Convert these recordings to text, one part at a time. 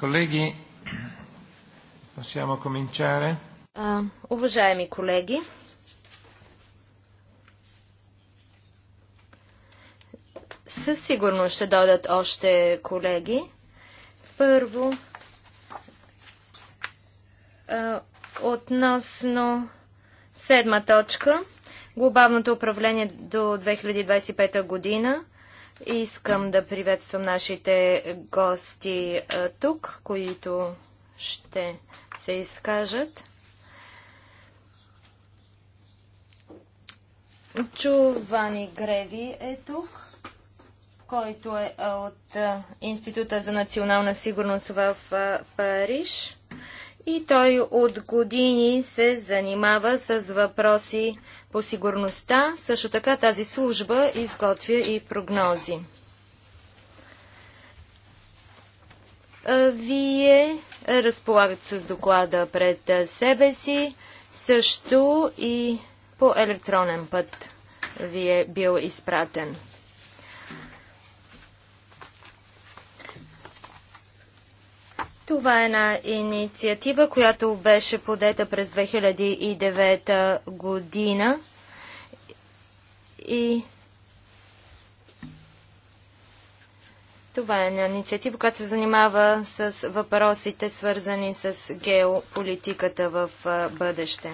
Колеги, possiamo cominciare? Уважаеми колеги, със сигурност ще дойдат още колеги. Първо, относно седма точка, глобалното управление до 2025 година – Искам да приветствам нашите гости тук, които ще се изкажат. Чувани Греви е тук, който е от Института за национална сигурност в Париж и той от години се занимава с въпроси по сигурността. Също така тази служба изготвя и прогнози. Вие разполагате с доклада пред себе си, също и по електронен път ви е бил изпратен. Това е една инициатива, която беше подета през 2009 година и Това е една инициатива, която се занимава с въпросите, свързани с геополитиката в бъдеще.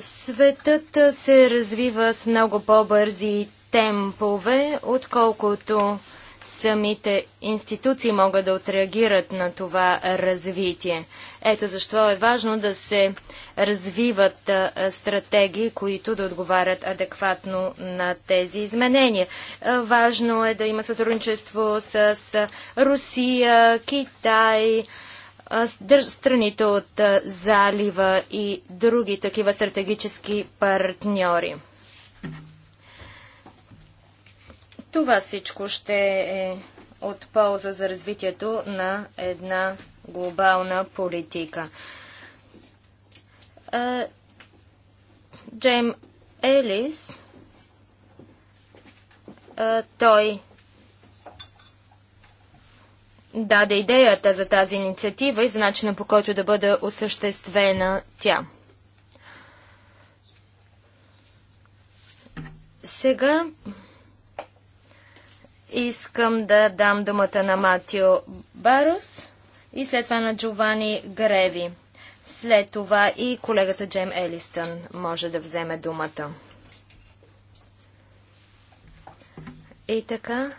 Светът се развива с много по-бързи темпове, отколкото самите институции могат да отреагират на това развитие. Ето защо е важно да се развиват стратегии, които да отговарят адекватно на тези изменения. важно е да има сътрудничество с Русия, Китай, страните от залива и други такива стратегически партньори. Това всичко ще е от полза за развитието на една глобална политика. Джейм Елис, той даде идеята за тази инициатива и за начина по който да бъде осъществена тя. Сега Искам да дам думата на Матио Барус и след това на Джовани Греви. След това и колегата Джем Елистън може да вземе думата. И така.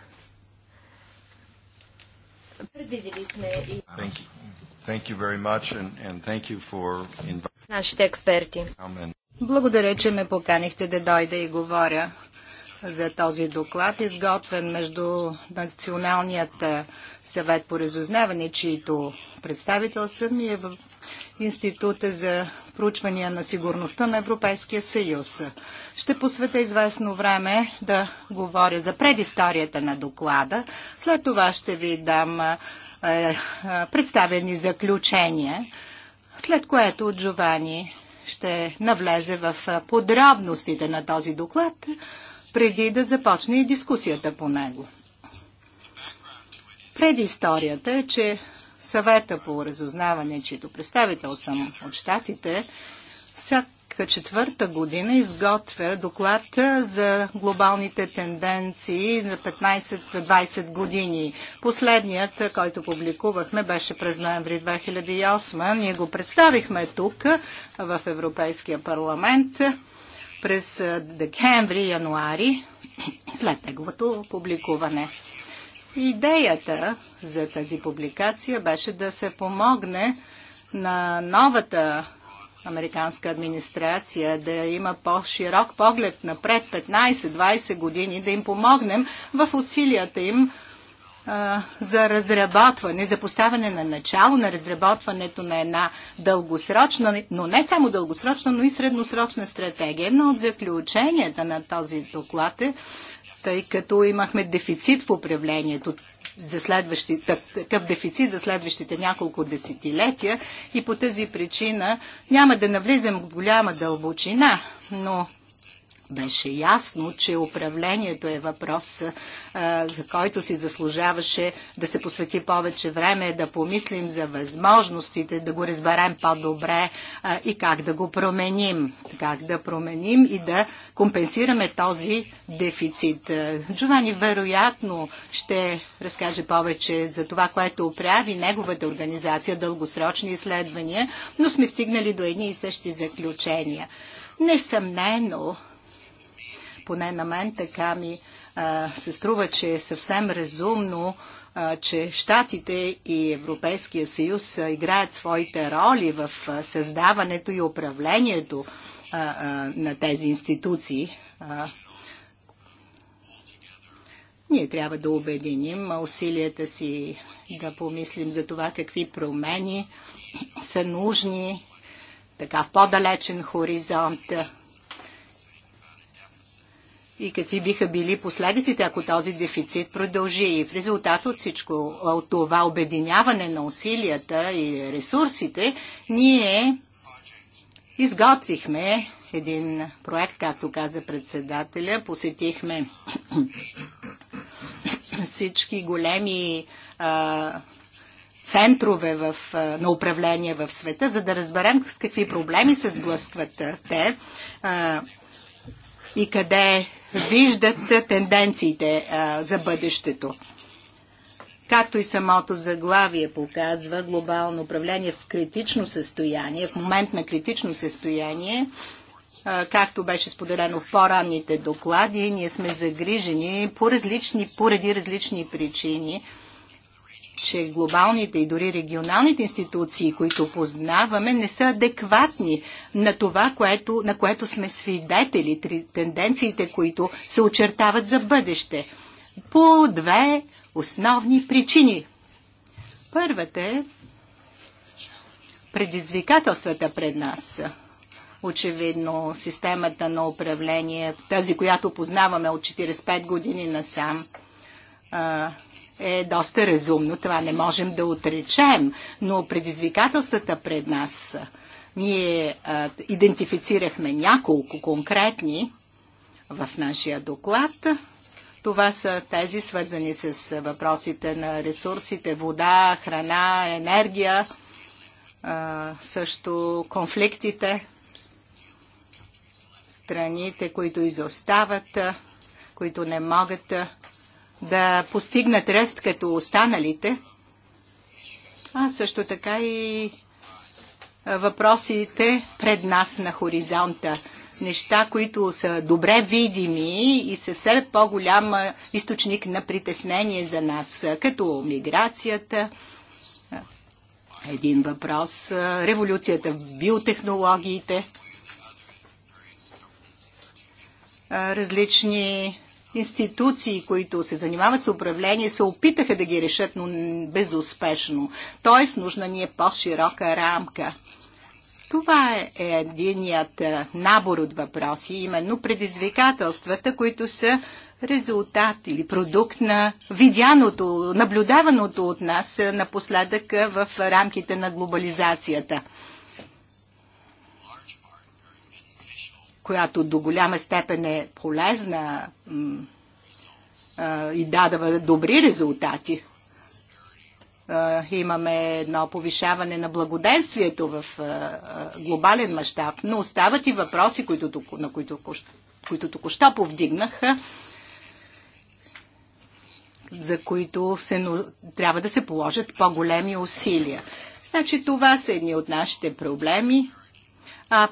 Предвидели сме и... Нашите експерти. Благодаря, че ме поканихте да дойда и говоря за този доклад, изготвен между Националният е, съвет по разузнаване, чието представител съм и е в Института за проучвания на сигурността на Европейския съюз. Ще посвета известно време да говоря за предисторията на доклада. След това ще ви дам е, е, представени заключения, след което Джовани ще навлезе в е, подробностите на този доклад, преди да започне и дискусията по него. Предисторията е, че съвета по разузнаване, чието представител съм от щатите, всяка четвърта година изготвя доклад за глобалните тенденции за 15-20 години. Последният, който публикувахме, беше през ноември 2008. Ние го представихме тук в Европейския парламент през декември, януари, след неговото публикуване. Идеята за тази публикация беше да се помогне на новата американска администрация да има по-широк поглед напред 15-20 години, да им помогнем в усилията им за разработване, за поставяне на начало на разработването на една дългосрочна, но не само дългосрочна, но и средносрочна стратегия. Едно от заключенията на този доклад е, тъй като имахме дефицит в управлението, за следващи, такъв дефицит за следващите няколко десетилетия и по тази причина няма да навлизам в голяма дълбочина, но беше ясно, че управлението е въпрос, а, за който си заслужаваше да се посвети повече време, да помислим за възможностите, да го разберем по-добре и как да го променим. Как да променим и да компенсираме този дефицит. Джовани вероятно ще разкаже повече за това, което прави неговата организация, дългосрочни изследвания, но сме стигнали до едни и същи заключения. Несъмнено, поне на мен така ми а, се струва, че е съвсем разумно, а, че Штатите и Европейския съюз а, играят своите роли в а, създаването и управлението а, а, на тези институции. А, ние трябва да обединим усилията си да помислим за това какви промени са нужни така в по-далечен хоризонт и какви биха били последиците, ако този дефицит продължи. И в резултат от всичко, от това обединяване на усилията и ресурсите, ние изготвихме един проект, както каза председателя. Посетихме всички големи центрове в, на управление в света, за да разберем с какви проблеми се сблъскват те а, и къде виждат тенденциите а, за бъдещето. Както и самото заглавие показва, глобално управление в критично състояние, в момент на критично състояние, а, както беше споделено в по-ранните доклади, ние сме загрижени по различни, поради различни причини – че глобалните и дори регионалните институции, които познаваме, не са адекватни на това, което, на което сме свидетели, тенденциите, които се очертават за бъдеще. По две основни причини. Първата е предизвикателствата пред нас. Очевидно, системата на управление, тази, която познаваме от 45 години насам, е доста разумно. Това не можем да отречем, но предизвикателствата пред нас са. Ние а, идентифицирахме няколко конкретни в нашия доклад. Това са тези свързани с въпросите на ресурсите, вода, храна, енергия, а, също конфликтите, страните, които изостават, които не могат да постигнат ръст като останалите, а също така и въпросите пред нас на хоризонта. Неща, които са добре видими и са все по-голям източник на притеснение за нас, като миграцията, един въпрос, революцията в биотехнологиите, различни институции, които се занимават с управление, се опитаха да ги решат, но безуспешно. Тоест, нужна ни е по-широка рамка. Това е единият е, набор от въпроси, именно предизвикателствата, които са резултат или продукт на видяното, наблюдаваното от нас е, напоследък е, в рамките на глобализацията. която до голяма степен е полезна и дава добри резултати. Имаме едно повишаване на благоденствието в глобален мащаб, но остават и въпроси, които, на които, които току-що повдигнах, за които се, трябва да се положат по-големи усилия. Значи това са едни от нашите проблеми. А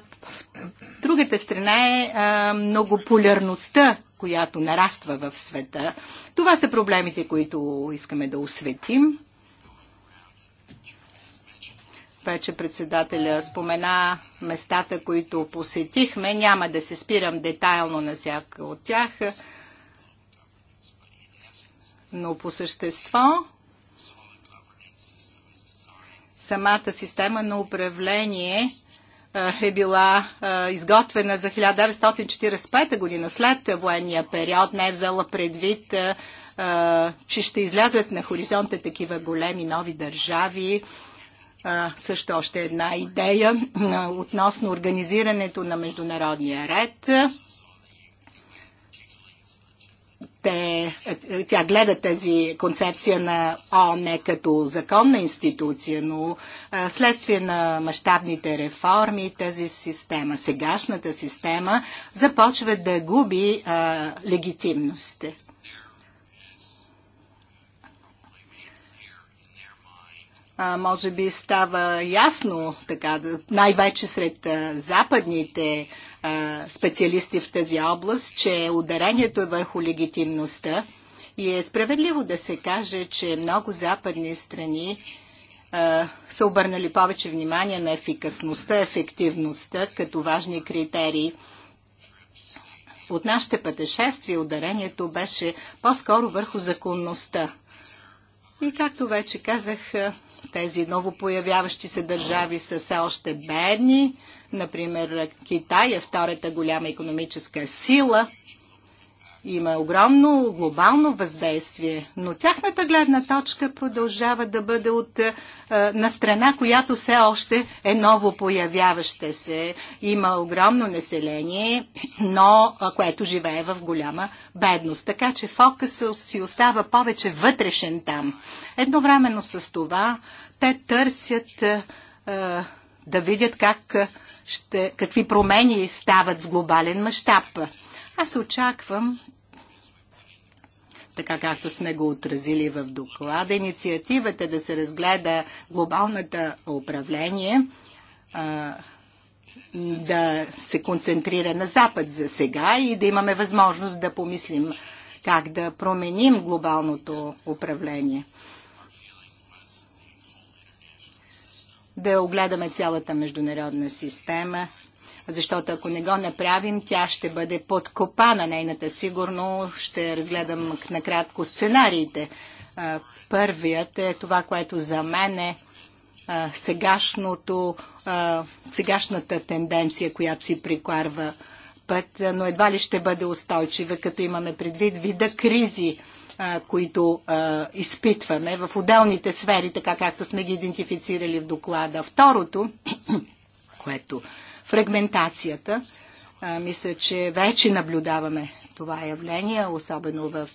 Другата страна е а, многополярността, която нараства в света. Това са проблемите, които искаме да осветим. Вече председателя спомена местата, които посетихме. Няма да се спирам детайлно на всяка от тях, но по същество самата система на управление – е, е била е, изготвена за 1945 година, след военния период, не е взела предвид, е, че ще излязат на хоризонта такива големи нови държави. Също още една идея относно организирането на международния ред те, е, тя гледа тази концепция на ООН като законна институция, но следствие на мащабните реформи тази система, сегашната система, започва да губи а, легитимност. А, може би става ясно, така, най-вече сред а, западните специалисти в тази област, че ударението е върху легитимността и е справедливо да се каже, че много западни страни са обърнали повече внимание на ефикасността, ефективността като важни критерии. От нашите пътешествия ударението беше по-скоро върху законността. И както вече казах, тези новопоявяващи се държави са все още бедни, Например, Китай е втората голяма економическа сила. Има огромно глобално въздействие, но тяхната гледна точка продължава да бъде от, е, на страна, която все още е ново появяваща се. Има огромно население, но което живее в голяма бедност. Така че фокусът си остава повече вътрешен там. Едновременно с това те търсят е, е да видят как е, ще, какви промени стават в глобален мащаб. Аз очаквам, така както сме го отразили в доклада, инициативата да се разгледа глобалната управление а, да се концентрира на Запад за сега и да имаме възможност да помислим как да променим глобалното управление. да огледаме цялата международна система, защото ако не го направим, тя ще бъде подкопана. Нейната сигурно ще разгледам накратко сценариите. Първият е това, което за мен е сегашното, сегашната тенденция, която си прикарва път, но едва ли ще бъде устойчива, като имаме предвид вида кризи, които изпитваме в отделните сфери, така както сме ги идентифицирали в доклада. Второто, което фрагментацията, мисля, че вече наблюдаваме това явление, особено в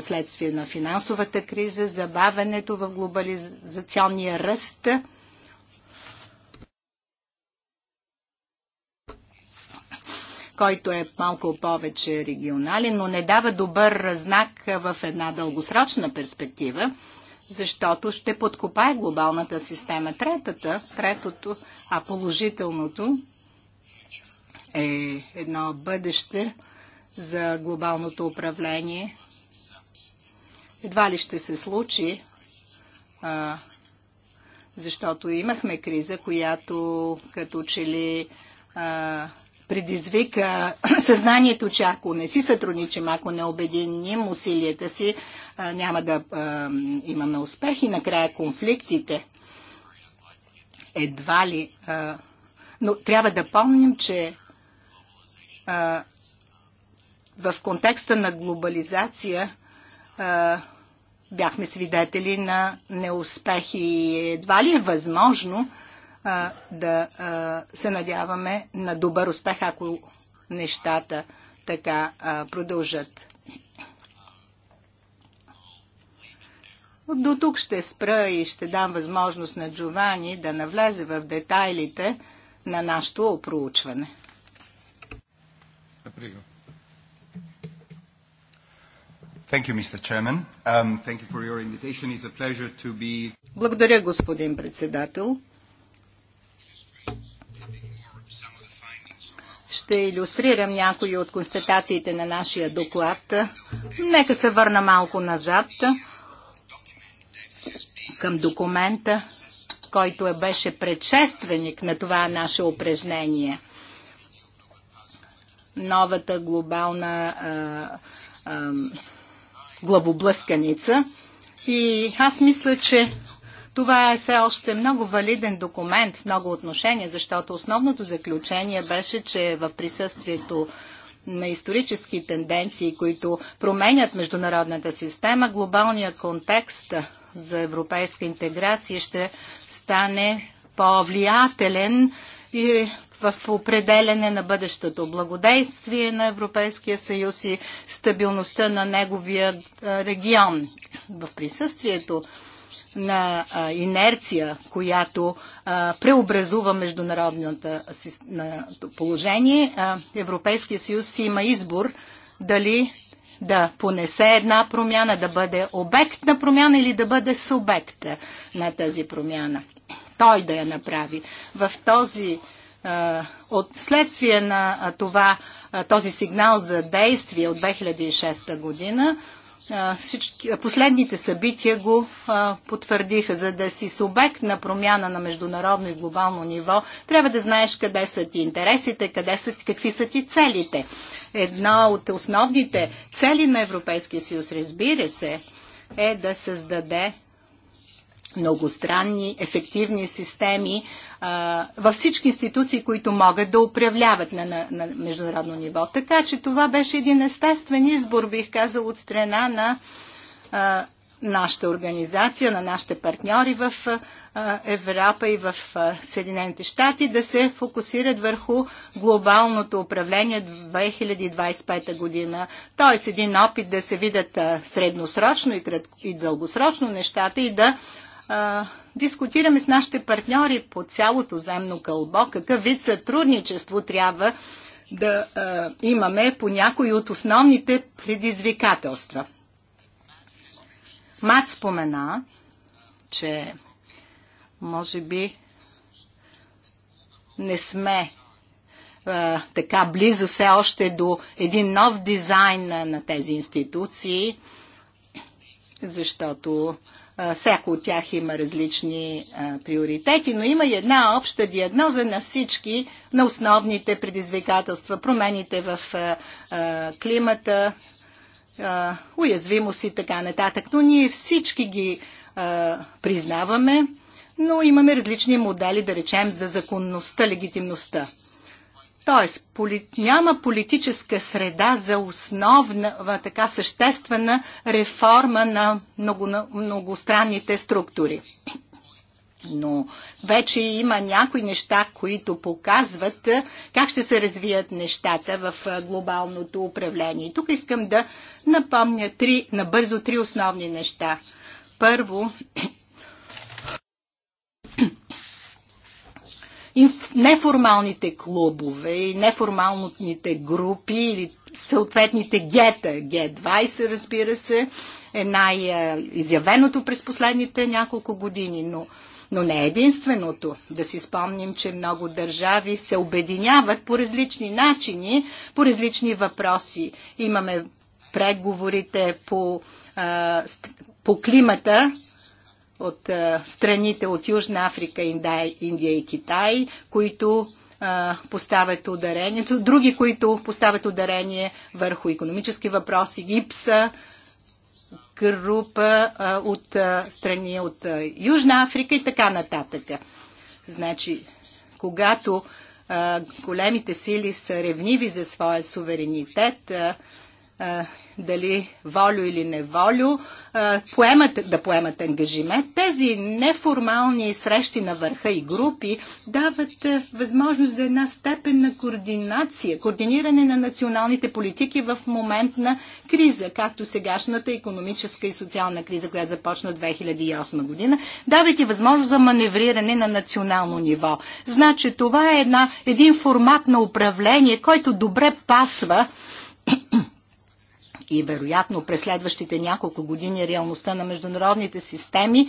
следствие на финансовата криза, забавенето в глобализационния ръст – който е малко повече регионален, но не дава добър знак в една дългосрочна перспектива, защото ще подкопае глобалната система. Третата, третото, а положителното е едно бъдеще за глобалното управление. Едва ли ще се случи, а, защото имахме криза, която като че ли а, предизвика съзнанието, че ако не си сътрудничим, ако не обединим усилията си, няма да имаме успех и накрая конфликтите. Едва ли. Но трябва да помним, че в контекста на глобализация бяхме свидетели на неуспехи. Едва ли е възможно а, да а, се надяваме на добър успех, ако нещата така а, продължат. До тук ще спра и ще дам възможност на Джовани да навлезе в детайлите на нашето проучване. You, um, be... Благодаря, господин председател. ще иллюстрирам някои от констатациите на нашия доклад. Нека се върна малко назад към документа, който беше предшественик на това наше упражнение. Новата глобална главоблъсканица. И аз мисля, че това е все още много валиден документ в много отношения, защото основното заключение беше, че в присъствието на исторически тенденции, които променят международната система, глобалният контекст за европейска интеграция ще стане по-влиятелен и в определене на бъдещето благодействие на Европейския съюз и стабилността на неговия регион. В присъствието на а, инерция, която а, преобразува международната си, на, положение. А, Европейския съюз има избор дали да понесе една промяна, да бъде обект на промяна или да бъде субект на тази промяна. Той да я направи. В този от следствие на това, този сигнал за действие от 2006 година, всички, последните събития го а, потвърдиха. За да си субект на промяна на международно и глобално ниво, трябва да знаеш къде са ти интересите, къде са, какви са ти целите. Една от основните цели на Европейския съюз, разбира се, е да създаде многостранни ефективни системи във всички институции, които могат да управляват на, на, на международно ниво. Така че това беше един естествен избор, бих казал, от страна на а, нашата организация, на нашите партньори в Европа и в Съединените щати да се фокусират върху глобалното управление 2025 година. Тоест един опит да се видят средносрочно и, кратко, и дългосрочно нещата и да дискутираме с нашите партньори по цялото земно кълбо, какъв вид сътрудничество трябва да а, имаме по някои от основните предизвикателства. Мат спомена, че може би не сме а, така близо все още до един нов дизайн на, на тези институции, защото Всяко от тях има различни а, приоритети, но има и една обща диагноза на всички, на основните предизвикателства, промените в а, а, климата, уязвимост и така нататък. Но ние всички ги признаваме, но имаме различни модели, да речем, за законността, легитимността. Тоест, поли, няма политическа среда за основна, така съществена реформа на много, многостранните структури. Но вече има някои неща, които показват как ще се развият нещата в глобалното управление. И тук искам да напомня три, набързо три основни неща. Първо, неформалните клубове и неформалните групи или съответните гета. Г20, разбира се, е най-изявеното през последните няколко години, но, но не единственото. Да си спомним, че много държави се обединяват по различни начини, по различни въпроси. Имаме преговорите по, по климата, от е, страните от Южна Африка, Индия, и Китай, които е, поставят ударението, други, които поставят ударение върху економически въпроси, гипса, група е, от страни от Южна Африка и така нататък. Значи, когато големите сили са ревниви за своя суверенитет, дали волю или неволю, поемат, да поемат ангажимент. Тези неформални срещи на върха и групи дават възможност за една степен на координация, координиране на националните политики в момент на криза, както сегашната економическа и социална криза, която започна 2008 година, давайки възможност за маневриране на национално ниво. Значи това е една, един формат на управление, който добре пасва сметки и вероятно през следващите няколко години реалността на международните системи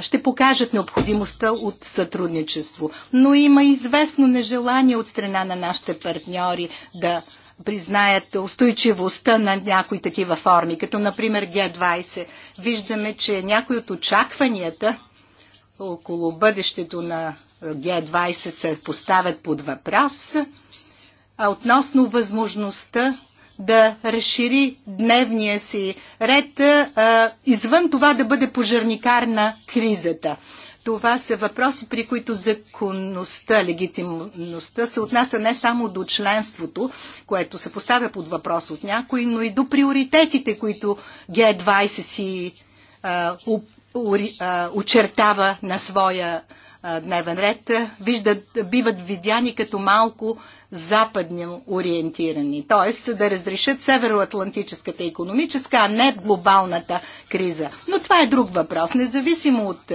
ще покажат необходимостта от сътрудничество. Но има известно нежелание от страна на нашите партньори да признаят устойчивостта на някои такива форми, като например Г20. Виждаме, че някои от очакванията около бъдещето на Г20 се поставят под въпрос а относно възможността да разшири дневния си ред, а, извън това да бъде пожарникар на кризата. Това са въпроси, при които законността, легитимността се отнася не само до членството, което се поставя под въпрос от някой, но и до приоритетите, които Г20 си а, у, у, а, очертава на своя дневен ред, виждат, биват видяни като малко западно ориентирани, т.е. да разрешат североатлантическата економическа, а не глобалната криза. Но това е друг въпрос, независимо от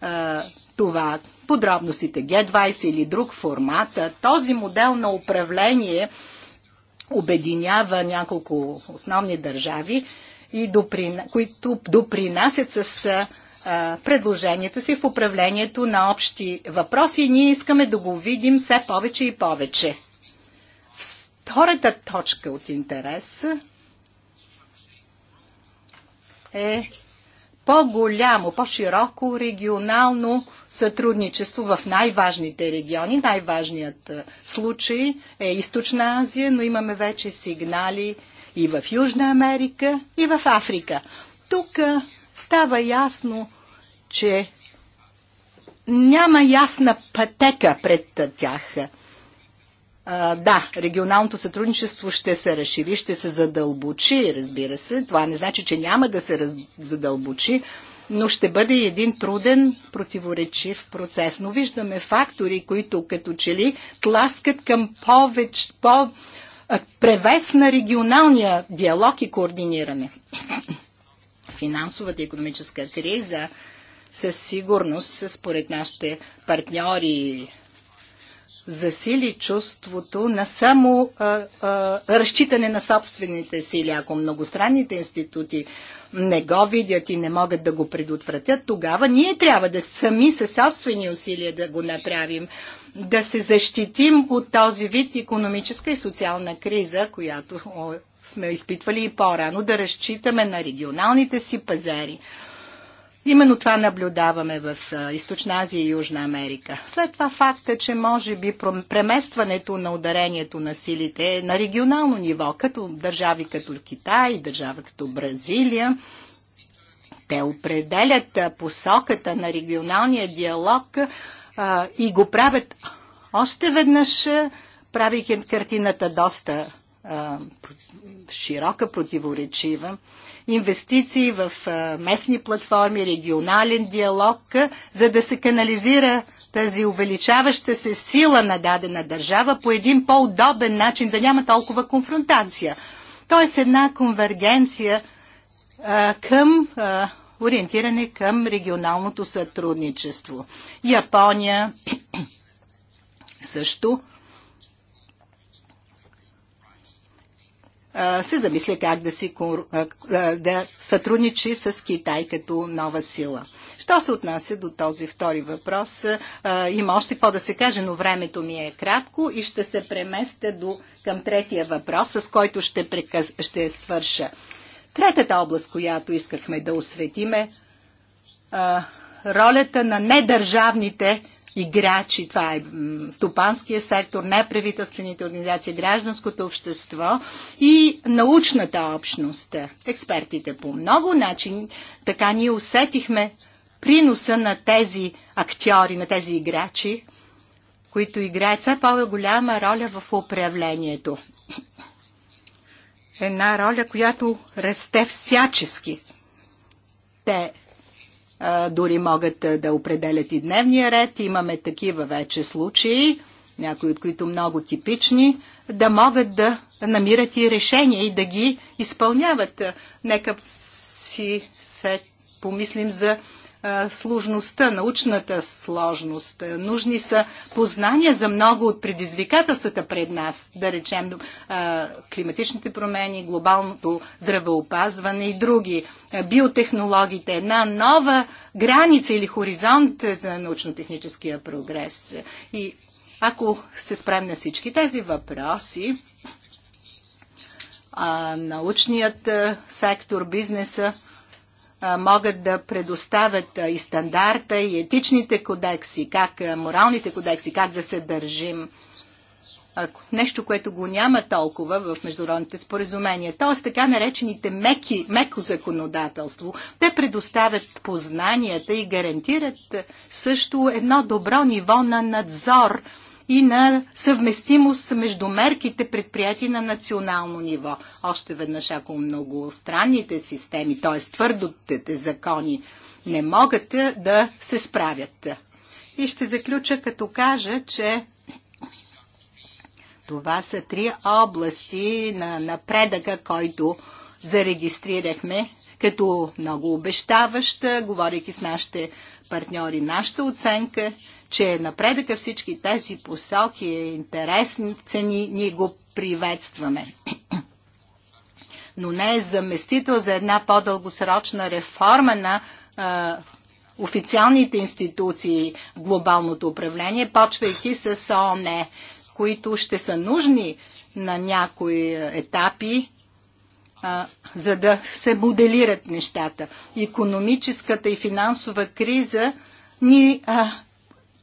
а, това, подробностите g 20 или друг формат, този модел на управление обединява няколко основни държави, и доприна, които допринасят с а, предложенията си в управлението на общи въпроси и ние искаме да го видим все повече и повече. Втората точка от интерес е по-голямо, по-широко регионално сътрудничество в най-важните региони. Най-важният е, случай е Източна Азия, но имаме вече сигнали и в Южна Америка, и в Африка. Тук е, става ясно, че няма ясна пътека пред е, тях да, регионалното сътрудничество ще се разшири, ще се задълбочи, разбира се. Това не значи, че няма да се раз... задълбочи, но ще бъде един труден, противоречив процес. Но виждаме фактори, които като че ли тласкат към повече, по, превес на регионалния диалог и координиране. Финансовата и економическа криза със сигурност, според нашите партньори засили чувството на само а, а, разчитане на собствените сили. Ако многостранните институти не го видят и не могат да го предотвратят, тогава ние трябва да сами със собствени усилия да го направим, да се защитим от този вид економическа и социална криза, която сме изпитвали и по-рано, да разчитаме на регионалните си пазари Именно това наблюдаваме в Източна Азия и Южна Америка. След това факт е, че може би преместването на ударението на силите е на регионално ниво, като държави като Китай, държава като Бразилия, те определят посоката на регионалния диалог а, и го правят още веднъж, правейки картината доста а, широка, противоречива инвестиции в местни платформи, регионален диалог, за да се канализира тази увеличаваща се сила на дадена държава по един по-удобен начин, да няма толкова конфронтация. Тоест една конвергенция а, към а, ориентиране към регионалното сътрудничество. Япония също се замисля как да, си, да сътрудничи с Китай като нова сила. Що се отнася до този втори въпрос, има още какво да се каже, но времето ми е кратко и ще се преместя до, към третия въпрос, с който ще, прекъс, ще свърша. Третата област, която искахме да осветиме, ролята на недържавните играчи. Това е стопанския сектор, неправителствените организации, гражданското общество и научната общност, експертите по много начин. Така ние усетихме приноса на тези актьори, на тези играчи, които играят все по-голяма роля в управлението. Една роля, която расте всячески. Те дори могат да определят и дневния ред. Имаме такива вече случаи, някои от които много типични, да могат да намират и решения и да ги изпълняват. Нека си се помислим за сложността, научната сложност. Нужни са познания за много от предизвикателствата пред нас, да речем климатичните промени, глобалното здравеопазване и други. Биотехнологиите, една нова граница или хоризонт за научно-техническия прогрес. И ако се справим на всички тези въпроси, научният сектор, бизнеса, могат да предоставят и стандарта, и етичните кодекси, как моралните кодекси, как да се държим. Нещо, което го няма толкова в международните споразумения. Т.е. така наречените меки, меко законодателство. Те предоставят познанията и гарантират също едно добро ниво на надзор – и на съвместимост между мерките предприяти на национално ниво. Още веднъж, ако многостранните системи, т.е. твърдотите закони, не могат да се справят. И ще заключа като кажа, че това са три области на напредъка, който зарегистрирахме като много обещаваща, говоряки с нашите партньори, нашата оценка че напредъка всички тези посоки е интересни, цени, ние го приветстваме. Но не е заместител за една по-дългосрочна реформа на а, официалните институции в глобалното управление, почвайки с ООН, които ще са нужни на някои етапи, а, за да се моделират нещата. Економическата и финансова криза ни а,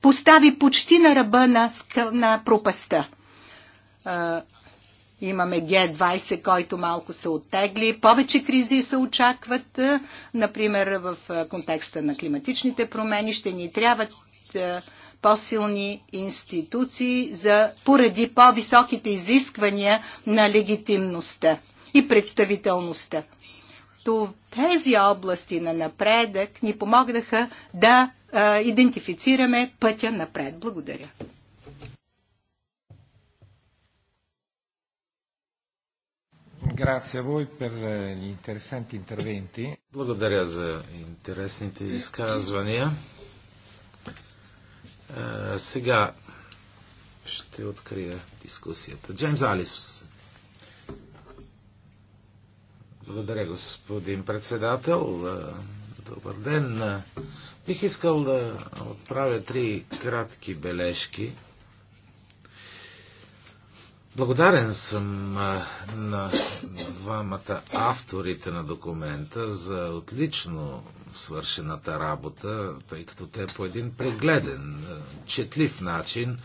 постави почти на ръба на, на пропаста. Имаме Г20, който малко се оттегли. Повече кризи се очакват, например в контекста на климатичните промени. Ще ни трябват по-силни институции за, поради по-високите изисквания на легитимността и представителността. Защото тези области на напредък ни помогнаха да а, идентифицираме пътя напред. Благодаря. Eh, Благодаря за интересните изказвания. Е, сега ще открия дискусията. Джеймс Алис благодаря, господин председател. Е, добър ден. Е, бих искал да отправя три кратки бележки. Благодарен съм е, на двамата авторите на документа за отлично свършената работа, тъй като те по един прегледен, четлив начин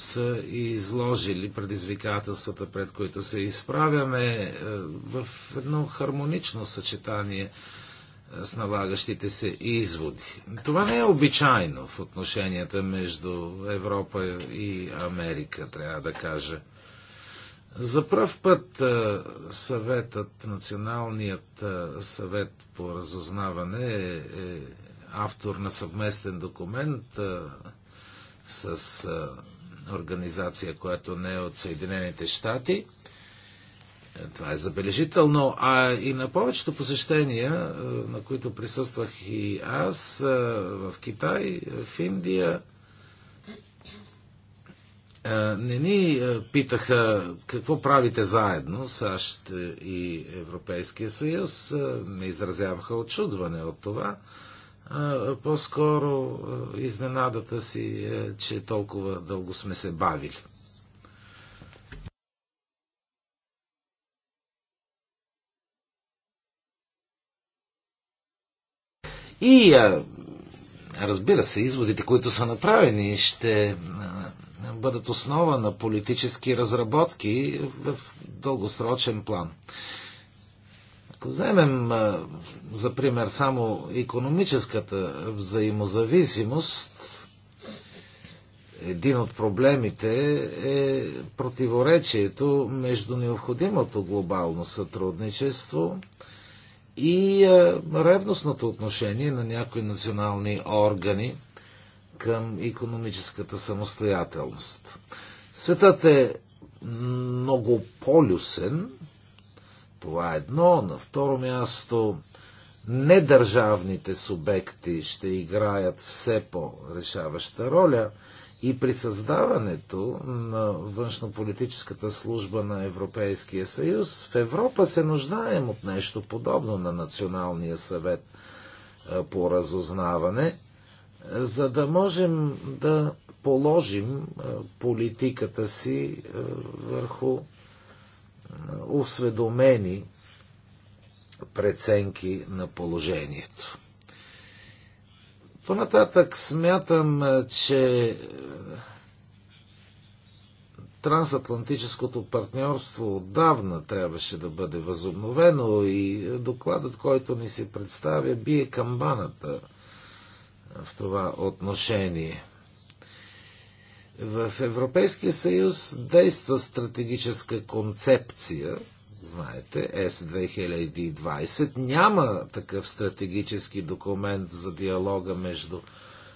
са изложили предизвикателствата, пред които се изправяме е, в едно хармонично съчетание е, с налагащите се изводи. Това не е обичайно в отношенията между Европа и Америка, трябва да кажа. За пръв път е, съветът, Националният съвет по разузнаване е, е автор на съвместен документ с организация, която не е от Съединените щати. Е, това е забележително. А и на повечето посещения, е, на които присъствах и аз, е, в Китай, в Индия, не ни питаха какво правите заедно, САЩ и Европейския съюз. Не изразяваха очудване от това по-скоро изненадата си, е, че толкова дълго сме се бавили. И разбира се, изводите, които са направени, ще бъдат основа на политически разработки в дългосрочен план. Ако вземем за пример само економическата взаимозависимост, един от проблемите е противоречието между необходимото глобално сътрудничество и ревностното отношение на някои национални органи към економическата самостоятелност. Светът е многополюсен, това е едно. На второ място недържавните субекти ще играят все по-решаваща роля и при създаването на външнополитическата служба на Европейския съюз в Европа се нуждаем от нещо подобно на Националния съвет по разузнаване, за да можем да положим политиката си върху осведомени преценки на положението. Понататък смятам, е, че е, трансатлантическото партньорство отдавна трябваше да бъде възобновено и е, докладът, който ни се представя, бие камбаната в това отношение. В Европейския съюз действа стратегическа концепция, знаете, С-2020. Няма такъв стратегически документ за диалога между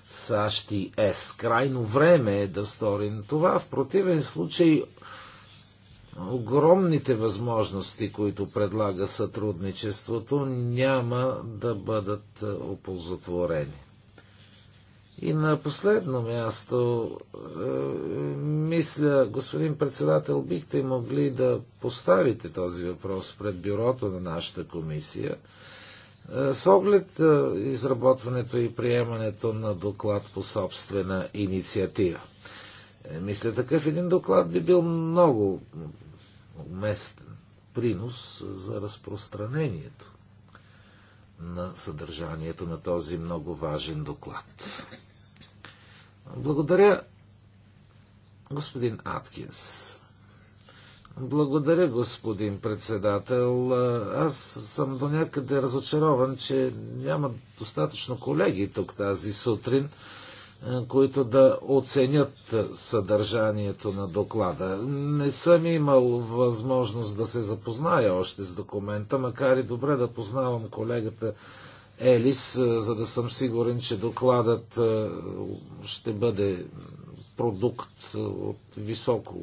САЩ и С. Крайно време е да сторим това. В противен случай огромните възможности, които предлага сътрудничеството, няма да бъдат е, оползотворени. И на последно място, е, мисля, господин председател, бихте могли да поставите този въпрос пред бюрото на нашата комисия е, с оглед е, изработването и приемането на доклад по собствена инициатива. Мисля, такъв един доклад би бил много уместен принос за разпространението на съдържанието на този много важен доклад. Благодаря, господин Аткинс. Благодаря, господин председател. Аз съм до някъде разочарован, че няма достатъчно колеги тук тази сутрин, които да оценят съдържанието на доклада. Не съм имал възможност да се запозная още с документа, макар и добре да познавам колегата Елис, за да съм сигурен, че докладът ще бъде продукт от високо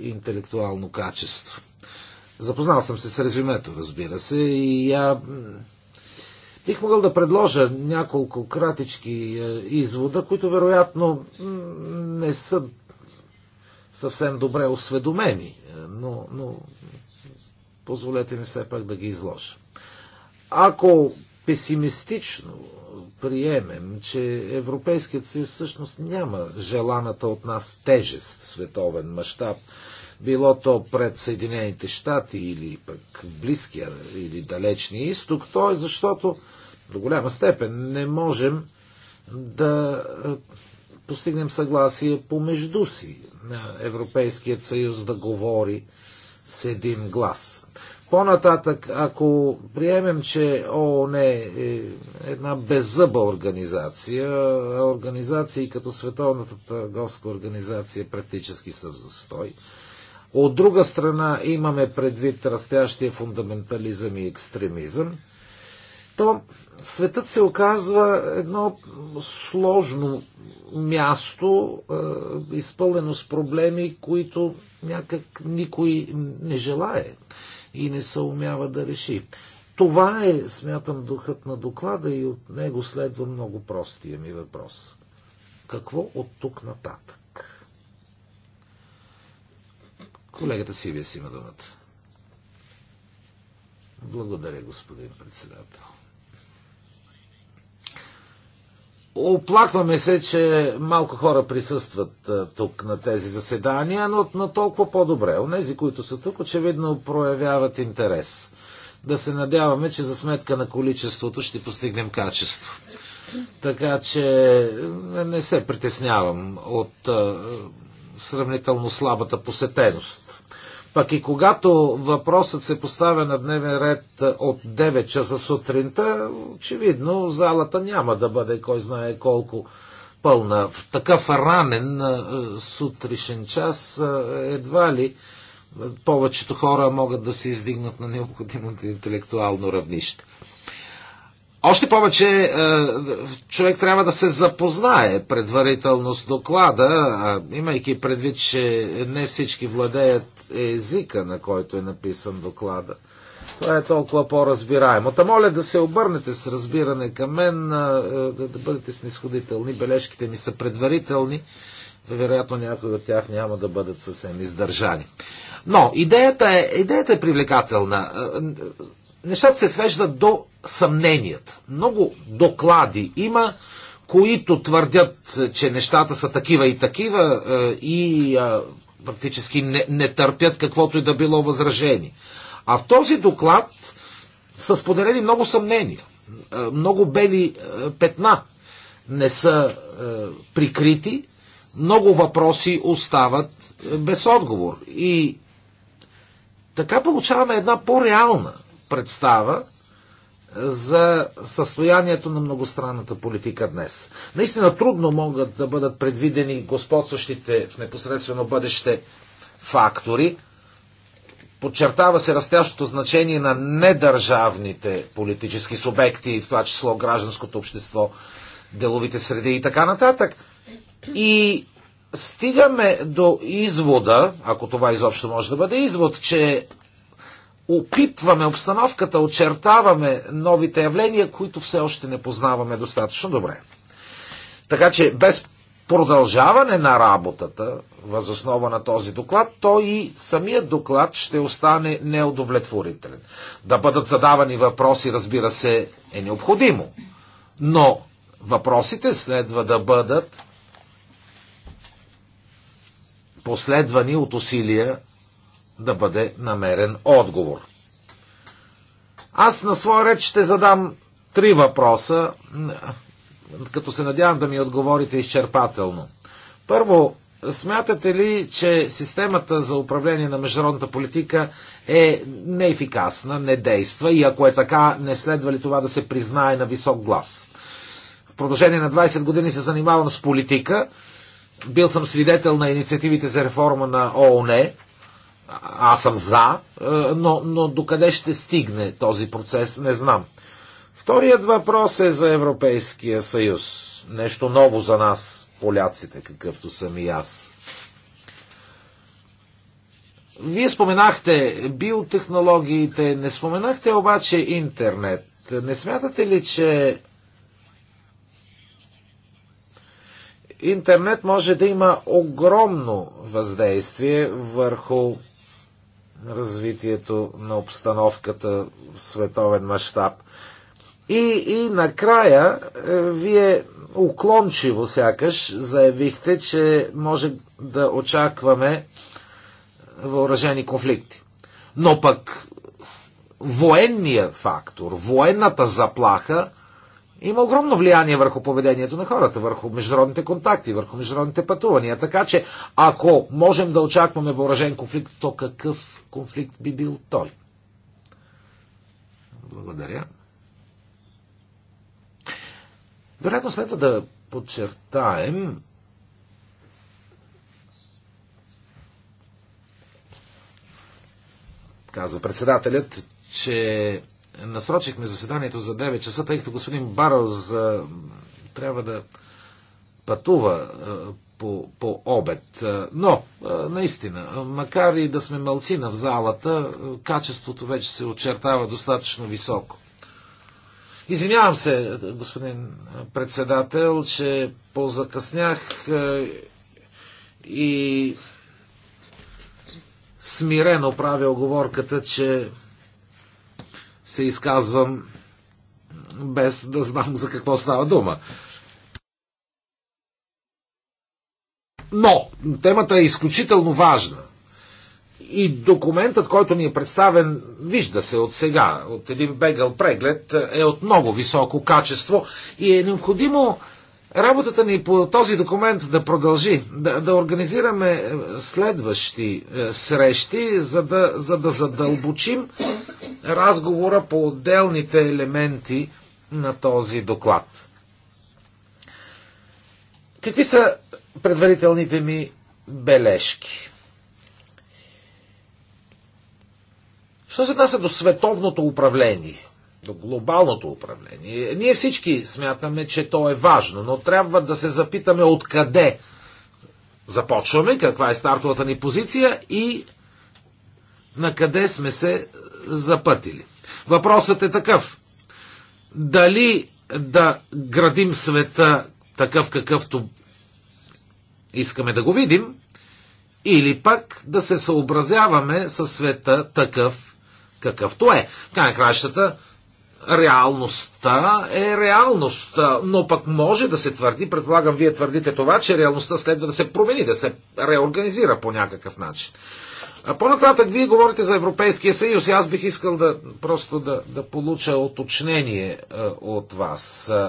интелектуално качество. Запознал съм се с резюмето, разбира се, и я бих могъл да предложа няколко кратички извода, които вероятно не са съвсем добре осведомени, но, но позволете ми все пак да ги изложа. Ако песимистично приемем, че Европейският съюз всъщност няма желаната от нас тежест в световен мащаб, било то пред Съединените щати или пък в Близкия или Далечния изток, то е защото до голяма степен не можем да постигнем съгласие помежду си на Европейският съюз да говори с един глас. По-нататък, ако приемем, че ООН е, е една беззъба организация, а организации като Световната търговска организация практически са в застой, от друга страна имаме предвид растящия фундаментализъм и екстремизъм, то светът се оказва едно сложно място, е, изпълнено с проблеми, които някак никой не желае и не се умява да реши. Това е, смятам, духът на доклада и от него следва много простия ми въпрос. Какво от тук нататък? Колегата Сивия си има думата. Благодаря, господин председател. Оплакваме се, че малко хора присъстват е, тук на тези заседания, но, но толкова по-добре. Онези, които са тук, очевидно проявяват интерес. Да се надяваме, че за сметка на количеството ще постигнем качество. Така че е, не се притеснявам от е, сравнително слабата посетеност. Пък и когато въпросът се поставя на дневен ред от 9 часа сутринта, очевидно залата няма да бъде кой знае колко пълна. В такъв ранен сутришен час едва ли повечето хора могат да се издигнат на необходимото интелектуално равнище. Още повече човек трябва да се запознае предварително с доклада, имайки предвид, че не всички владеят е езика, на който е написан доклада. Това е толкова по-разбираемо. Та моля да се обърнете с разбиране към мен, е, да, бъдете снисходителни. Бележките ми са предварителни. Вероятно някои от тях няма да бъдат съвсем издържани. Но идеята е, идеята е привлекателна. Е, е, нещата се свеждат до съмненията. Много доклади има, които твърдят, че нещата са такива и такива и практически не, не търпят каквото и да било възражение. А в този доклад са споделени много съмнения, е, много бели е, петна не са е, прикрити, много въпроси остават без отговор. И така получаваме една по-реална представа за състоянието на многостранната политика днес. Наистина трудно могат да бъдат предвидени господстващите в непосредствено бъдеще фактори. Подчертава се растящото значение на недържавните политически субекти, в това число гражданското общество, деловите среди и така нататък. И стигаме до извода, ако това изобщо може да бъде извод, че Опитваме обстановката, очертаваме новите явления, които все още не познаваме достатъчно добре. Така че без продължаване на работата, възоснова на този доклад, то и самият доклад ще остане неудовлетворителен. Да бъдат задавани въпроси, разбира се, е необходимо. Но въпросите следва да бъдат последвани от усилия да бъде намерен отговор. Аз на своя реч ще задам три въпроса, като се надявам да ми отговорите изчерпателно. Първо, смятате ли, че системата за управление на международната политика е неефикасна, не действа и ако е така, не следва ли това да се признае на висок глас? В продължение на 20 години се занимавам с политика. Бил съм свидетел на инициативите за реформа на ООН, аз съм за, е, но, но докъде ще стигне този процес, не знам. Вторият въпрос е за Европейския съюз. Нещо ново за нас, поляците, какъвто съм и аз. Вие споменахте биотехнологиите, не споменахте обаче интернет. Не смятате ли, че интернет може да има огромно въздействие върху развитието на обстановката в световен мащаб. И, и накрая, е, вие уклончиво сякаш заявихте, че може да очакваме въоръжени конфликти. Но пък военният фактор, военната заплаха има огромно влияние върху поведението на хората, върху международните контакти, върху международните пътувания. Така че, ако можем да очакваме въоръжен конфликт, то какъв конфликт би бил той? Благодаря. Вероятно следва да подчертаем, казва председателят, че насрочихме заседанието за 9 часа, тъй като господин Бароз трябва да пътува по, по обед. Но, наистина, макар и да сме малцина в залата, качеството вече се очертава достатъчно високо. Извинявам се, господин председател, че позакъснях и смирено правя оговорката, че се изказвам без да знам за какво става дума. Но темата е изключително важна. И документът, който ни е представен, вижда се от сега, от един бегал преглед, е от много високо качество и е необходимо работата ни по този документ да продължи, да, да организираме следващи е, срещи, за да, за да задълбочим разговора по отделните елементи на този доклад. Какви са предварителните ми бележки? Що се отнася до световното управление, до глобалното управление, ние всички смятаме, че то е важно, но трябва да се запитаме откъде започваме, каква е стартовата ни позиция и на къде сме се запътили. Въпросът е такъв. Дали да градим света такъв какъвто искаме да го видим, или пък да се съобразяваме със света такъв какъвто е. Край на кращата, реалността е реалност, но пък може да се твърди, предполагам вие твърдите това, че реалността следва да се промени, да се реорганизира по някакъв начин. А по-нататък вие говорите за Европейския съюз и аз бих искал да просто да, да получа оточнение е, от вас. Е,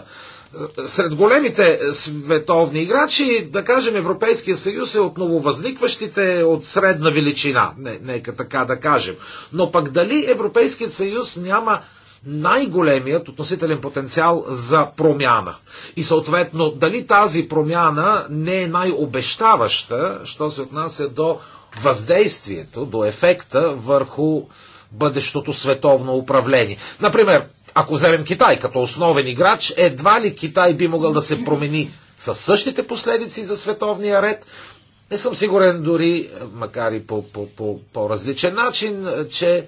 сред големите световни играчи, да кажем, Европейския съюз е от нововъзникващите от средна величина, не, нека така да кажем. Но пък дали Европейският съюз няма най-големият относителен потенциал за промяна. И съответно, дали тази промяна не е най-обещаваща, що се отнася до въздействието, до ефекта върху бъдещото световно управление. Например, ако вземем Китай като основен играч, едва ли Китай би могъл да се промени със същите последици за световния ред. Не съм сигурен дори, е, макар и по, по, по, по различен начин, е, че е,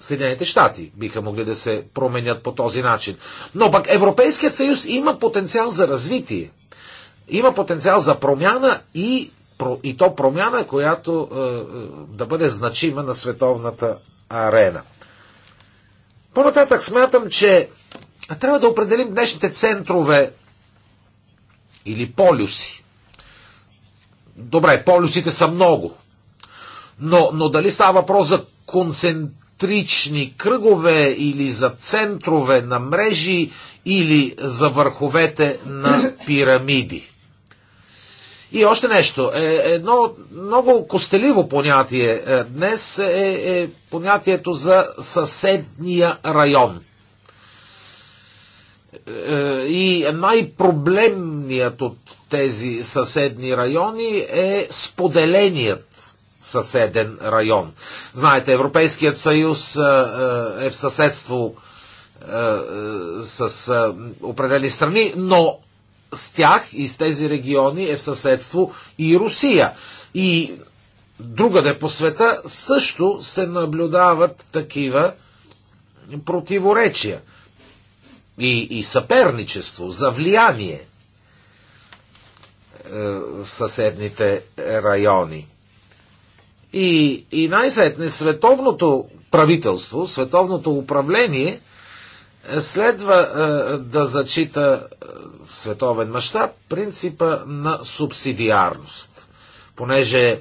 Съединените щати биха могли да се променят по този начин. Но пък Европейският съюз има потенциал за развитие, има потенциал за промяна и и то промяна, която е, е, да бъде значима на световната арена. По-нататък смятам, че трябва да определим днешните центрове или полюси. Добре, полюсите са много. Но, но дали става въпрос за концентрични кръгове или за центрове на мрежи или за върховете на пирамиди? И още нещо. Е, едно много костеливо понятие е, днес е, е понятието за съседния район. Е, и най-проблемният от тези съседни райони е споделеният съседен район. Знаете, Европейският съюз е в съседство с определени страни, но с тях и с тези региони е в съседство и Русия. И другаде по света също се наблюдават такива противоречия и, и съперничество за влияние е, в съседните райони. И, и най-сетне световното правителство, световното управление следва е, да зачита е, в световен мащаб принципа на субсидиарност, понеже е,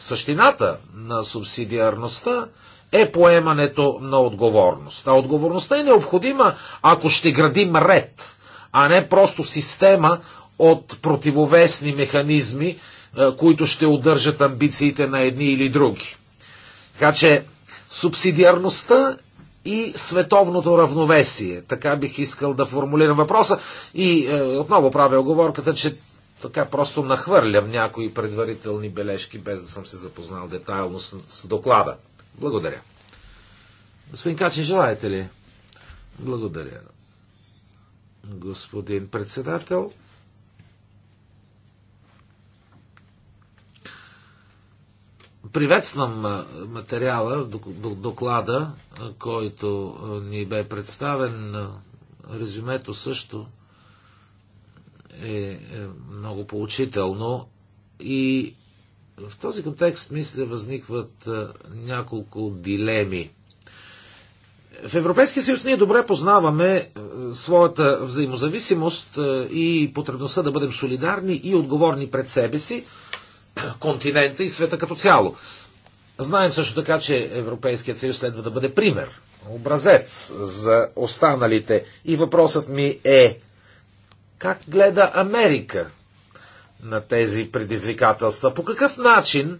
същината на субсидиарността е поемането на отговорност. А отговорността е необходима, ако ще градим ред, а не просто система от противовесни механизми, които ще удържат амбициите на едни или други. Така че субсидиарността и световното равновесие. Така бих искал да формулирам въпроса. И е, отново правя оговорката, че така просто нахвърлям някои предварителни бележки, без да съм се запознал детайлно с, с доклада. Благодаря. Господин Качин, желаете ли? Благодаря. Господин председател, Приветствам материала, доклада, който ни бе представен. Резюмето също е, е много поучително и в този контекст, мисля, възникват няколко дилеми. В Европейския съюз ние добре познаваме своята взаимозависимост и потребността да бъдем солидарни и отговорни пред себе си – континента и света като цяло. Знаем също така, че Европейският съюз следва да бъде пример, образец за останалите. И въпросът ми е, как гледа Америка на тези предизвикателства? По какъв начин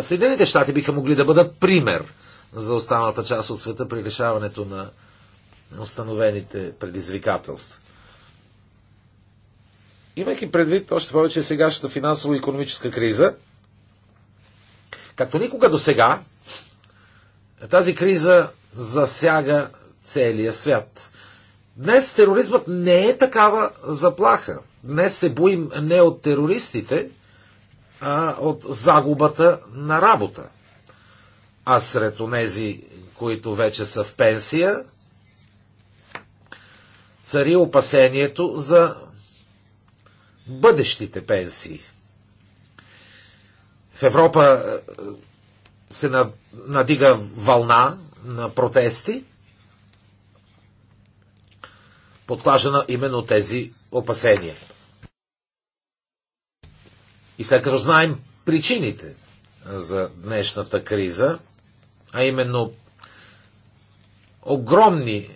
Съединените щати биха могли да бъдат пример за останалата част от света при решаването на установените предизвикателства? Имайки предвид още повече сегашната финансово-економическа криза, както никога до сега, тази криза засяга целия свят. Днес тероризмът не е такава заплаха. Днес се боим не от терористите, а от загубата на работа. А сред онези, които вече са в пенсия, цари опасението за бъдещите пенсии. В Европа е, се надига вълна на протести, подклажена именно тези опасения. И след като знаем причините за днешната криза, а именно огромни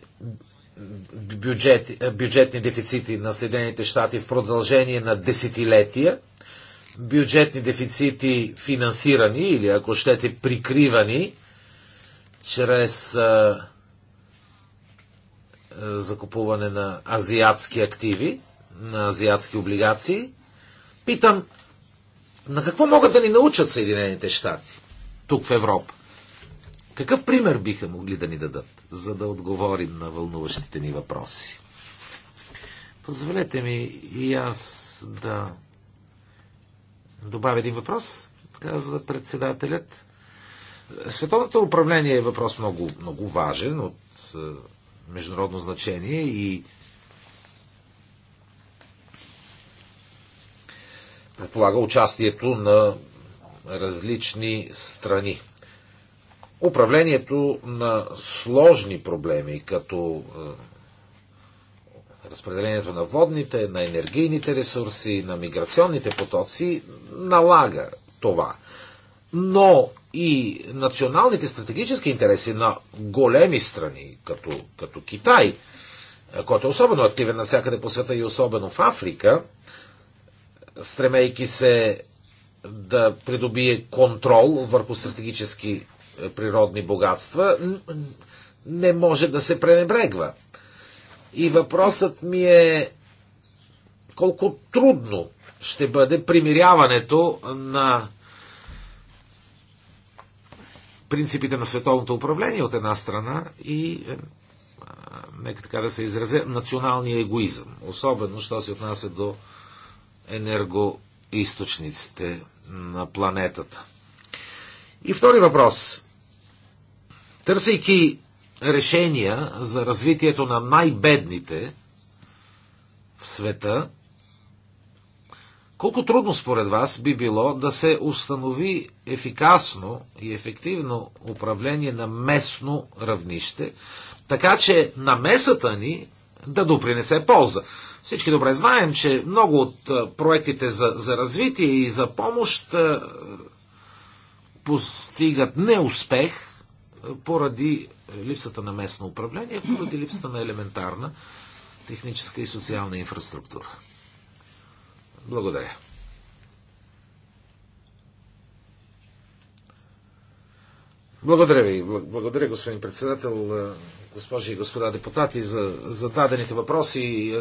бюджет, бюджетни дефицити на Съединените щати в продължение на десетилетия, бюджетни дефицити финансирани или ако щете прикривани чрез а, а, закупуване на азиатски активи, на азиатски облигации. Питам, на какво могат да ни научат Съединените щати тук в Европа? Какъв пример биха могли да ни дадат, за да отговорим на вълнуващите ни въпроси? Позволете ми и аз да добавя един въпрос, казва председателят. Световното управление е въпрос много, много важен от е, международно значение и предполага участието на различни страни управлението на сложни проблеми, като е, разпределението на водните, на енергийните ресурси, на миграционните потоци, налага това. Но и националните стратегически интереси на големи страни, като, като Китай, е, който е особено активен навсякъде по света и особено в Африка, стремейки се да придобие контрол върху стратегически природни богатства, не може да се пренебрегва. И въпросът ми е колко трудно ще бъде примиряването на принципите на световното управление от една страна и, е, нека така да се изразя, националния егоизъм. Особено, що се отнася до енергоисточниците на планетата. И втори въпрос. Търсейки решения за развитието на най-бедните в света, колко трудно според вас би било да се установи ефикасно и ефективно управление на местно равнище, така че намесата ни да допринесе полза. Всички добре знаем, че много от проектите за, за развитие и за помощ постигат неуспех поради липсата на местно управление, поради липсата на елементарна техническа и социална инфраструктура. Благодаря. Благодаря ви. Благодаря, господин председател, госпожи и господа депутати, за зададените въпроси.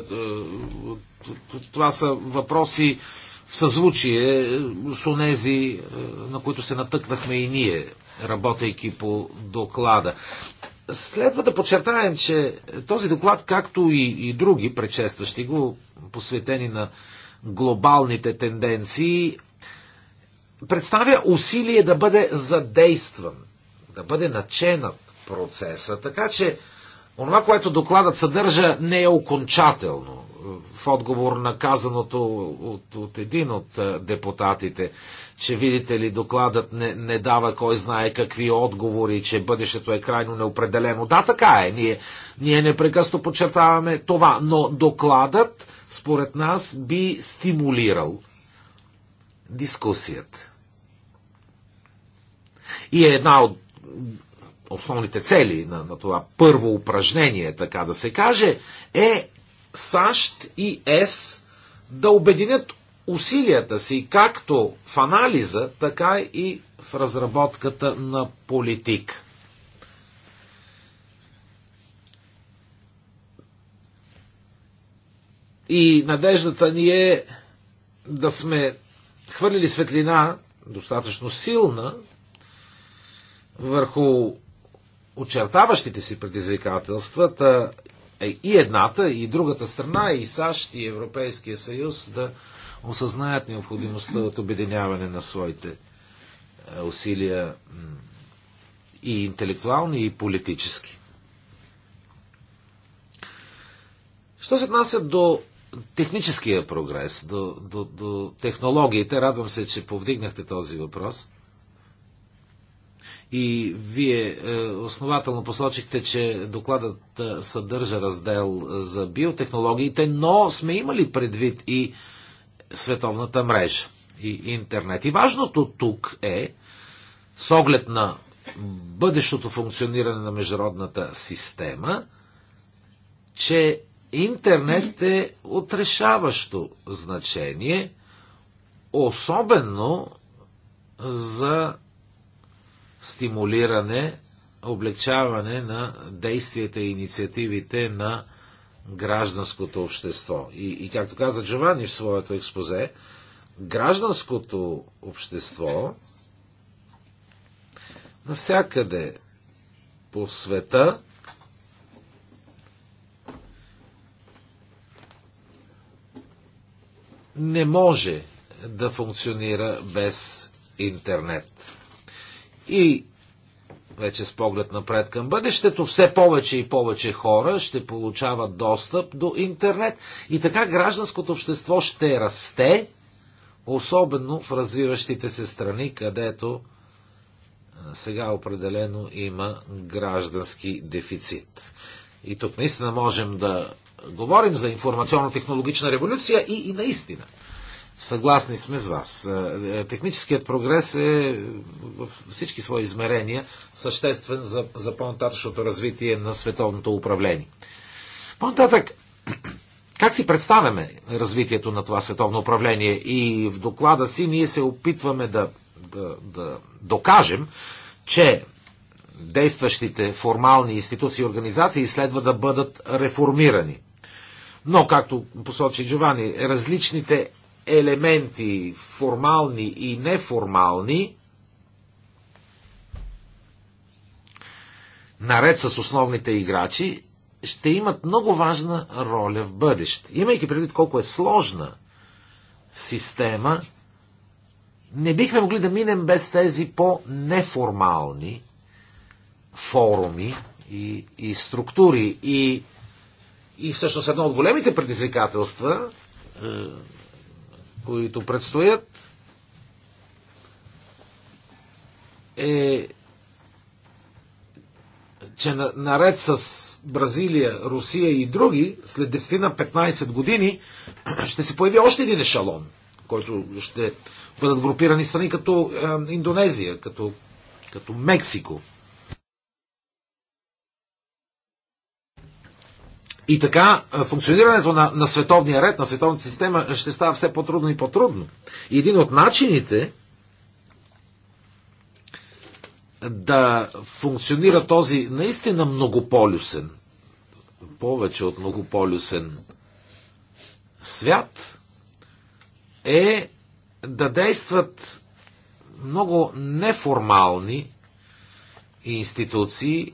Това са въпроси в съзвучие с онези, на които се натъкнахме и ние работейки по доклада. Следва да подчертаем, че този доклад, както и, и други предшестващи го, посветени на глобалните тенденции, представя усилие да бъде задействан, да бъде наченат процеса, така че онова, което докладът съдържа, не е окончателно в отговор на казаното от, от един от е, депутатите, че видите ли докладът не, не дава кой знае какви отговори, че бъдещето е крайно неопределено. Да, така е. Ние, ние непрекъсно подчертаваме това, но докладът според нас би стимулирал дискусията. И е една от основните цели на, на това първо упражнение, така да се каже, е САЩ и ЕС да обединят усилията си както в анализа, така и в разработката на политик. И надеждата ни е да сме хвърлили светлина, достатъчно силна, върху очертаващите си предизвикателствата е и едната, и другата страна, и САЩ, и Европейския съюз да осъзнаят необходимостта от обединяване на своите е, усилия и интелектуални, и политически. Що се отнася до техническия прогрес, до, до, до технологиите, радвам се, че повдигнахте този въпрос. И вие е, основателно посочихте, че докладът е, съдържа раздел е, за биотехнологиите, но сме имали предвид и световната мрежа и интернет. И важното тук е, с оглед на бъдещото функциониране на международната система, че интернет е отрешаващо значение, особено за стимулиране, облегчаване на действията и инициативите на гражданското общество. И, и както каза Джовани в своето експозе, гражданското общество навсякъде по света не може да функционира без интернет. И вече с поглед напред към бъдещето, все повече и повече хора ще получават достъп до интернет. И така гражданското общество ще расте, особено в развиващите се страни, където сега определено има граждански дефицит. И тук наистина можем да говорим за информационно-технологична революция и, и наистина – Съгласни сме с вас. Е, е, техническият прогрес е във всички свои измерения съществен за, за по-нататъчното развитие на световното управление. По-нататък, как си представяме развитието на това световно управление? И в доклада си ние се опитваме да, да, да докажем, че действащите формални институции и организации следва да бъдат реформирани. Но, както посочи Джовани, различните елементи, формални и неформални, наред с основните играчи, ще имат много важна роля в бъдеще. Имайки предвид колко е сложна система, не бихме могли да минем без тези по-неформални форуми и, и структури. И, и всъщност едно от големите предизвикателства е, които предстоят, е, че наред с Бразилия, Русия и други, след 10 на 15 години ще се появи още един ешалон, който ще бъдат групирани страни като е, Индонезия, като, като Мексико, И така функционирането на, на световния ред, на световната система ще става все по-трудно и по-трудно. И един от начините да функционира този наистина многополюсен, повече от многополюсен свят е да действат много неформални институции,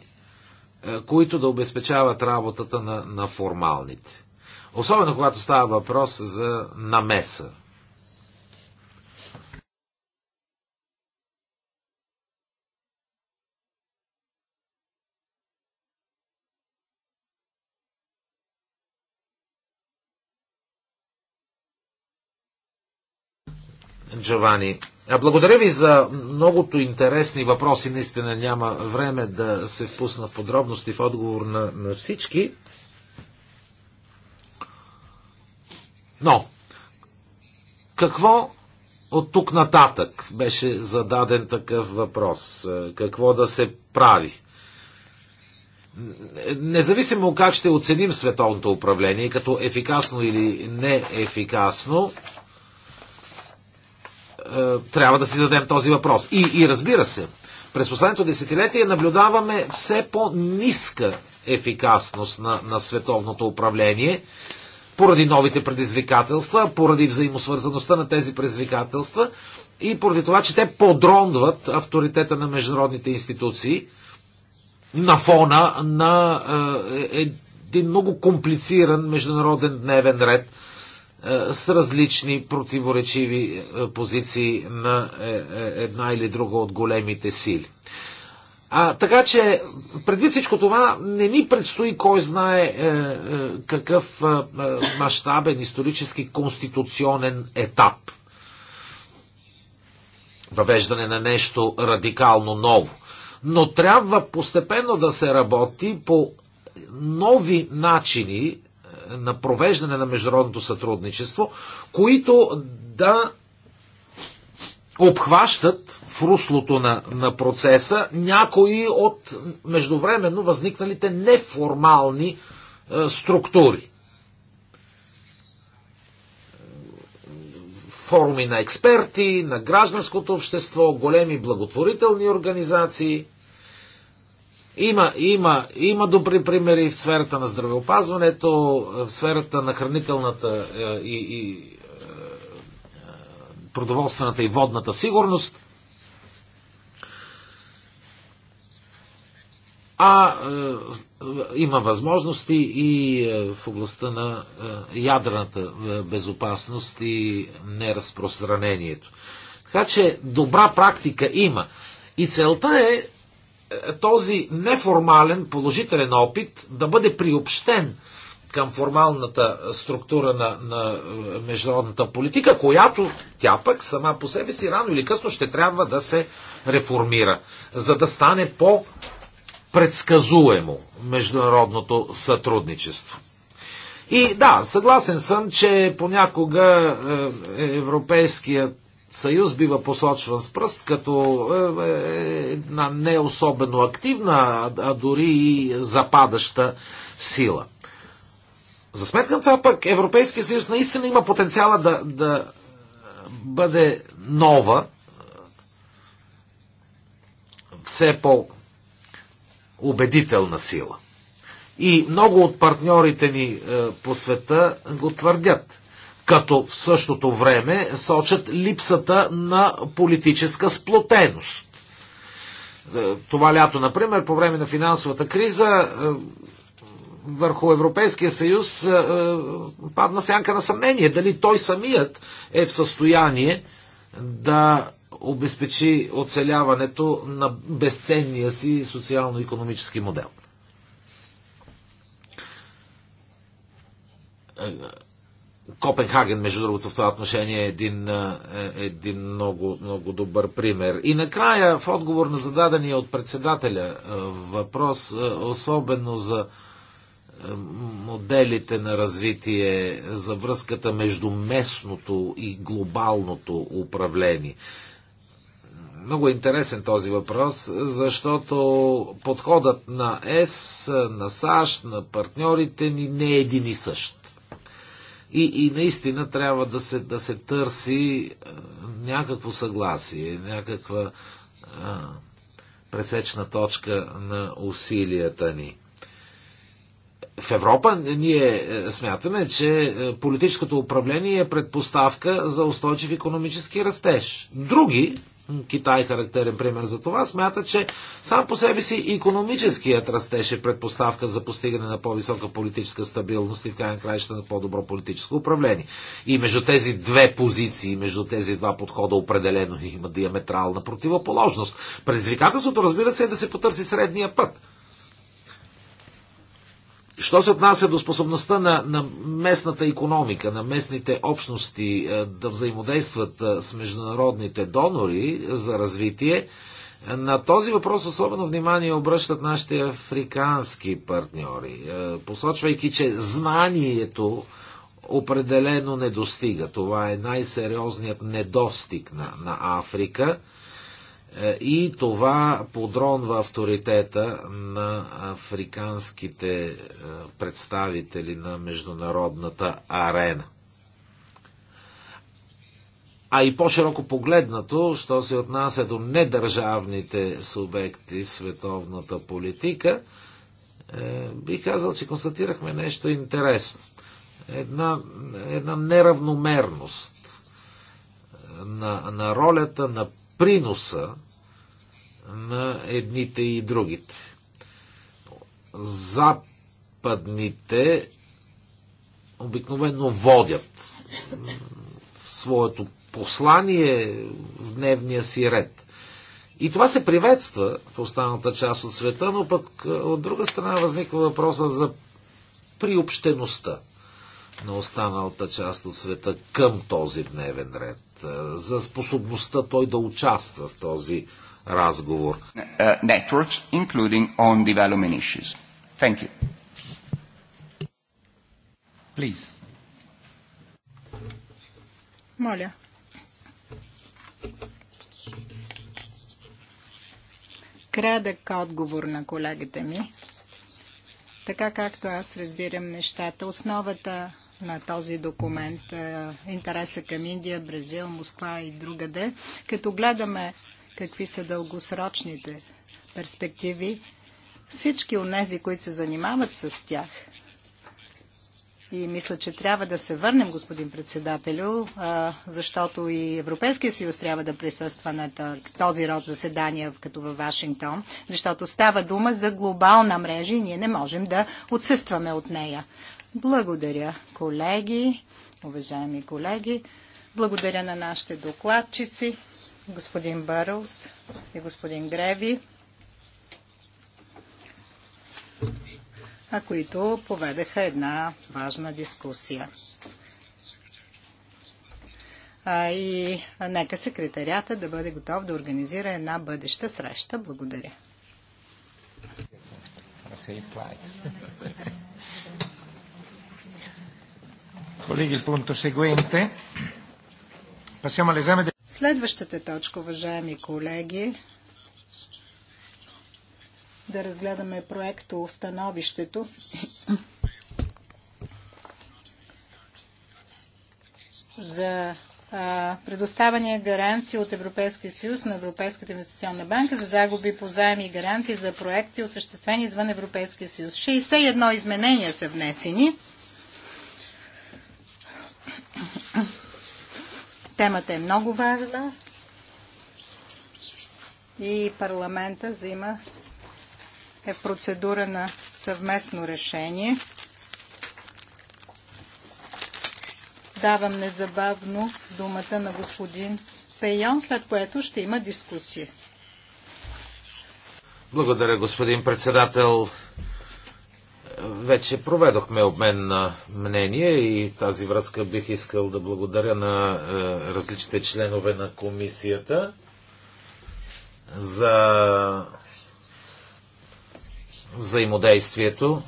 е, които да обезпечават работата на, на формалните. Особено когато става въпрос за намеса. Джовани, благодаря ви за многото интересни въпроси. Наистина няма време да се впусна в подробности в отговор на, на всички. Но, какво от тук нататък беше зададен такъв въпрос? Какво да се прави? Независимо как ще оценим световното управление, като ефикасно или неефикасно, е, трябва да си зададем този въпрос. И, и разбира се, през последното десетилетие наблюдаваме все по-ниска ефикасност на, на световното управление поради новите предизвикателства, поради взаимосвързаността на тези предизвикателства и поради това, че те подронват авторитета на международните институции на фона на е, е един много комплициран международен дневен ред – е, с различни противоречиви е, позиции на е, една или друга от големите сили. А, така че, предвид всичко това, не ни предстои кой знае е, е, какъв е, мащабен исторически конституционен етап. Въвеждане на нещо радикално ново. Но трябва постепенно да се работи по нови начини на провеждане на международното сътрудничество, които да обхващат в руслото на, на процеса някои от междувременно възникналите неформални е, структури. Форуми на експерти, на гражданското общество, големи благотворителни организации. Има, има, има добри примери в сферата на здравеопазването, в сферата на хранителната е, и, и е, продоволствената и водната сигурност. А е, има възможности и в областта на ядрената безопасност и неразпространението. Така че добра практика има. И целта е този неформален положителен опит да бъде приобщен към формалната структура на, на е, международната политика, която тя пък сама по себе си рано или късно ще трябва да се реформира, за да стане по-предсказуемо международното сътрудничество. И да, съгласен съм, че понякога е, е, Европейският съюз бива посочван с пръст като е, е, една не особено активна, а дори и западаща сила. За сметка на това пък Европейския съюз наистина има потенциала да, да бъде нова, все по-убедителна сила. И много от партньорите ни е, по света го твърдят като в същото време сочат липсата на политическа сплотеност. Е, това лято, например, по време на финансовата криза е, върху Европейския съюз е, падна сянка на съмнение дали той самият е в състояние да обезпечи оцеляването на безценния си социално-економически модел. Копенхаген, между другото, в това отношение е един, е, е един много, много добър пример. И накрая, в отговор на зададения от председателя е, въпрос, особено за моделите на развитие, за връзката между местното и глобалното управление. Много е интересен този въпрос, защото подходът на ЕС, на САЩ, на партньорите ни не е един и същ. И, и наистина трябва да се, да се търси някакво съгласие, някаква а, пресечна точка на усилията ни. В Европа ние е, смятаме, че е, политическото управление е предпоставка за устойчив економически растеж. Други Китай е характерен пример за това, смята, че сам по себе си економическият растеж е предпоставка за постигане на по-висока политическа стабилност и в крайна краища на по-добро политическо управление. И между тези две позиции, между тези два подхода определено има диаметрална противоположност. Предизвикателството, разбира се, е да се потърси средния път – Що се отнася до способността на, на местната економика, на местните общности е, да взаимодействат е, с международните донори за развитие, е, на този въпрос особено внимание обръщат нашите африкански партньори, посочвайки, че знанието определено не достига. Това е най-сериозният недостиг на, на Африка – е, и това подронва авторитета на африканските е, представители на международната арена. А и по-широко погледнато, що се отнася до недържавните субекти в световната политика, е, бих казал, че констатирахме нещо интересно. Една, една неравномерност на, на ролята, на приноса на едните и другите. Западните обикновено водят своето послание в дневния си ред. И това се приветства в останалата част от света, но пък е, от друга страна възниква въпроса за приобщеността на останалата част от света към този дневен ред. Е, за способността той да участва в този разговор. Е, networks, including on development issues. Thank you. Please. Моля. Крадък отговор на колегата ми. Така както аз разбирам нещата, основата на този документ е интереса към Индия, Бразил, Москва и другаде. Като гледаме какви са дългосрочните перспективи, всички от тези, които се занимават с тях – и мисля, че трябва да се върнем, господин председателю, защото и Европейския съюз трябва да присъства на този род заседания, като във Вашингтон, защото става дума за глобална мрежа и ние не можем да отсъстваме от нея. Благодаря, колеги, уважаеми колеги. Благодаря на нашите докладчици, господин Бърлс и господин Греви а които поведаха една важна дискусия. А, и нека секретарята да бъде готов да организира една бъдеща среща. Благодаря. Колеги, il punto Следващата точка, уважаеми колеги, да разгледаме проекто становището. за предоставяне гаранции от Европейския съюз на Европейската инвестиционна банка за загуби по заеми и гаранции за проекти, осъществени извън Европейския съюз. 61 изменения са внесени. Темата е много важна и парламента взима е процедура на съвместно решение. Давам незабавно думата на господин Пейон, след което ще има дискусия. Благодаря, господин председател. Вече проведохме обмен на мнение и тази връзка бих искал да благодаря на е, различните членове на комисията за взаимодействието.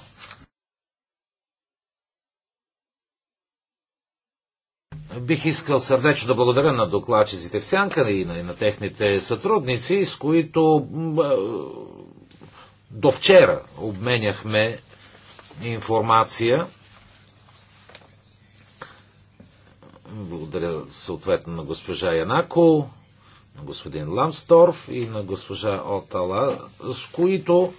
Бих искал сърдечно да благодаря на докладчиците в Сянка и на, и на техните сътрудници, с които до вчера обменяхме информация. Благодаря съответно на госпожа Янако, на господин Ламсторф и на госпожа Отала, с които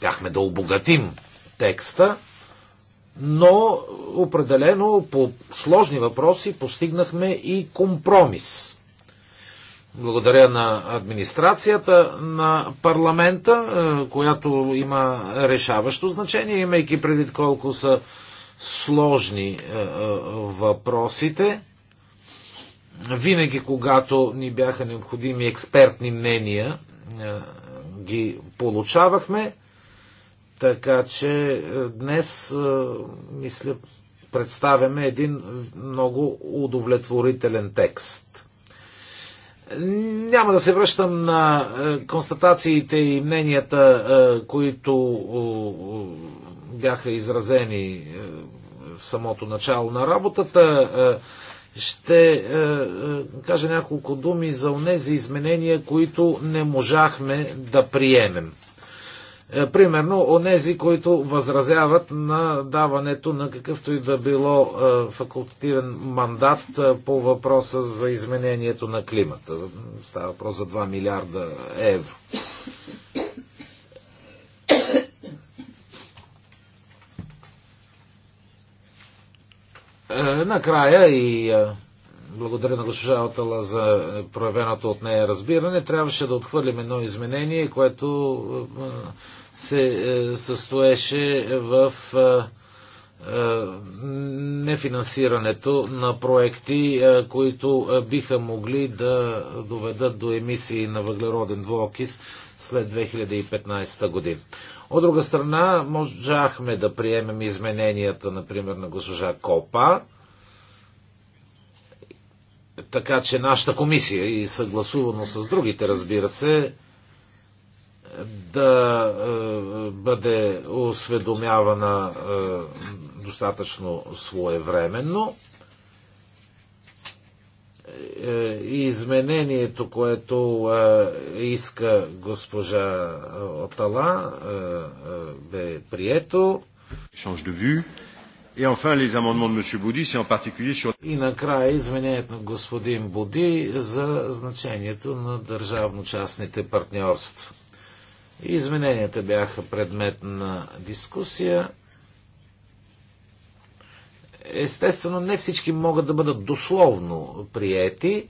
успяхме да обогатим текста, но определено по сложни въпроси постигнахме и компромис. Благодаря на администрацията на парламента, е, която има решаващо значение, имайки преди колко са сложни е, е, въпросите. Винаги, когато ни бяха необходими експертни мнения, ги получавахме. Така че е, днес, е, мисля, представяме един много удовлетворителен текст. Няма да се връщам на е, констатациите и мненията, които бяха изразени в самото начало на работата. Ще кажа няколко думи за онези изменения, които не можахме да приемем. Е, примерно, онези, които възразяват на даването на какъвто и да било е, факултативен мандат е, по въпроса за изменението на климата. Става въпрос за 2 милиарда евро. Накрая и благодаря на госпожа Отала за проявеното от нея разбиране. Трябваше да отхвърлим едно изменение, което е, се е, състоеше в е, нефинансирането на проекти, които биха могли да доведат до емисии на въглероден двуокис след 2015 година. От друга страна, можахме да приемем измененията, например, на госпожа Копа, така че нашата комисия и съгласувано с другите, разбира се, да е, бъде осведомявана е, достатъчно своевременно. Е, изменението, което е, иска госпожа Отала, е, е, бе прието. Change de vue. Et enfin, les amendements de M. Boudi, c'est en particulier sur... И накрая изменяет на господин Буди за значението на държавно-частните партньорства. Измененията бяха предмет на дискусия. Естествено, не всички могат да бъдат дословно приети.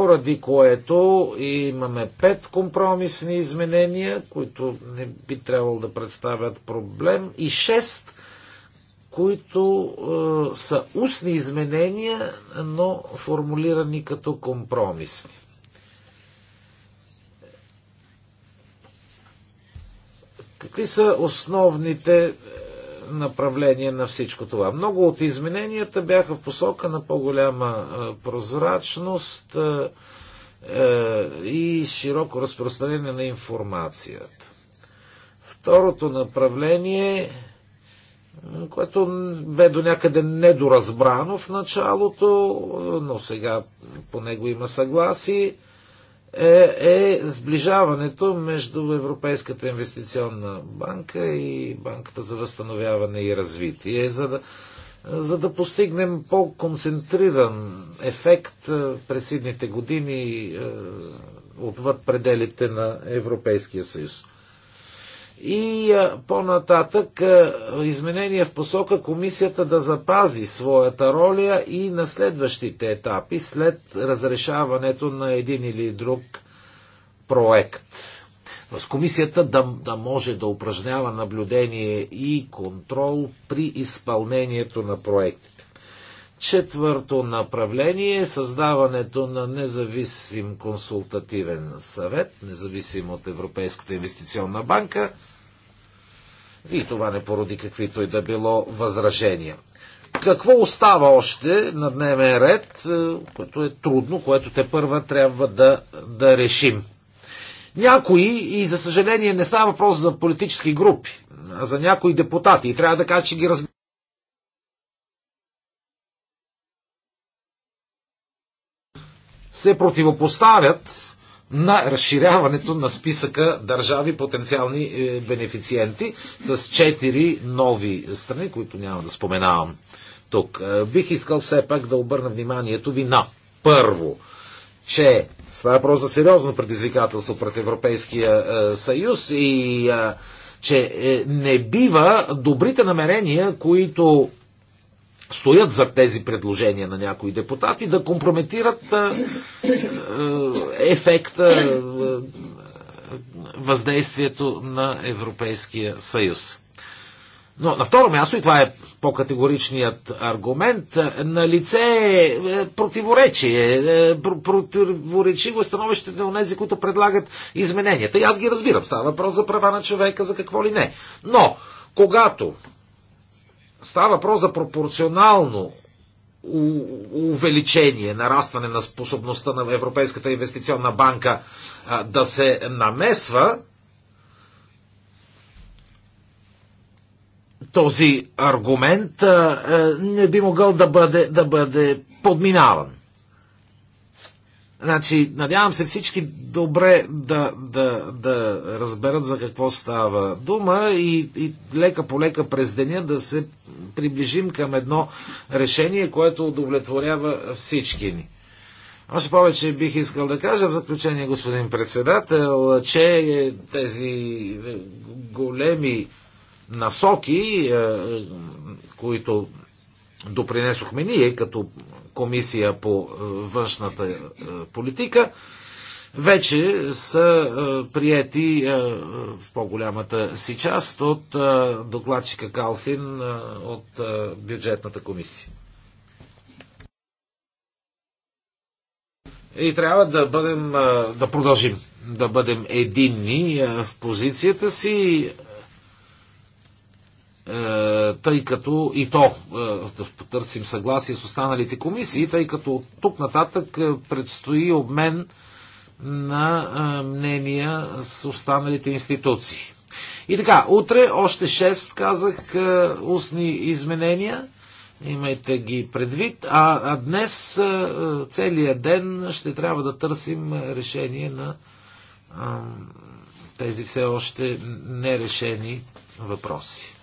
поради което имаме пет компромисни изменения, които не би трябвало да представят проблем, и шест, които е, са устни изменения, но формулирани като компромисни. Какви са основните е, направление на всичко това. Много от измененията бяха в посока на по-голяма прозрачност е, и широко разпространение на информацията. Второто направление, което бе до някъде недоразбрано в началото, но сега по него има съгласие – е, е сближаването между Европейската инвестиционна банка и Банката за възстановяване и развитие, за да, за да постигнем по-концентриран ефект е, през идните години е, отвъд пределите на Европейския съюз и по-нататък изменения в посока комисията да запази своята роля и на следващите етапи след разрешаването на един или друг проект. Тоест комисията да, да може да упражнява наблюдение и контрол при изпълнението на проектите. Четвърто направление е създаването на независим консултативен съвет, независим от Европейската инвестиционна банка – и това не породи каквито и да било възражения. Какво остава още на дневен ред, е, което е трудно, което те първа трябва да, да решим? Някои, и за съжаление не става въпрос за политически групи, а за някои депутати, и трябва да кажа, че ги разбира. се противопоставят на разширяването на списъка държави потенциални е, бенефициенти с четири нови страни, които няма да споменавам тук. Е, бих искал все пак да обърна вниманието ви на първо, че това е просто сериозно предизвикателство пред Европейския е, съюз и че не бива добрите намерения, които стоят за тези предложения на някои депутати, да компрометират ефекта, въздействието на Европейския съюз. Но на второ място, и това е по-категоричният аргумент, на лице е, е противоречие, е, е, противоречиво становище на тези, които предлагат измененията. И аз ги разбирам. Става въпрос за права на човека, за какво ли не. Но, когато Става въпрос за пропорционално увеличение, нарастване на способността на Европейската инвестиционна банка да се намесва, този аргумент не би могъл да бъде, да бъде подминаван. Значи, надявам се всички добре да, да, да разберат за какво става дума и, и лека по лека през деня да се приближим към едно решение, което удовлетворява всички ни. Още повече бих искал да кажа в заключение, господин председател, че тези големи насоки, е, които допринесохме ние като комисия по е, външната е, политика, вече са е, приети в по-голямата си част от докладчика Калфин от бюджетната комисия. И трябва да бъдем, да продължим да бъдем единни в позицията си е, тъй като и то е, да търсим съгласие с останалите комисии, тъй като от тук нататък е, предстои обмен на мнения с останалите институции. И така, утре още 6, казах, устни изменения. Имайте ги предвид. А, а днес целият ден ще трябва да търсим решение на а, тези все още нерешени въпроси.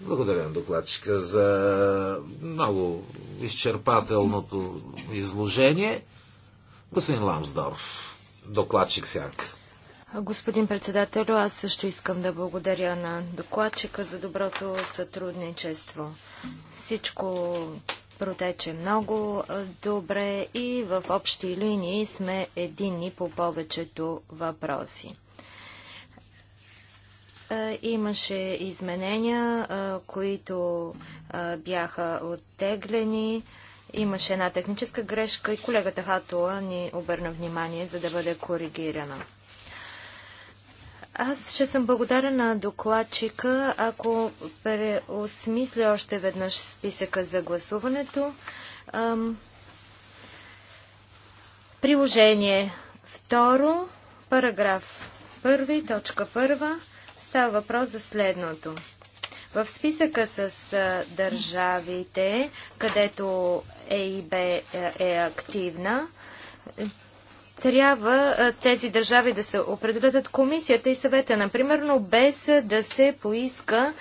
Благодаря на докладчика за много изчерпателното изложение. Господин Ламсдорф, докладчик сяк. Господин председател, аз също искам да благодаря на докладчика за доброто сътрудничество. Всичко протече много добре и в общи линии сме единни по повечето въпроси. Е, имаше изменения, е, които е, бяха оттеглени. Имаше една техническа грешка и колегата Хатула ни обърна внимание, за да бъде коригирана. Аз ще съм благодарен на докладчика, ако преосмисля още веднъж списъка за гласуването. Приложение второ, параграф първи, точка първа. Става въпрос за следното. В списъка с държавите, където ЕИБ е, активна, трябва тези държави да се определят от комисията и съвета, например, но без да се поиска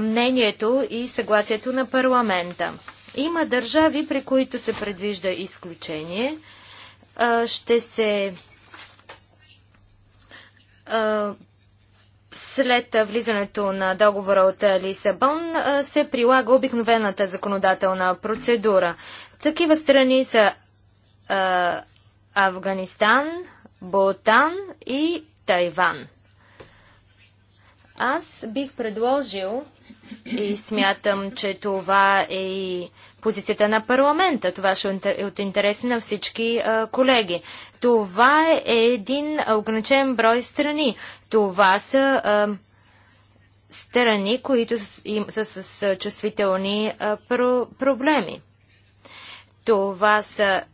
мнението и съгласието на парламента. Има държави, при които се предвижда изключение. Ще се след влизането на договора от Лисабон се прилага обикновената законодателна процедура. Такива страни са а, Афганистан, Бултан и Тайван. Аз бих предложил и смятам, че това е и позицията на парламента. Това ще е, е от интереси на всички а, колеги. Това е един ограничен брой страни. Това са а, страни, които са с чувствителни а, про, проблеми. Това са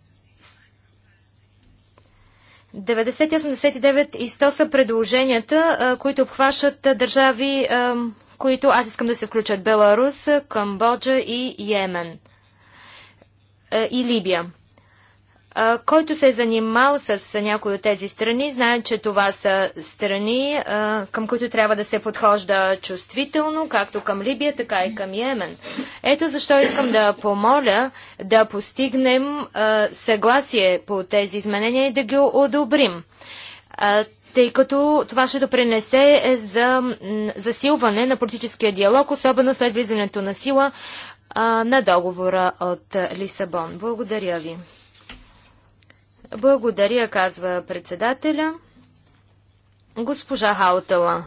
90, 89 и 100 са предложенията, които обхващат държави които аз искам да се включат Беларус, Камбоджа и Йемен е, и Либия. Е, който се е занимал с някои от тези страни, знае, че това са страни, е, към които трябва да се подхожда чувствително, както към Либия, така и към Йемен. Ето защо искам да помоля да постигнем съгласие по тези изменения и да ги одобрим тъй като това ще допринесе е, за засилване на политическия диалог, особено след влизането на сила на договора от Лисабон. Благодаря ви. Благодаря, казва председателя. Госпожа Хаутела.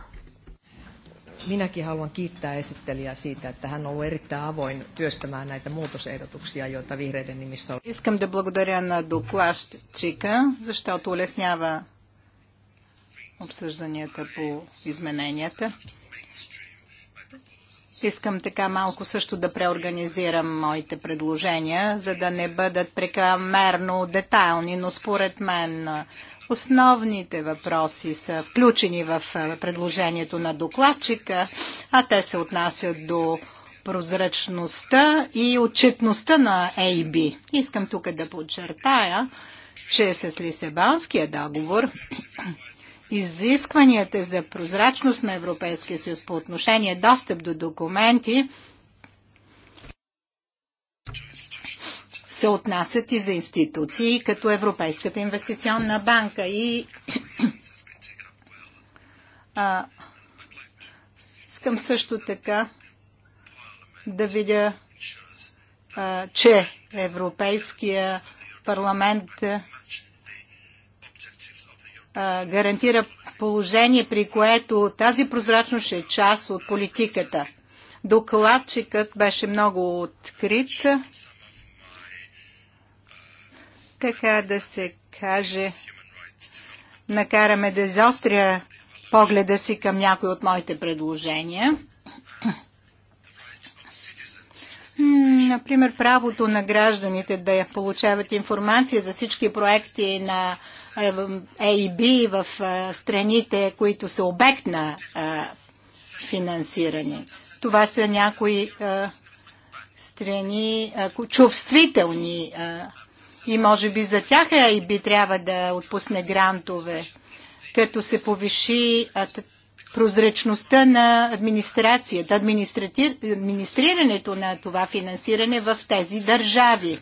Minäkin haluan kiittää esittelijää siitä, että hän on ollut erittäin avoin työstämään näitä muutosehdotuksia, joita vihreiden nimissä on. Искам да благодаря на докладчика, защото улеснява обсъжданията по измененията. Искам така малко също да преорганизирам моите предложения, за да не бъдат прекамерно детайлни, но според мен основните въпроси са включени в предложението на докладчика, а те се отнасят до прозрачността и отчетността на AB. Искам тук да подчертая, че с Лисебанския договор изискванията за прозрачност на Европейския съюз по отношение достъп до документи се отнасят и за институции като Европейската инвестиционна банка и а, искам също така да видя, а, че Европейския парламент гарантира положение, при което тази прозрачност е част от политиката. Докладчикът беше много открит, така да се каже, накараме да изостря погледа си към някои от моите предложения. Например, правото на гражданите да получават информация за всички проекти на а и Б в е, страните, които са обект на е, финансиране. Това са някои е, страни чувствителни и може би за тях би трябва да отпусне грантове, като се повиши прозрачността на администрацията, администрирането на това финансиране в тези държави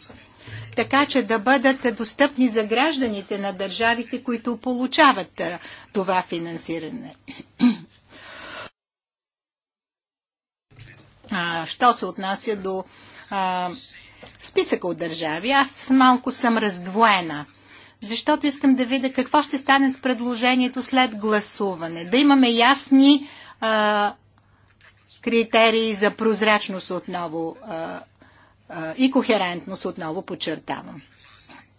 така че да бъдат достъпни за гражданите на държавите, които получават това финансиране. Що се отнася до а, списъка от държави, аз малко съм раздвоена защото искам да видя какво ще стане с предложението след гласуване. Да имаме ясни а, критерии за прозрачност отново а, и кохерентност, отново подчертавам.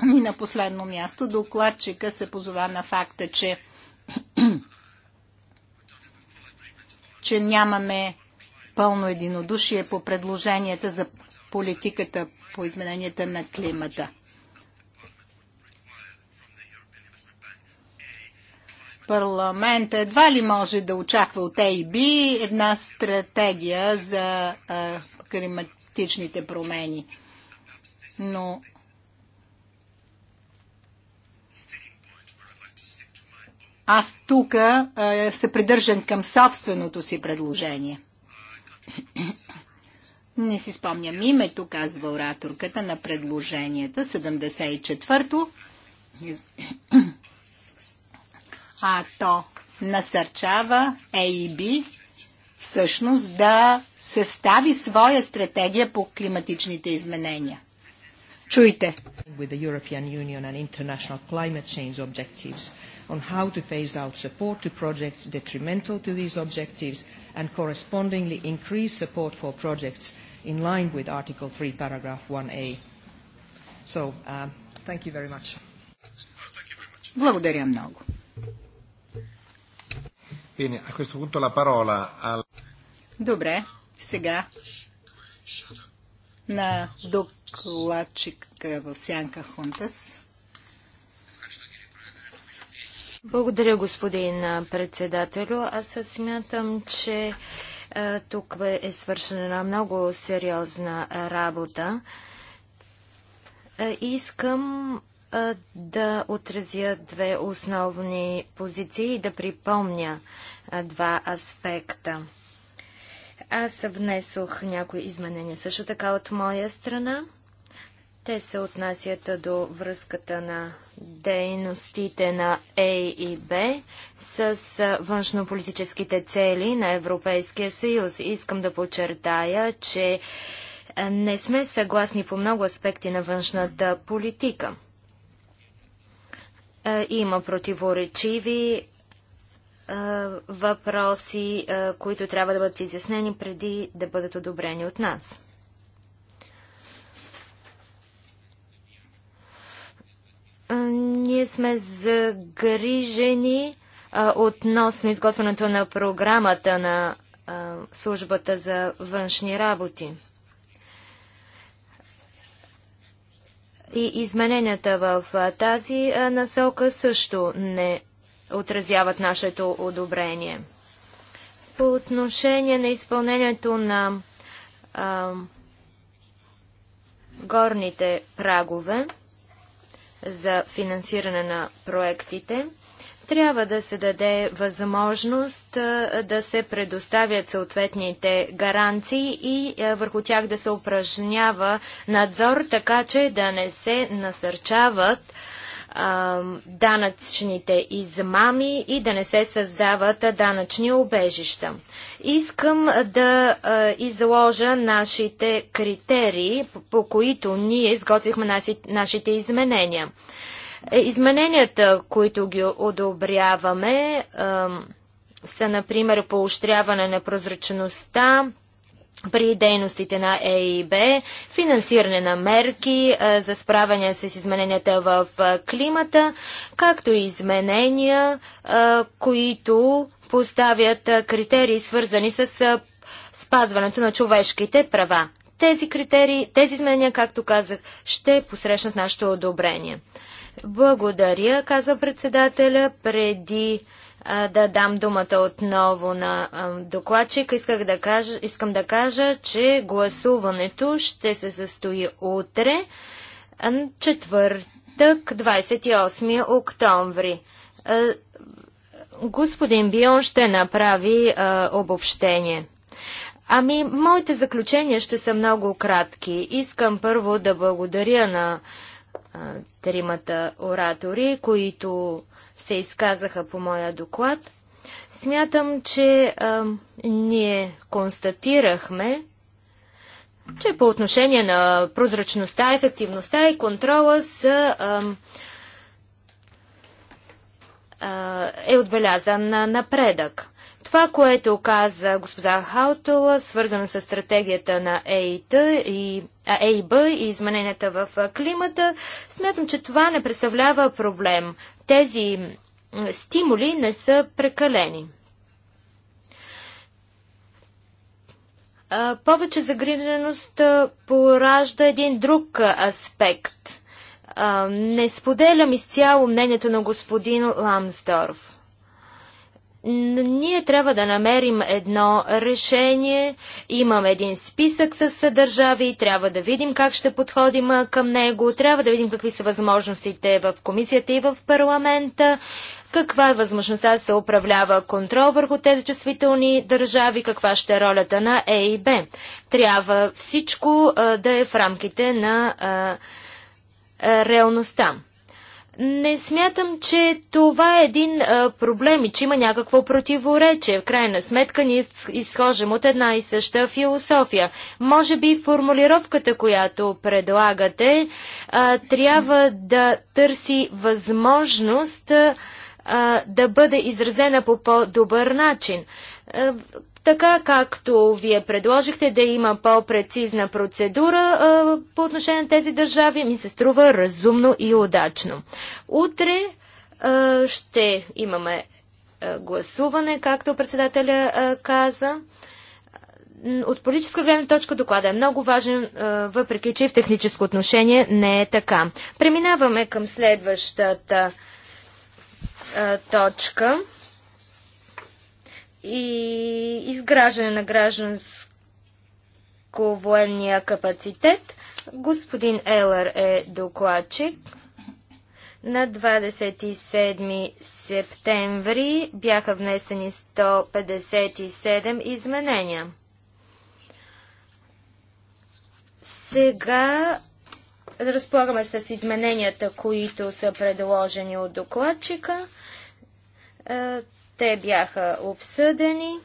И на последно място докладчика се позова на факта, че, че нямаме пълно единодушие по предложенията за политиката по измененията на климата. Парламент едва ли може да очаква от АИБ една стратегия за климатичните промени. Но аз тук е, се придържам към собственото си предложение. Не си спомням името, казва ораторката на предложенията, 74-то. А то насърчава A всъщност да състави своя стратегия по климатичните изменения. Чуйте. With the European Union and international climate change objectives on how to phase out support to projects detrimental to these objectives and correspondingly increase support for projects in line with Article 3, paragraph 1a. So, uh, thank you very much. Благодаря много. Bene, a questo punto la parola al... Добре, сега на докладчика в Сянка Хунтас. Благодаря, господин председателю. Аз смятам, че е, тук е свършена много сериозна работа. Е, искам е, да отразя две основни позиции и да припомня два аспекта. Аз внесох някои изменения също така от моя страна. Те се отнасят до връзката на дейностите на А и Б с външнополитическите цели на Европейския съюз. Искам да подчертая, че не сме съгласни по много аспекти на външната политика. Има противоречиви въпроси, които трябва да бъдат изяснени преди да бъдат одобрени от нас. Ние сме загрижени относно изготвянето на програмата на службата за външни работи. И измененията в тази насока също не отразяват нашето одобрение. По отношение на изпълнението на а, горните прагове за финансиране на проектите, трябва да се даде възможност да се предоставят съответните гаранции и върху тях да се упражнява надзор, така че да не се насърчават данъчните измами и да не се създават данъчни обежища. Искам да а, изложа нашите критерии, по, по които ние изготвихме наси, нашите изменения. Е, измененията, които ги одобряваме, а, са, например, поощряване на прозрачността, при дейностите на ЕИБ, финансиране на мерки за справяне с измененията в климата, както и изменения, които поставят критерии свързани с спазването на човешките права. Тези критерии, тези изменения, както казах, ще посрещнат нашето одобрение. Благодаря, каза председателя, преди да дам думата отново на докладчик. Исках да кажа, искам да кажа, че гласуването ще се състои утре, четвъртък, 28 октомври. Господин Бион ще направи а, обобщение. Ами, моите заключения ще са много кратки. Искам първо да благодаря на тримата оратори, които се изказаха по моя доклад. Смятам, че а, ние констатирахме, че по отношение на прозрачността, ефективността и контрола са, а, а, е отбелязан напредък. Това, което каза господа Хаутола, свързано с стратегията на ЕИТ и ЕИБ и измененията в климата, смятам, че това не представлява проблем. Тези стимули не са прекалени. Повече загриженост поражда един друг аспект. Не споделям изцяло мнението на господин Ламсдорф. Ние трябва да намерим едно решение. Имам един списък с държави, трябва да видим как ще подходим към него, трябва да видим какви са възможностите в комисията и в парламента, каква е възможността да се управлява контрол върху тези чувствителни държави, каква ще е ролята на Е и Б. Трябва всичко а, да е в рамките на а, а, реалността. Не смятам, че това е един а, проблем и че има някакво противоречие. В крайна сметка ние изхожим от една и съща философия. Може би формулировката, която предлагате, а, трябва да търси възможност а, да бъде изразена по по-добър начин. Така както вие предложихте да има по-прецизна процедура а, по отношение на тези държави, ми се струва разумно и удачно. Утре а, ще имаме а, гласуване, както председателя а, каза. От политическа гледна точка доклада е много важен, а, въпреки че в техническо отношение не е така. Преминаваме към следващата а, точка и изграждане на гражданско-военния капацитет. Господин Елър е докладчик. На 27 септември бяха внесени 157 изменения. Сега разполагаме с измененията, които са предложени от докладчика. Е, те бяха обсъдени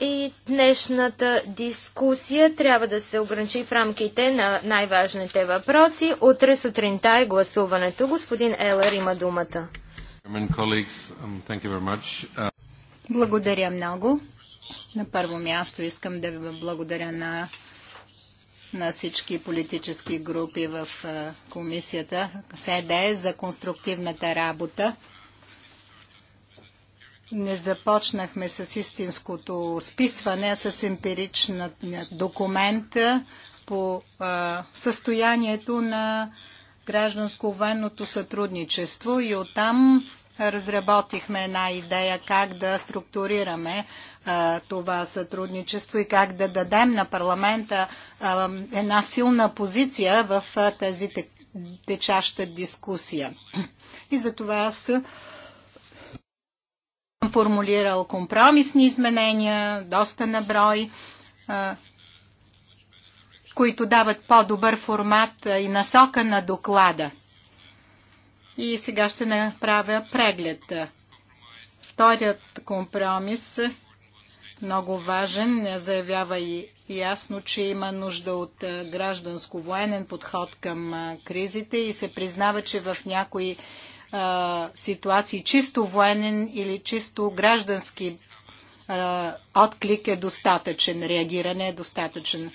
и днешната дискусия трябва да се ограничи в рамките на най-важните въпроси. Утре сутринта е гласуването. Господин Елър, има думата. Благодаря много. На първо място искам да ви благодаря на, на всички политически групи в комисията СЕДЕ е за конструктивната работа не започнахме с истинското списване, а с емпирична документа по а, състоянието на гражданско-военното сътрудничество и оттам разработихме една идея как да структурираме а, това сътрудничество и как да дадем на парламента а, една силна позиция в а, тази течаща дискусия. И за това аз съм формулирал компромисни изменения, доста наброй, които дават по-добър формат и насока на доклада. И сега ще направя преглед. Вторият компромис, много важен, заявява и ясно, че има нужда от гражданско-военен подход към кризите и се признава, че в някои а, ситуации чисто военен или чисто граждански а, отклик е достатъчен, реагиране е достатъчен.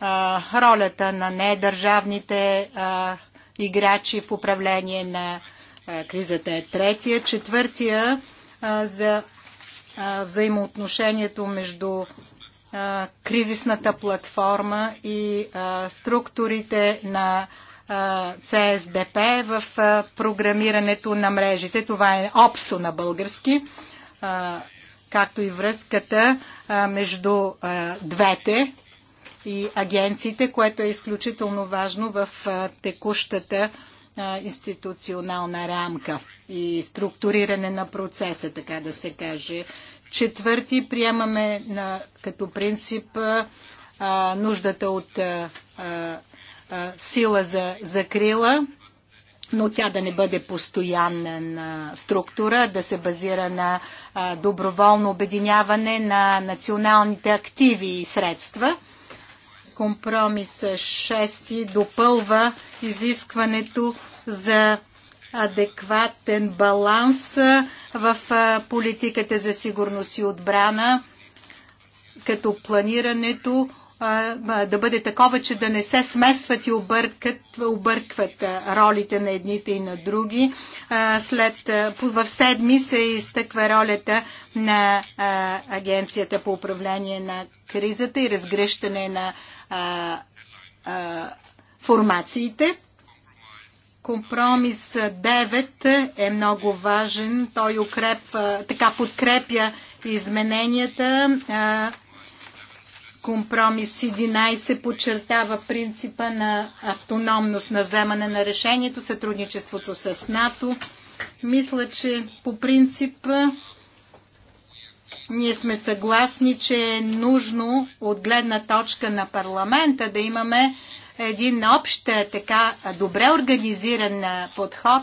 А, ролята на недържавните а, играчи в управление на а, кризата е третия. Четвъртия а, за а, взаимоотношението между кризисната платформа и структурите на ЦСДП в програмирането на мрежите. Това е ОПСО на български, както и връзката между двете и агенциите, което е изключително важно в текущата институционална рамка и структуриране на процеса, така да се каже. Четвърти приемаме на, като принцип а, нуждата от а, сила за закрила, но тя да не бъде постоянна структура, да се базира на доброволно обединяване на националните активи и средства. Компромис 6 допълва изискването за адекватен баланс в политиката за сигурност и отбрана, като планирането да бъде такова, че да не се смесват и объркат, объркват ролите на едните и на други. След, в седми се изтъква ролята на Агенцията по управление на кризата и разгръщане на формациите. Компромис 9 е много важен. Той укрепва, така подкрепя измененията Компромис 11 подчертава принципа на автономност на вземане на решението, сътрудничеството с НАТО. Мисля, че по принцип ние сме съгласни, че е нужно от гледна точка на парламента да имаме един общ, така добре организиран подход,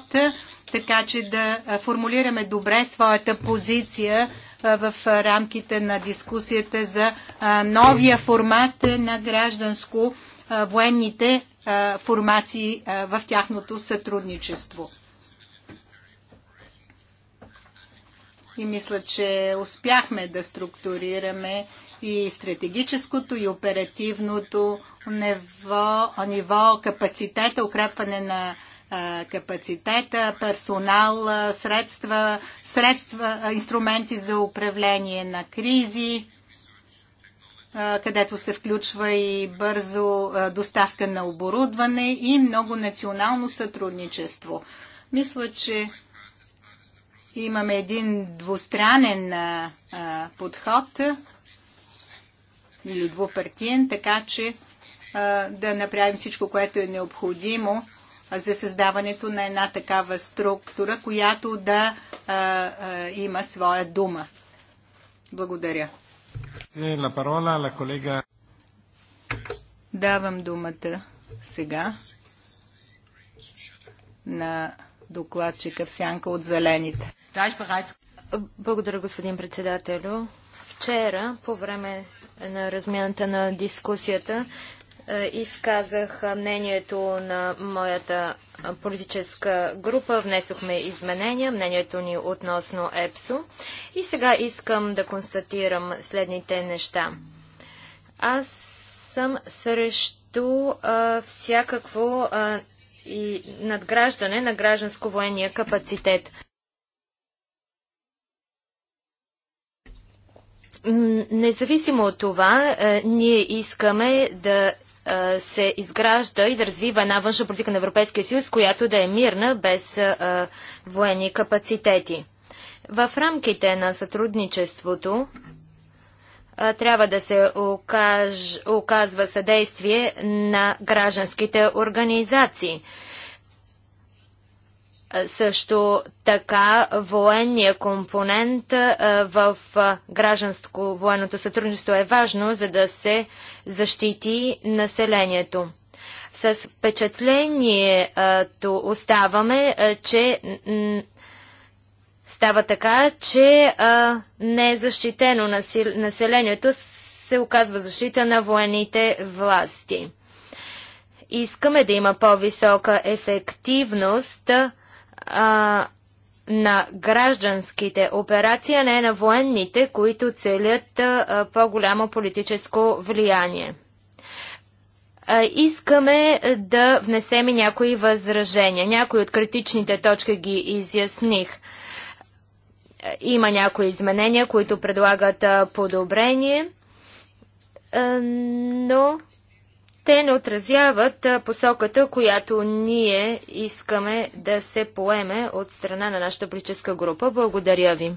така че да формулираме добре своята позиция в рамките на дискусията за новия формат на гражданско военните формации в тяхното сътрудничество. И мисля, че успяхме да структурираме и стратегическото и оперативното ниво, ниво капацитета, укрепване на капацитета, персонал, средства, средства, инструменти за управление на кризи, където се включва и бързо доставка на оборудване и много национално сътрудничество. Мисля, че имаме един двустранен подход или двупартиен, така че да направим всичко, което е необходимо за създаването на една такава структура, която да а, а, има своя дума. Благодаря. Давам думата сега на докладчика в сянка от зелените. Благодаря, господин председателю. Вчера, по време на размяната на дискусията, е, изказах мнението на моята политическа група, внесохме изменения, мнението ни относно ЕПСО. И сега искам да констатирам следните неща. Аз съм срещу а, всякакво а, и надграждане на гражданско-военния капацитет. Независимо от това, е, ние искаме да се изгражда и да развива една външна политика на Европейския съюз, която да е мирна, без военни капацитети. В рамките на сътрудничеството трябва да се оказва съдействие на гражданските организации – също така военния компонент в гражданско военното сътрудничество е важно, за да се защити населението. С впечатлението оставаме, че става така, че не е защитено населението, се оказва защита на военните власти. Искаме да има по-висока ефективност а, на гражданските операции, а не е на военните, които целят по-голямо политическо влияние. А, искаме да внесем и някои възражения. Някои от критичните точки ги изясних. Има някои изменения, които предлагат подобрение, но те не отразяват посоката, която ние искаме да се поеме от страна на нашата политическа група. Благодаря ви.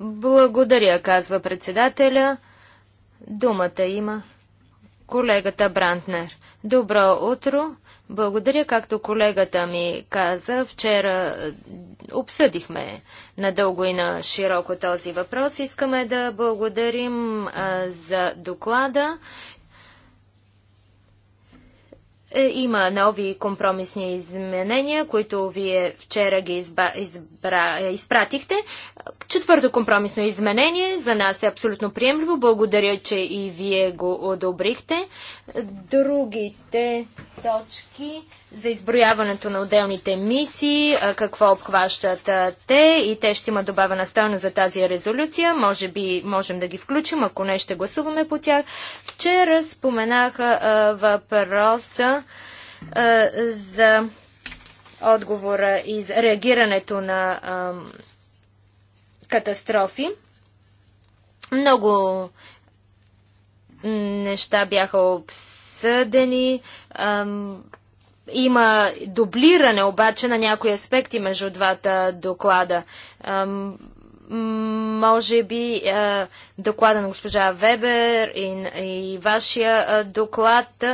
Благодаря, казва председателя. Думата има колегата Брантнер. Добро утро! Благодаря, както колегата ми каза. Вчера обсъдихме надълго и на широко този въпрос. Искаме да благодарим а, за доклада е, има нови компромисни изменения, които вие вчера ги изба, избра, изпратихте. Четвърто компромисно изменение за нас е абсолютно приемливо. Благодаря, че и вие го одобрихте. Другите точки за изброяването на отделните мисии, какво обхващат те и те ще има добавена стойност за тази резолюция. Може би можем да ги включим, ако не ще гласуваме по тях. Вчера споменах въпроса за отговора и за реагирането на катастрофи. Много неща бяха обсъждани съдени. Ам, има дублиране обаче на някои аспекти между двата доклада. Ам, може би а, доклада на госпожа Вебер и, и вашия а, доклад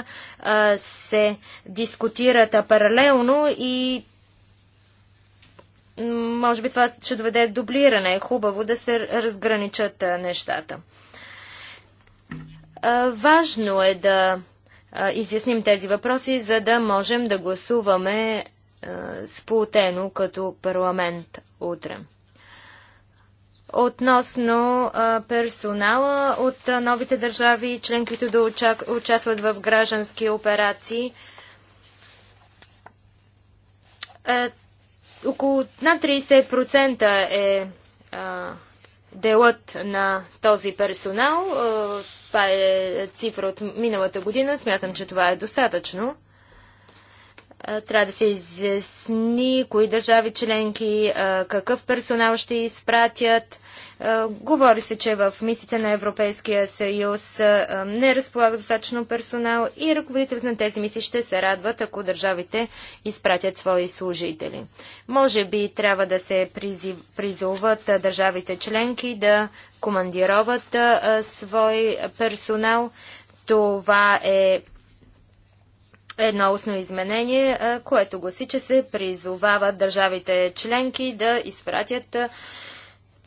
а, се дискутират паралелно и може би това ще доведе дублиране. Е хубаво да се разграничат нещата. Важно е да изясним тези въпроси, за да можем да гласуваме сплутено като парламент утре. Относно персонала от новите държави, член, които да участват в граждански операции, около над 30% е делът на този персонал. Това е цифра от миналата година. Смятам, че това е достатъчно. Трябва да се изясни кои държави членки, какъв персонал ще изпратят, е, говори се, че в мисиите на Европейския съюз е, не разполага достатъчно персонал и ръководителят на тези мисии ще се радват, ако държавите изпратят свои служители. Може би трябва да се призоват е, държавите членки да командироват свой персонал. Това е едно устно изменение, което гласи, че се призовават държавите членки да изпратят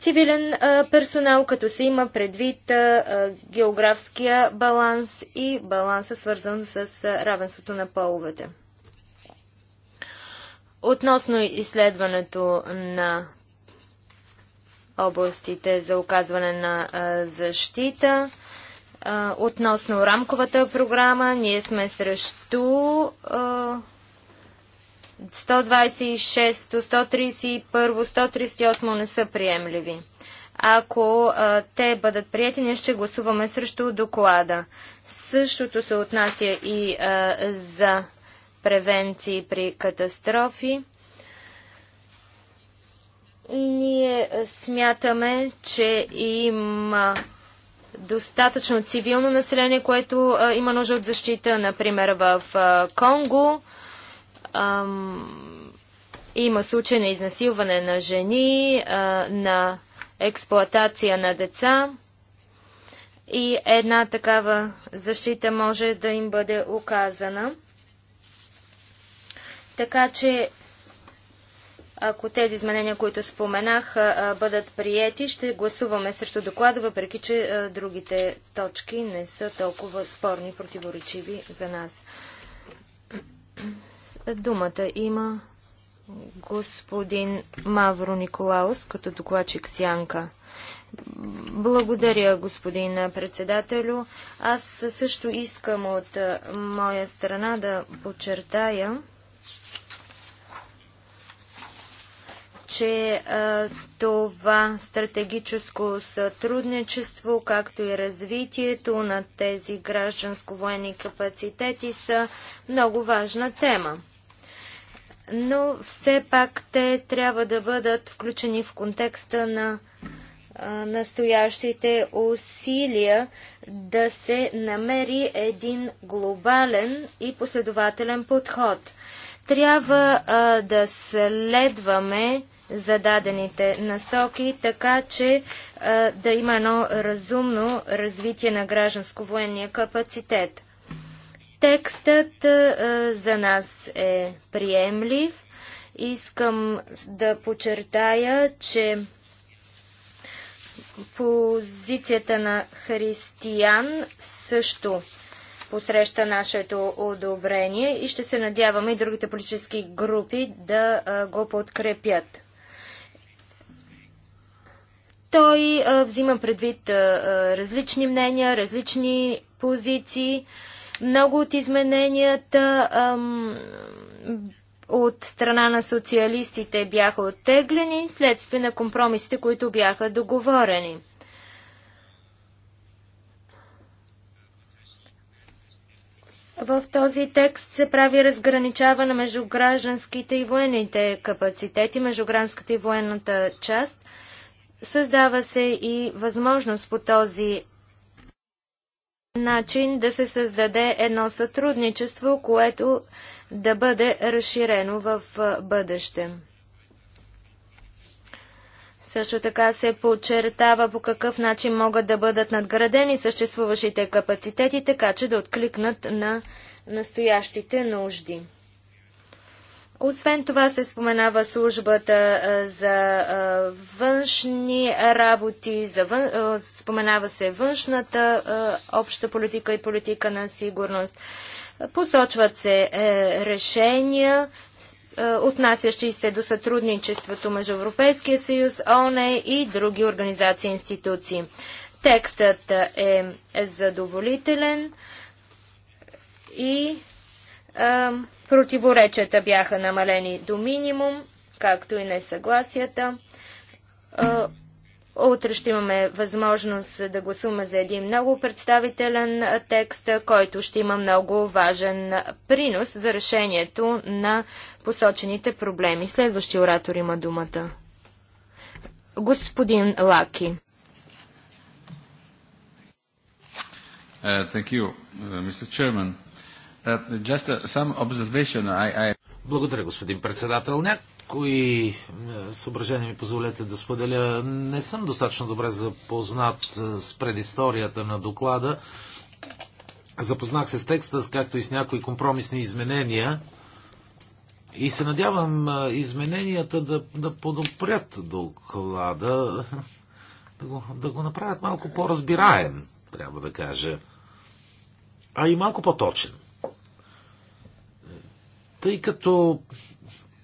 цивилен а, персонал, като се има предвид а, географския баланс и баланса свързан с а, равенството на половете. Относно изследването на областите за оказване на защита, относно рамковата програма, ние сме срещу 126, 131, 138 не са приемливи. Ако а, те бъдат приятели, ние ще гласуваме срещу доклада. Същото се отнася и а, за превенции при катастрофи. Ние смятаме, че има достатъчно цивилно население, което а, има нужда от защита, например в а, Конго. Ам, има случаи на изнасилване на жени, а, на експлоатация на деца и една такава защита може да им бъде оказана. Така че, ако тези изменения, които споменах, бъдат приети, ще гласуваме срещу доклада, въпреки че другите точки не са толкова спорни, противоречиви за нас. Думата има господин Мавро Николаус като докладчик Сянка. Благодаря, господин председателю. Аз също искам от моя страна да подчертая, че а, това стратегическо сътрудничество, както и развитието на тези гражданско-военни капацитети са много важна тема но все пак те трябва да бъдат включени в контекста на настоящите усилия да се намери един глобален и последователен подход. Трябва а, да следваме зададените насоки, така че а, да има едно разумно развитие на гражданско-военния капацитет. Текстът а, за нас е приемлив. Искам да подчертая, че позицията на християн също посреща нашето одобрение и ще се надяваме и другите политически групи да а, го подкрепят. Той а, взима предвид а, различни мнения, различни позиции. Много от измененията ам, от страна на социалистите бяха оттеглени следствие на компромисите, които бяха договорени. В този текст се прави разграничаване между гражданските и военните капацитети, между гражданската и военната част. Създава се и възможност по този начин да се създаде едно сътрудничество, което да бъде разширено в бъдеще. Също така се подчертава по какъв начин могат да бъдат надградени съществуващите капацитети, така че да откликнат на настоящите нужди. Освен това се споменава службата за външни работи, за вън... споменава се външната обща политика и политика на сигурност. Посочват се е, решения, отнасящи се до сътрудничеството между Европейския съюз, ОНЕ и други организации и институции. Текстът е задоволителен и Противоречията бяха намалени до минимум, както и несъгласията. Утре ще имаме възможност да гласуваме за един много представителен текст, който ще има много важен принос за решението на посочените проблеми. Следващи оратор има думата. Господин Лаки. Uh, thank you, uh, Mr. Chairman. Uh, uh, I... Благодаря, господин председател. Някои съображения ми позволете да споделя. Не съм достатъчно добре запознат с предисторията на доклада. Запознах се с текста, както и с някои компромисни изменения. И се надявам измененията да, да подопрят доклада, да го, да го направят малко по-разбираем, трябва да кажа. А и малко по-точен. Тъй като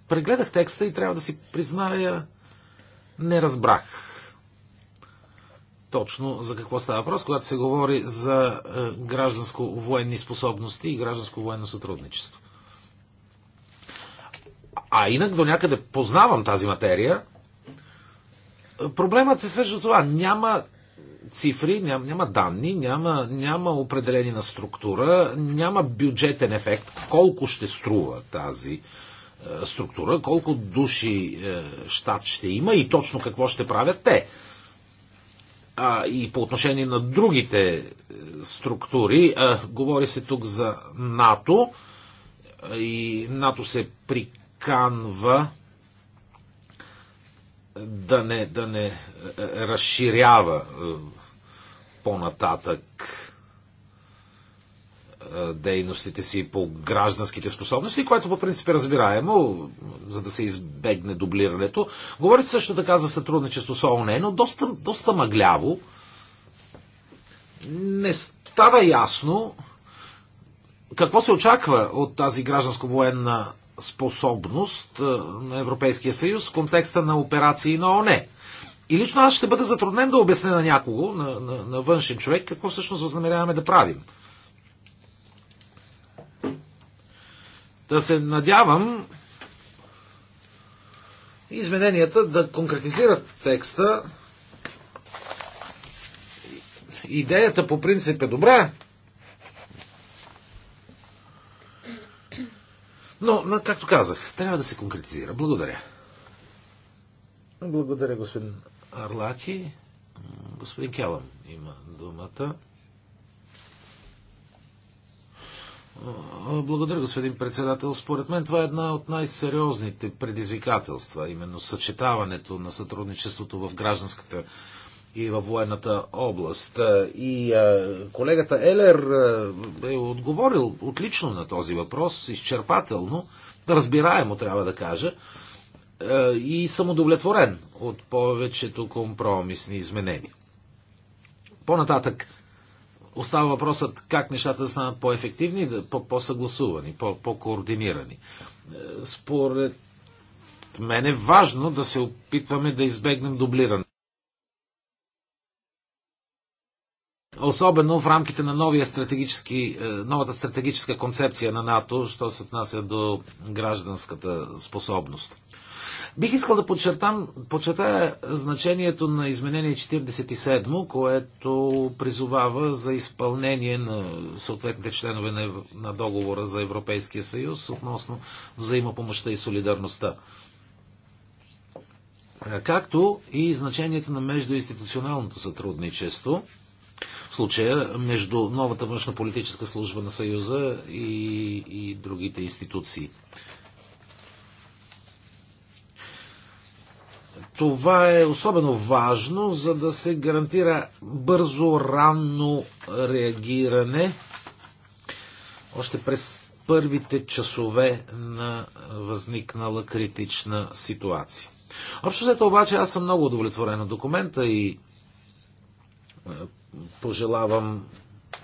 прегледах текста и трябва да си призная, не разбрах точно за какво става въпрос, когато се говори за е, гражданско-военни способности и гражданско-военно сътрудничество. А инак до някъде познавам тази материя. Проблемът се свежда до това. Няма цифри, няма, няма данни, няма, няма определени на структура, няма бюджетен ефект, колко ще струва тази е, структура, колко души е, щат ще има и точно какво ще правят те. А, и по отношение на другите е, структури, е, говори се тук за НАТО е, и НАТО се приканва е, да не, да не е, е, разширява по-нататък дейностите си по гражданските способности, което по принцип е разбираемо, за да се избегне дублирането. Говори също така за сътрудничество с ООН, но доста, доста мъгляво. Не става ясно какво се очаква от тази гражданско-военна способност на Европейския съюз в контекста на операции на ОНЕ. И лично аз ще бъда затруднен да обясня на някого, на, на, на външен човек, какво всъщност възнамеряваме да правим. Да се надявам измененията да конкретизират текста. Идеята по принцип е добра, Но, както казах, трябва да се конкретизира. Благодаря. Благодаря, господин Арлаки. Господин Келъм има думата. Благодаря, господин председател. Според мен това е една от най-сериозните предизвикателства, именно съчетаването на сътрудничеството в гражданската и във военната област. И а, колегата Елер а, е отговорил отлично на този въпрос, изчерпателно, разбираемо трябва да кажа. Е, и съм удовлетворен от повечето компромисни изменения. По-нататък остава въпросът как нещата да станат по-ефективни, по-съгласувани, по-координирани. Е, според мен е важно да се опитваме да избегнем дублиране особено в рамките на новия стратегически, е, новата стратегическа концепция на НАТО, що се отнася до гражданската способност. Бих искал да подчертам, подчертая значението на изменение 47, което призовава за изпълнение на съответните членове на, на договора за Европейския съюз относно взаимопомощта и солидарността. Е, както и значението на междуинституционалното сътрудничество – случая между новата външна политическа служба на Съюза и, и другите институции. Това е особено важно, за да се гарантира бързо, ранно реагиране още през първите часове на възникнала критична ситуация. Общо взето обаче аз съм много удовлетворен от документа и е, пожелавам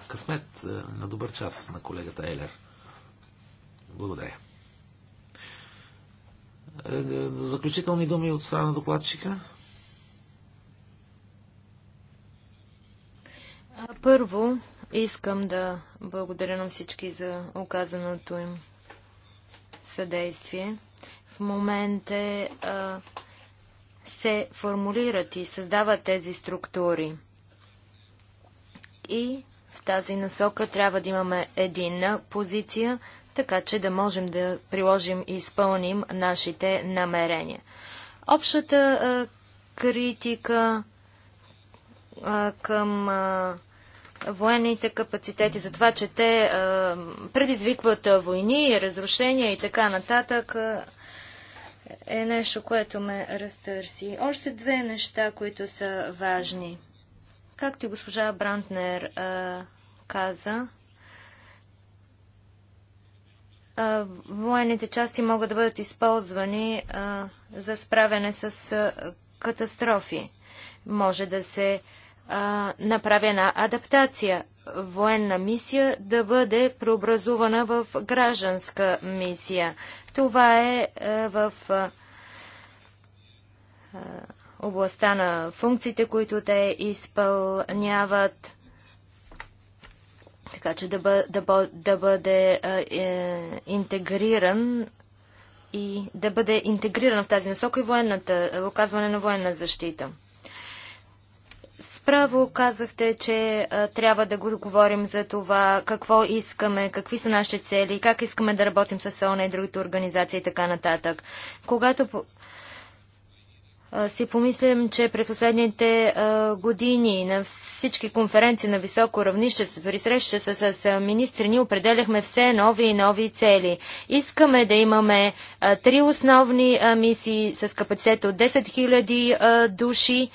късмет е, на добър час на колегата Елер. Благодаря. Е, е, заключителни думи от страна на докладчика? Първо, искам да благодаря на всички за оказаното им съдействие. В момента се формулират и създават тези структури. И в тази насока трябва да имаме единна позиция, така че да можем да приложим и изпълним нашите намерения. Общата а, критика а, към а, военните капацитети, за това, че те предизвикват войни, разрушения и така нататък, е нещо, което ме разтърси. Още две неща, които са важни – Както и госпожа Брантнер а, каза, а, военните части могат да бъдат използвани а, за справяне с а, катастрофи. Може да се а, направи една адаптация. Военна мисия да бъде преобразувана в гражданска мисия. Това е а, в. А, областта на функциите, които те изпълняват, така че да, бъ, да, бъ, да бъде е, интегриран и да бъде интегриран в тази насока и военната, оказване на военна защита. Справо казахте, че а, трябва да го говорим за това какво искаме, какви са нашите цели, как искаме да работим с ООН и другите организации и така нататък. Когато си помислям, че през последните години на всички конференции на високо равнище, при среща с, с, министри, ни определяхме все нови и нови цели. Искаме да имаме три основни мисии с капацитет от 10 000 души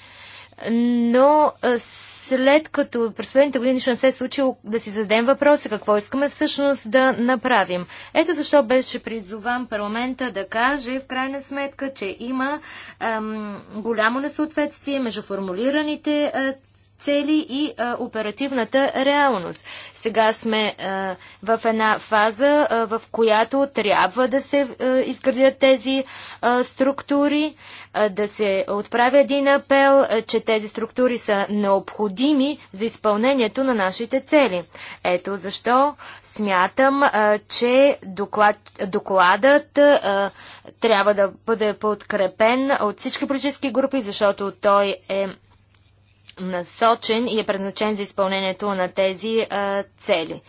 но след като през последните години ще не се е случило да си зададем въпроса какво искаме всъщност да направим. Ето защо беше призован парламента да каже в крайна сметка, че има ам, голямо несъответствие между формулираните а, цели и а, оперативната реалност. Сега сме а, в една фаза, а, в която трябва да се а, изградят тези а, структури, а, да се отправя един апел, а, че тези структури са необходими за изпълнението на нашите цели. Ето защо смятам, а, че доклад, докладът а, трябва да бъде подкрепен от всички политически групи, защото той е насочен и е предназначен за изпълнението на тези а, цели.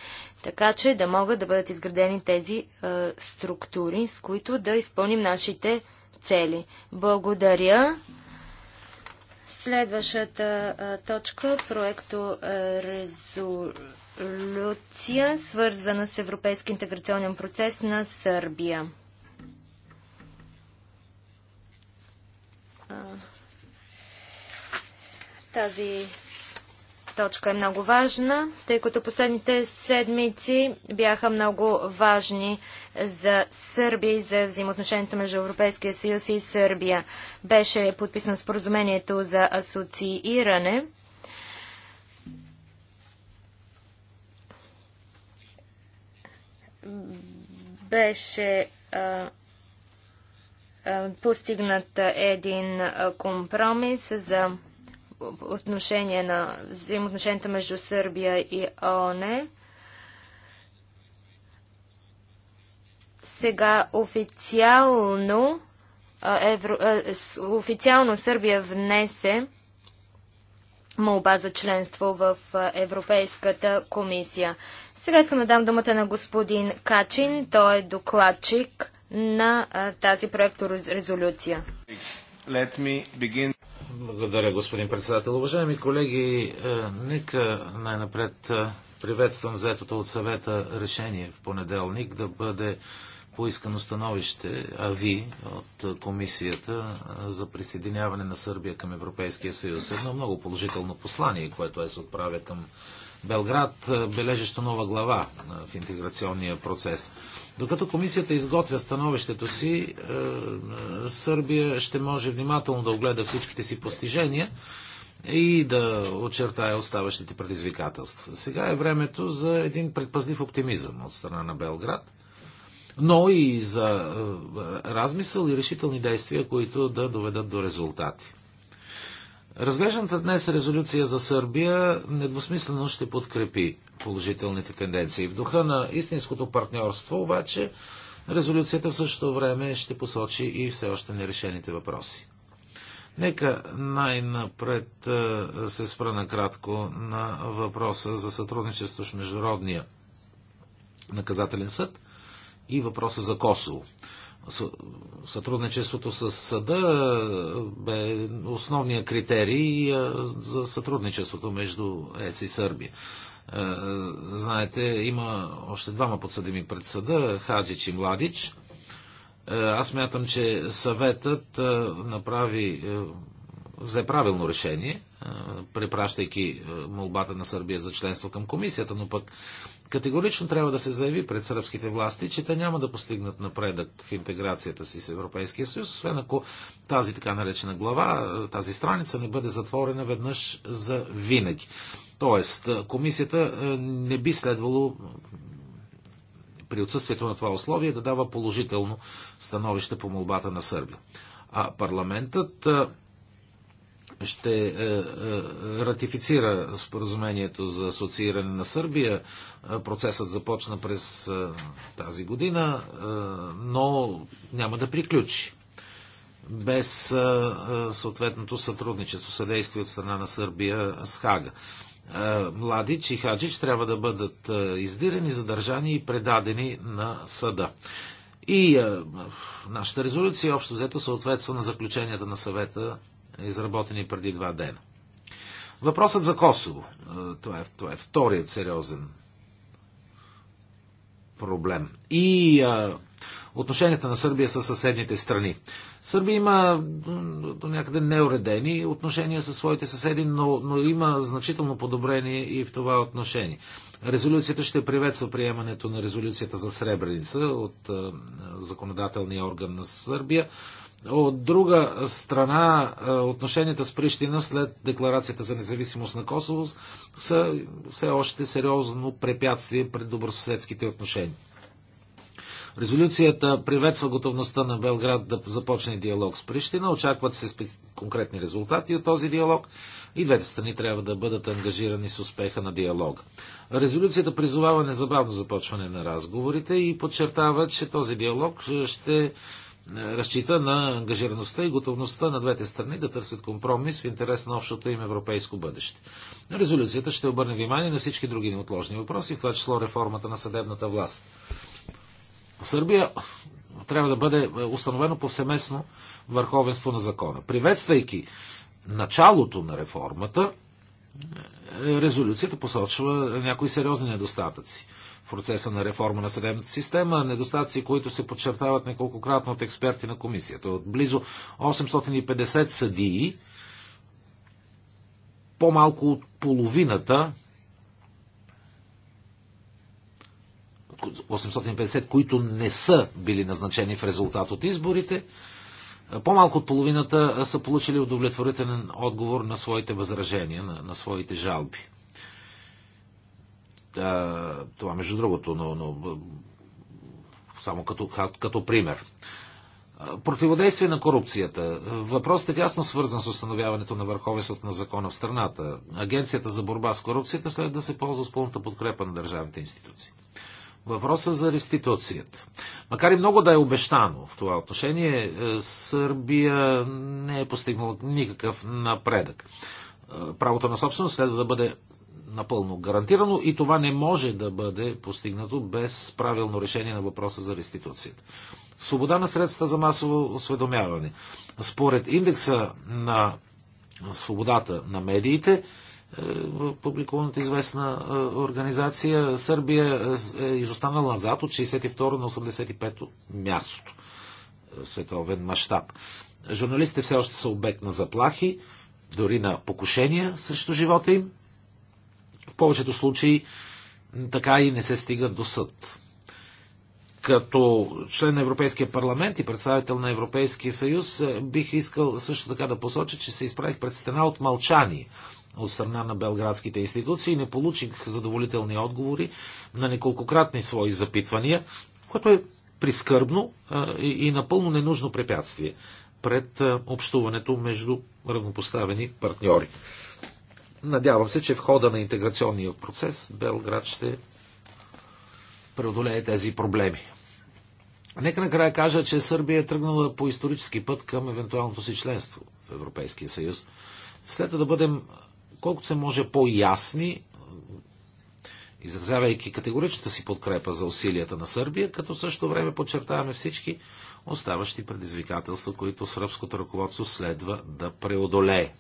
Така че да могат да бъдат изградени тези а, структури, с които да изпълним нашите цели. Благодаря. Следващата а, точка проекто резолюция, свързана с Европейски интеграционен процес на Сърбия. Тази точка е много важна, тъй като последните седмици бяха много важни за Сърбия и за взаимоотношението между Европейския съюз и Сърбия. Беше подписано споразумението за асоцииране. Беше а, а, постигнат един компромис за отношение на взаимоотношенията между Сърбия и ООН. Сега официално, евро, официално Сърбия внесе молба за членство в Европейската комисия. Сега искам да дам думата на господин Качин. Той е докладчик на тази проекторезолюция. Let me begin. Благодаря, господин председател. Уважаеми колеги, е, нека най-напред е, приветствам взетото от съвета решение в понеделник да бъде поискано становище АВИ от Комисията е, за присъединяване на Сърбия към Европейския съюз. Едно много положително послание, което аз отправя към Белград, е, бележеща нова глава е, в интеграционния процес. Докато комисията изготвя становището си, е, Сърбия ще може внимателно да огледа всичките си постижения и да очертая оставащите предизвикателства. Сега е времето за един предпазлив оптимизъм от страна на Белград, но и за размисъл и решителни действия, които да доведат до резултати. Разглежданата днес резолюция за Сърбия недвусмислено ще подкрепи положителните тенденции. В духа на истинското партньорство обаче резолюцията в същото време ще посочи и все още нерешените въпроси. Нека най-напред се спра на кратко на въпроса за сътрудничество с Международния наказателен съд и въпроса за Косово сътрудничеството с съда бе основния критерий за сътрудничеството между ЕС и Сърбия. Знаете, има още двама подсъдими пред съда, Хаджич и Младич. Аз мятам, че съветът направи, взе правилно решение препращайки молбата на Сърбия за членство към комисията, но пък категорично трябва да се заяви пред сръбските власти, че те няма да постигнат напредък в интеграцията си с Европейския съюз, освен ако тази така наречена глава, тази страница не бъде затворена веднъж за винаги. Тоест, комисията не би следвало при отсъствието на това условие да дава положително становище по молбата на Сърбия. А парламентът ще е, е, ратифицира споразумението за асоцииране на Сърбия. Е, процесът започна през е, тази година, е, но няма да приключи без е, съответното сътрудничество, съдействие от страна на Сърбия с Хага. Младич и Хаджич трябва да бъдат издирани, задържани и предадени на съда. И нашата резолюция общо взето съответства на заключенията на съвета изработени преди два дена. Въпросът за Косово. Това е, това е вторият сериозен проблем. И а, отношенията на Сърбия с съседните страни. Сърбия има до някъде неуредени отношения със своите съседи, но, но има значително подобрение и в това отношение. Резолюцията ще приветства приемането на резолюцията за Сребреница от а, законодателния орган на Сърбия. От друга страна, е, отношенията с Прищина след декларацията за независимост на Косово са все още сериозно препятствие пред добросъседските отношения. Резолюцията приветства готовността на Белград да започне диалог с Прищина. Очакват се специ... конкретни резултати от този диалог и двете страни трябва да бъдат ангажирани с успеха на диалога. Резолюцията призовава незабавно започване на разговорите и подчертава, че този диалог ще е, разчита на ангажираността и готовността на двете страни да търсят компромис в интерес на общото им европейско бъдеще. Резолюцията ще обърне внимание на всички други неотложни въпроси, в това число реформата на съдебната власт. В Сърбия трябва да бъде е, установено повсеместно върховенство на закона. Приветствайки началото на реформата, е, резолюцията посочва някои сериозни недостатъци в процеса на реформа на съдебната система, недостатъци, които се подчертават неколкократно от експерти на комисията. От близо 850 съдии, по-малко от половината 850, които не са били назначени в резултат от изборите, по-малко от половината са получили удовлетворителен отговор на своите възражения, на, на своите жалби. Това, между другото, но, но само като, като пример. Противодействие на корупцията. Въпросът е ясно свързан с установяването на върховенството на закона в страната. Агенцията за борба с корупцията следва да се ползва с пълната подкрепа на държавните институции. Въпросът за реституцията. Макар и много да е обещано в това отношение, е, Сърбия не е постигнала никакъв напредък. Е, правото на собственост следва да бъде напълно гарантирано и това не може да бъде постигнато без правилно решение на въпроса за реституцията. Свобода на средства за масово осведомяване. Според индекса на свободата на медиите, е, публикуваната известна е, организация, Сърбия е, е изостанала назад от 62 на 85 място световен мащаб. Журналистите все още са обект на заплахи, дори на покушения срещу живота им в повечето случаи така и не се стига до съд. Като член на Европейския парламент и представител на Европейския съюз, е, бих искал също така да посоча, че се изправих пред стена от мълчание от страна на белградските институции и не получих задоволителни отговори на неколкократни свои запитвания, което е прискърбно е, и напълно ненужно препятствие пред е, общуването между равнопоставени партньори. Надявам се, че в хода на интеграционния процес Белград ще преодолее тези проблеми. Нека накрая кажа, че Сърбия е тръгнала по исторически път към евентуалното си членство в Европейския съюз. След да бъдем колкото се може по-ясни, изразявайки категоричната си подкрепа за усилията на Сърбия, като също време подчертаваме всички оставащи предизвикателства, които сръбското ръководство следва да преодолее.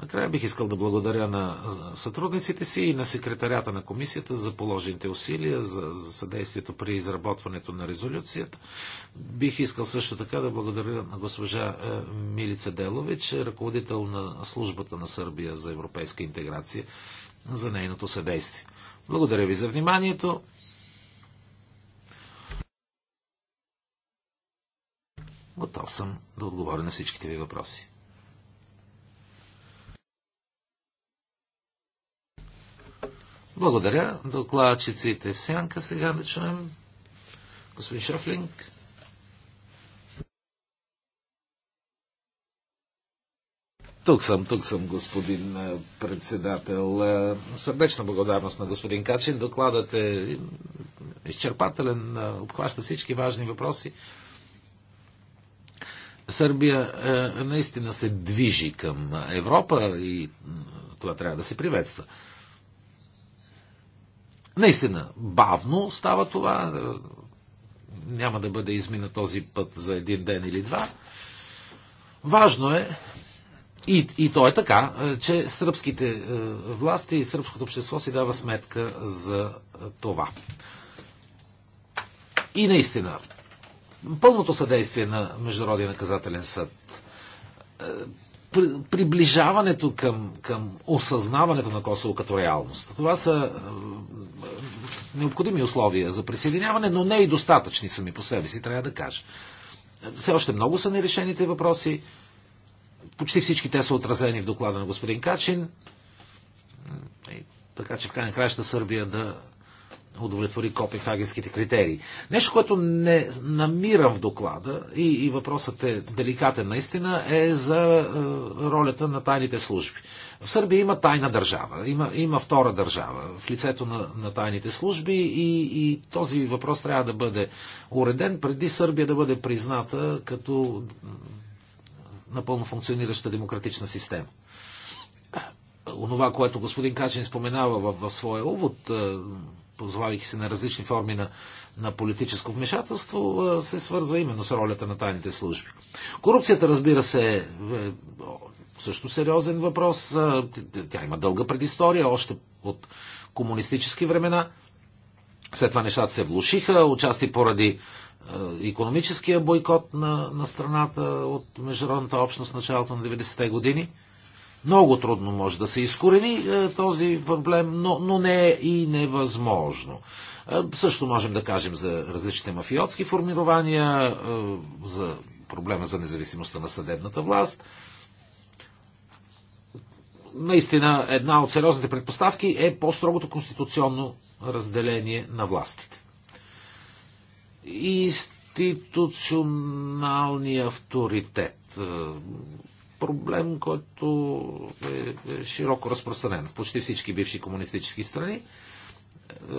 Накрая бих искал да благодаря на сътрудниците си и на секретарята на комисията за положените усилия, за, за съдействието при изработването на резолюцията. Бих искал също така да благодаря на госпожа е, Милица Делович, ръководител на службата на Сърбия за европейска интеграция, за нейното съдействие. Благодаря ви за вниманието. Готов съм да отговоря на всичките ви въпроси. Благодаря. Докладчиците в сянка сега да чуем. Господин Шофлинг. Тук съм, тук съм, господин председател. Сърдечна благодарност на господин Качин. Докладът е изчерпателен, обхваща всички важни въпроси. Сърбия наистина се движи към Европа и това трябва да се приветства. Наистина, бавно става това. Няма да бъде измина този път за един ден или два. Важно е, и, и то е така, е, че сръбските е, власти и сръбското общество си дава сметка за е, това. И наистина, пълното съдействие на Международния наказателен съд приближаването към, към осъзнаването на Косово като реалност. Това са е, необходими условия за присъединяване, но не и достатъчни сами по себе си, трябва да кажа. Все още много са нерешените въпроси. Почти всички те са отразени в доклада на господин Качин. Така че в крайна краща Сърбия да удовлетвори копенхагенските критерии. Нещо, което не намирам в доклада и, и въпросът е деликатен наистина, е за е, ролята на тайните служби. В Сърбия има тайна държава, има, има втора държава в лицето на, на тайните служби и, и този въпрос трябва да бъде уреден преди Сърбия да бъде призната като напълно функционираща демократична система онова, което господин Качин споменава в, в своя увод, е, позвавайки се на различни форми на, на политическо вмешателство, се свързва именно с ролята на тайните служби. Корупцията, разбира се, е също сериозен въпрос. Тя има дълга предистория, още от комунистически времена. След това нещата се влушиха, отчасти поради економическия бойкот на, на страната от международната общност в началото на 90-те години – много трудно може да се изкорени е, този проблем, но, но не е и невъзможно. Е, също можем да кажем за различните мафиотски формирования, е, за проблема за независимостта на съдебната власт. Наистина, една от сериозните предпоставки е по-строгото конституционно разделение на властите. Институционалния авторитет проблем, който е, е широко разпространен в почти всички бивши комунистически страни. Е,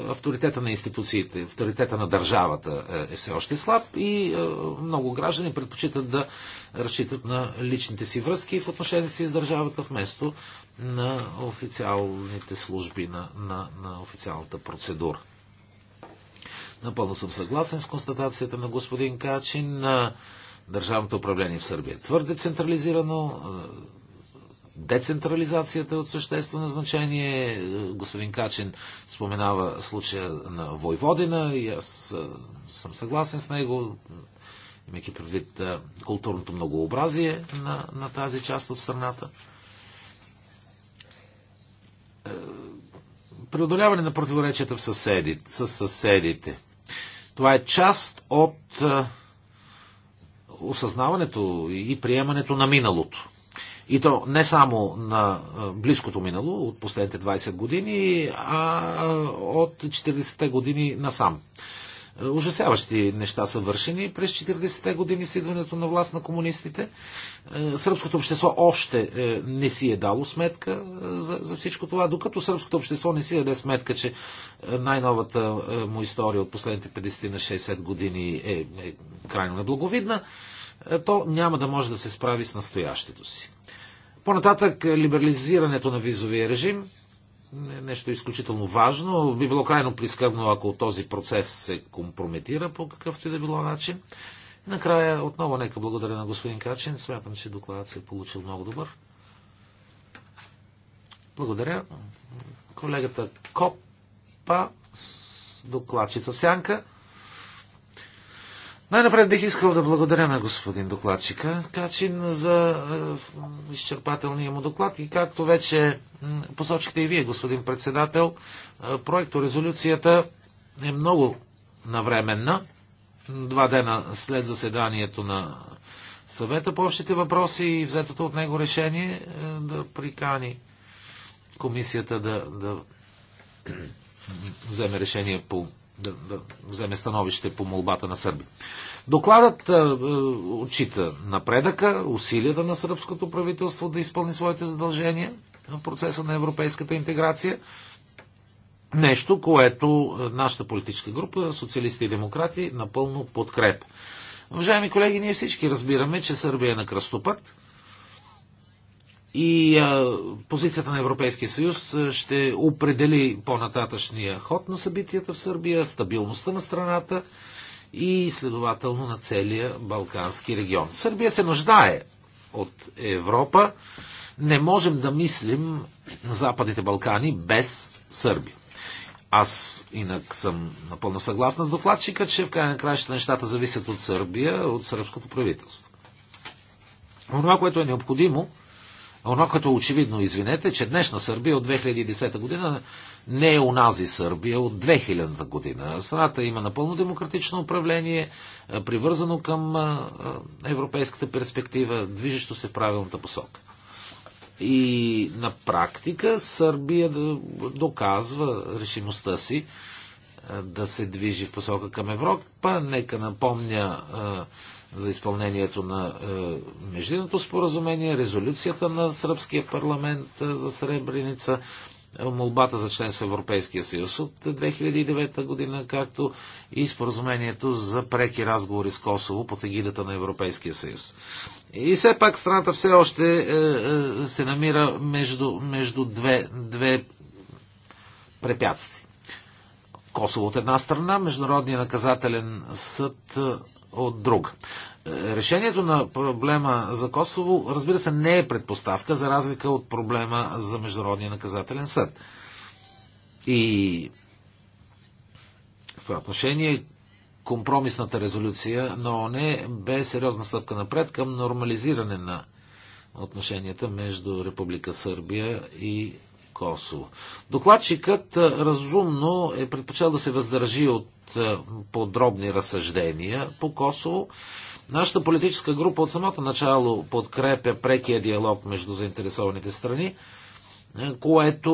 авторитета на институциите, авторитета на държавата е, е все още слаб и много граждани предпочитат да разчитат на личните си връзки в отношенията си с държавата вместо на официалните служби, на, на, на официалната процедура. Напълно съм съгласен с констатацията на господин Качин държавното управление в Сърбия. е Твърде централизирано, е, децентрализацията е от съществено значение. Е, господин Качин споменава случая на Войводина и аз е, съм съгласен с него, имайки предвид културното многообразие на, на тази част от страната. Преодоляване на противоречията в съседите, с със съседите. Това е част от осъзнаването и приемането на миналото. И то не само на близкото минало от последните 20 години, а от 40-те години насам. Ужасяващи неща са вършени през 40-те години с идването на власт на комунистите. Е, сръбското общество още е, не си е дало сметка е, за, за всичко това, докато сръбското общество не си даде сметка, че най-новата му история от последните 50 на 60 години е, е крайно неблаговидна, то няма да може да се справи с настоящето си. По-нататък либерализирането на визовия режим нещо изключително важно. Би било крайно прискърбно, ако този процес се компрометира по какъвто и да било начин. И накрая, отново нека благодаря на господин Качин. Смятам, че докладът се е получил много добър. Благодаря. Колегата Копа, докладчица сянка. Най-напред бих искал да благодаря на господин докладчика Качин за е, изчерпателния му доклад и както вече посочихте и вие, господин председател, е, проекто резолюцията е много навременна. Два дена след заседанието на съвета по общите въпроси и взетото от него решение е, да прикани комисията да, да вземе решение по да, да вземе становище по молбата на Сърби. Докладът а, е, е, отчита напредъка, усилията на сръбското правителство да изпълни своите задължения в процеса на европейската интеграция. Нещо, което е, нашата политическа група, социалисти и демократи, напълно подкрепя. Уважаеми колеги, ние всички разбираме, че Сърбия е на кръстопът и а, позицията на Европейския съюз ще определи по-нататъчния ход на събитията в Сърбия, стабилността на страната и следователно на целия Балкански регион. Сърбия се нуждае от Европа. Не можем да мислим на Западните Балкани без Сърбия. Аз инак съм напълно съгласна с докладчика, че в крайна краища нещата зависят от Сърбия, от сръбското правителство. Но това, което е необходимо, Оно като е очевидно, извинете, че днешна Сърбия от 2010 година не е унази Сърбия от 2000 година. Страната има напълно демократично управление, привързано към европейската перспектива, движещо се в правилната посока. И на практика Сърбия доказва решимостта си да се движи в посока към Европа. Нека напомня за изпълнението на е, междинното споразумение, резолюцията на Сръбския парламент е, за Сребреница, е, молбата за членство в Европейския съюз от 2009 година, както и споразумението за преки разговори с Косово под егидата на Европейския съюз. И все пак страната все още е, е, се намира между, между две, две препятствия. Косово от една страна, Международния наказателен съд от друга. Е, решението на проблема за Косово, разбира се, не е предпоставка, за разлика от проблема за Международния наказателен съд. И в отношение компромисната резолюция на ОНЕ бе сериозна стъпка напред към нормализиране на отношенията между Република Сърбия и Косово. Докладчикът е, разумно е предпочел да се въздържи от подробни разсъждения по Косово. Нашата политическа група от самото начало подкрепя прекия диалог между заинтересованите страни, което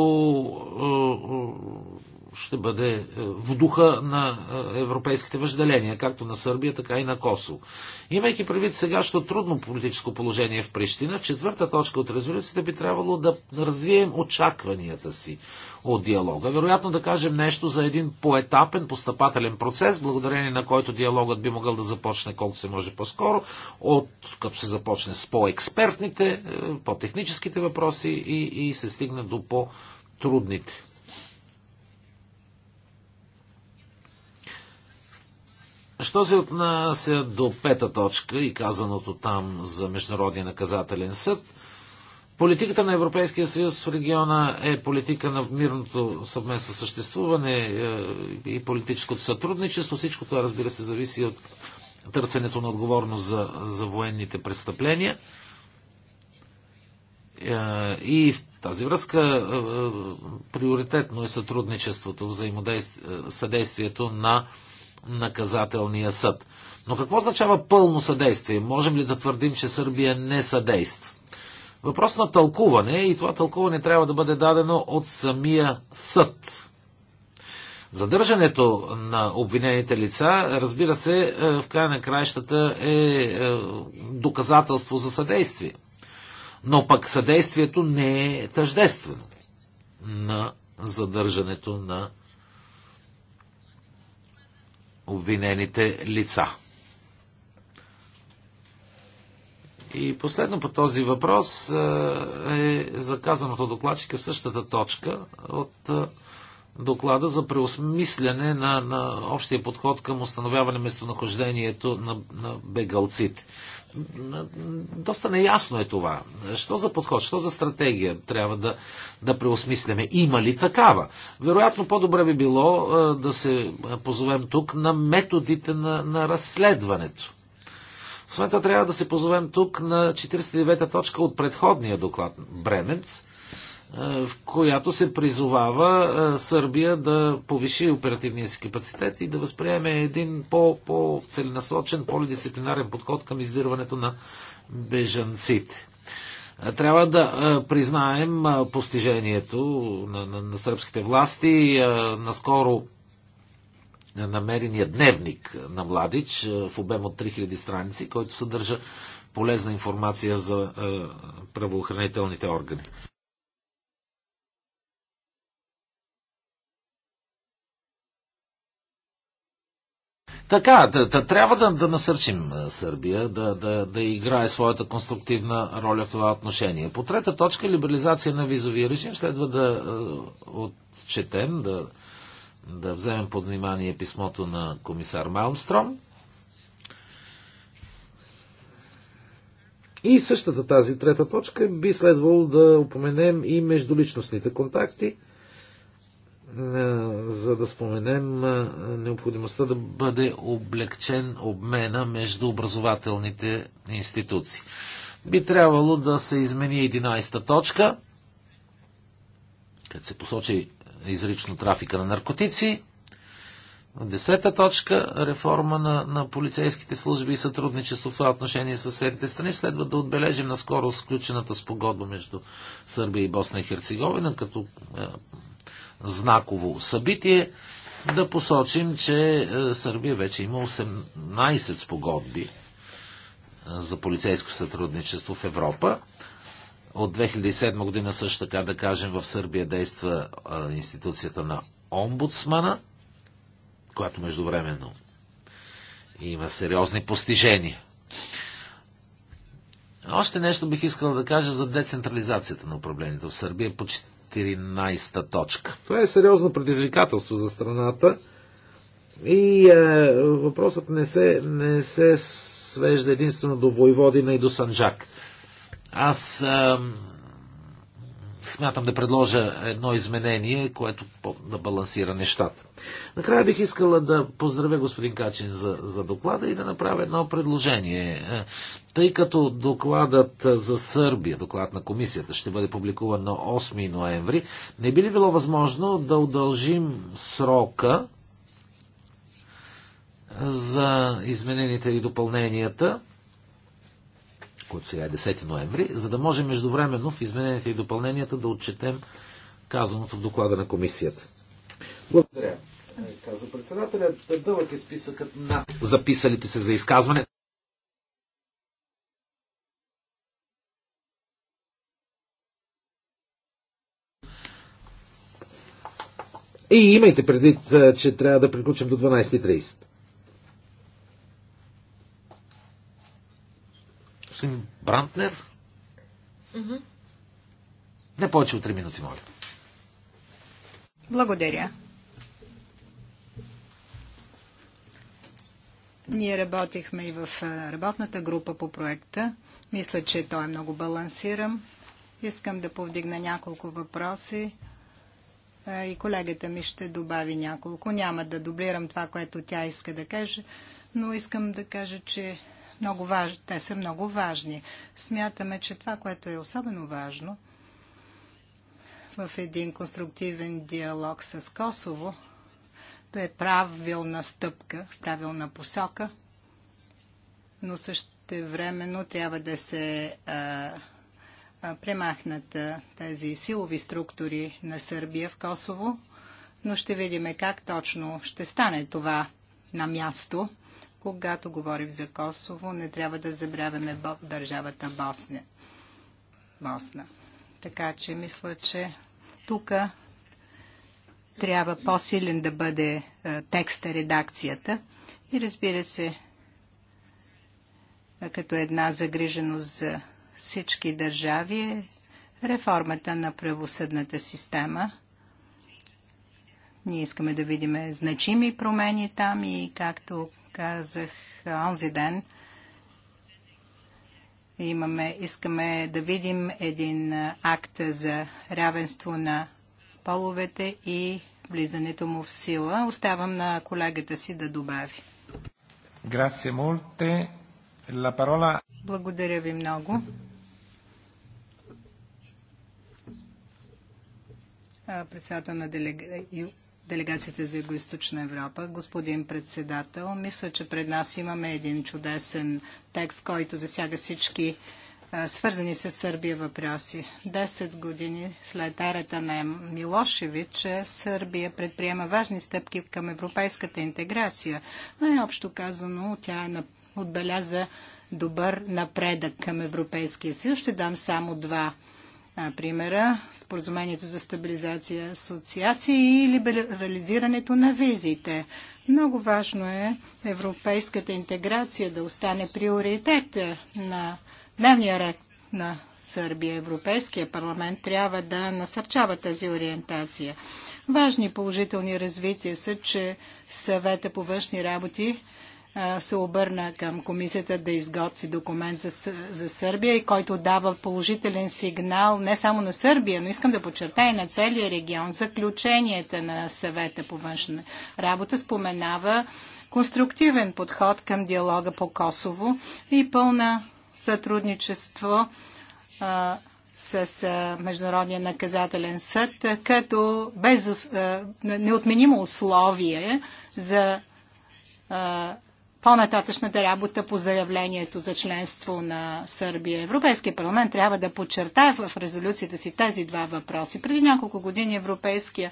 ще бъде е, в духа на е, европейските въжделения, както на Сърбия, така и на Косово. Имайки предвид що трудно политическо положение в Прищина, в четвърта точка от резолюцията би трябвало да развием очакванията си от диалога. Вероятно да кажем нещо за един поетапен, постъпателен процес, благодарение на който диалогът би могъл да започне колкото се може по-скоро, от като се започне с по-експертните, е, по-техническите въпроси и, и се стигне до по-трудните. Що се отнася до пета точка и казаното там за Международния наказателен съд, Политиката на Европейския съюз в региона е политика на мирното съвместно съществуване е, и политическото сътрудничество. Всичко това, разбира се, зависи от търсенето на отговорност за, за военните престъпления. Е, и в тази връзка е, приоритетно е сътрудничеството, съдействието на наказателния съд. Но какво означава пълно съдействие? Можем ли да твърдим, че Сърбия не съдейства? Въпрос на тълкуване и това тълкуване трябва да бъде дадено от самия съд. Задържането на обвинените лица, разбира се, е, в края на краищата е, е доказателство за съдействие. Но пък съдействието не е тъждествено на задържането на обвинените лица. И последно по този въпрос е, е заказаното докладчика в същата точка от е, доклада за преосмисляне на, на общия подход към установяване местонахождението на, на бегалците доста неясно е това. Що за подход, що за стратегия трябва да, да преосмисляме? Има ли такава? Вероятно по-добре би било е, да се позовем тук на методите на, на разследването. Освен това трябва да се позовем тук на 49-та точка от предходния доклад Бременц, в която се призовава Сърбия да повиши оперативния си капацитет и да възприеме един по-целенасочен, -по по-дисциплинарен подход към издирването на бежанците. Трябва да признаем постижението на, на, на сръбските власти. Наскоро намерения дневник на Младич в обем от 3000 страници, който съдържа полезна информация за правоохранителните органи. Така, да, да, трябва да, да насърчим е, Сърбия да, да, да играе своята конструктивна роля в това отношение. По трета точка, либерализация на визовия режим, следва да е, отчетем, да, да вземем под внимание писмото на комисар Малмстром. И същата тази трета точка би следвало да упоменем и междуличностните контакти е, за да споменем е, необходимостта да бъде облегчен обмена между образователните институции. Би трябвало да се измени 11-та точка, където се посочи изрично трафика на наркотици. Десета точка реформа на, на полицейските служби и сътрудничество в отношение с съседните страни следва да отбележим наскоро сключената спогодба между Сърбия и Босна и Херцеговина като е, знаково събитие, да посочим, че е, Сърбия вече има 18 спогодби е, за полицейско сътрудничество в Европа. От 2007 година също така, да кажем, в Сърбия действа е, институцията на омбудсмана, която междувременно има сериозни постижения. Още нещо бих искал да кажа за децентрализацията на управлението в Сърбия. Почти 14 точка. Това е сериозно предизвикателство за страната и е, въпросът не се, не се свежда единствено до Войводина и до Санджак. Аз е, смятам да предложа едно изменение, което да балансира нещата. Накрая бих искала да поздравя господин Качин за, за доклада и да направя едно предложение. Е, тъй като докладът за Сърбия, доклад на комисията, ще бъде публикуван на 8 ноември, не би ли било възможно да удължим срока за измененията и допълненията? което сега е 10 ноември, за да може междувременно в измененията и допълненията да отчетем казаното в доклада на комисията. Благодаря. Казва председателя, дълъг е списъкът на записалите се за изказване. И имайте предвид, че трябва да приключим до 12.30. Господин Брантнер? Mm-hmm. Не повече от 3 минути, моля. Благодаря. Ние работихме и в работната група по проекта. Мисля, че той е много балансиран. Искам да повдигна няколко въпроси и колегата ми ще добави няколко. Няма да дублирам това, което тя иска да каже, но искам да кажа, че много важни. Те са много важни. Смятаме, че това, което е особено важно в един конструктивен диалог с Косово, то е правилна стъпка в правилна посока, но същевременно трябва да се а, премахнат тези силови структури на Сърбия в Косово, но ще видим как точно ще стане това на място. Когато говорим за Косово, не трябва да забравяме държавата Босна. Босна. Така че мисля, че тук трябва по-силен да бъде е, текста, редакцията. И разбира се, е, като една загриженост за всички държави е реформата на правосъдната система. Ние искаме да видим значими промени там и както казах онзи ден, имаме, искаме да видим един акт за равенство на половете и влизането му в сила. Оставам на колегата си да добави. Благодаря ви много. Председател на делега делегацията за Юго-Источна Европа. Господин председател, мисля, че пред нас имаме един чудесен текст, който засяга всички свързани с Сърбия въпроси. Десет години след арета на Милошевич, е, Сърбия предприема важни стъпки към европейската интеграция. Най-общо казано, тя е на... отбеляза добър напредък към Европейския съюз. Ще дам само два Примера споразумението за стабилизация асоциация и либерализирането на визите. Много важно е европейската интеграция да остане приоритет на дневния ред на Сърбия. Европейския парламент трябва да насърчава тази ориентация. Важни положителни развития са, че съвета по външни работи се обърна към комисията да изготви документ за, за Сърбия и който дава положителен сигнал не само на Сърбия, но искам да подчертая и на целия регион. Заключенията на съвета по външна работа споменава конструктивен подход към диалога по Косово и пълна сътрудничество а, с а, Международния наказателен съд, като без, а, неотменимо условие за а, по-нататъчната работа по заявлението за членство на Сърбия. Европейския парламент трябва да подчертае в резолюцията си тези два въпроси. Преди няколко години Европейския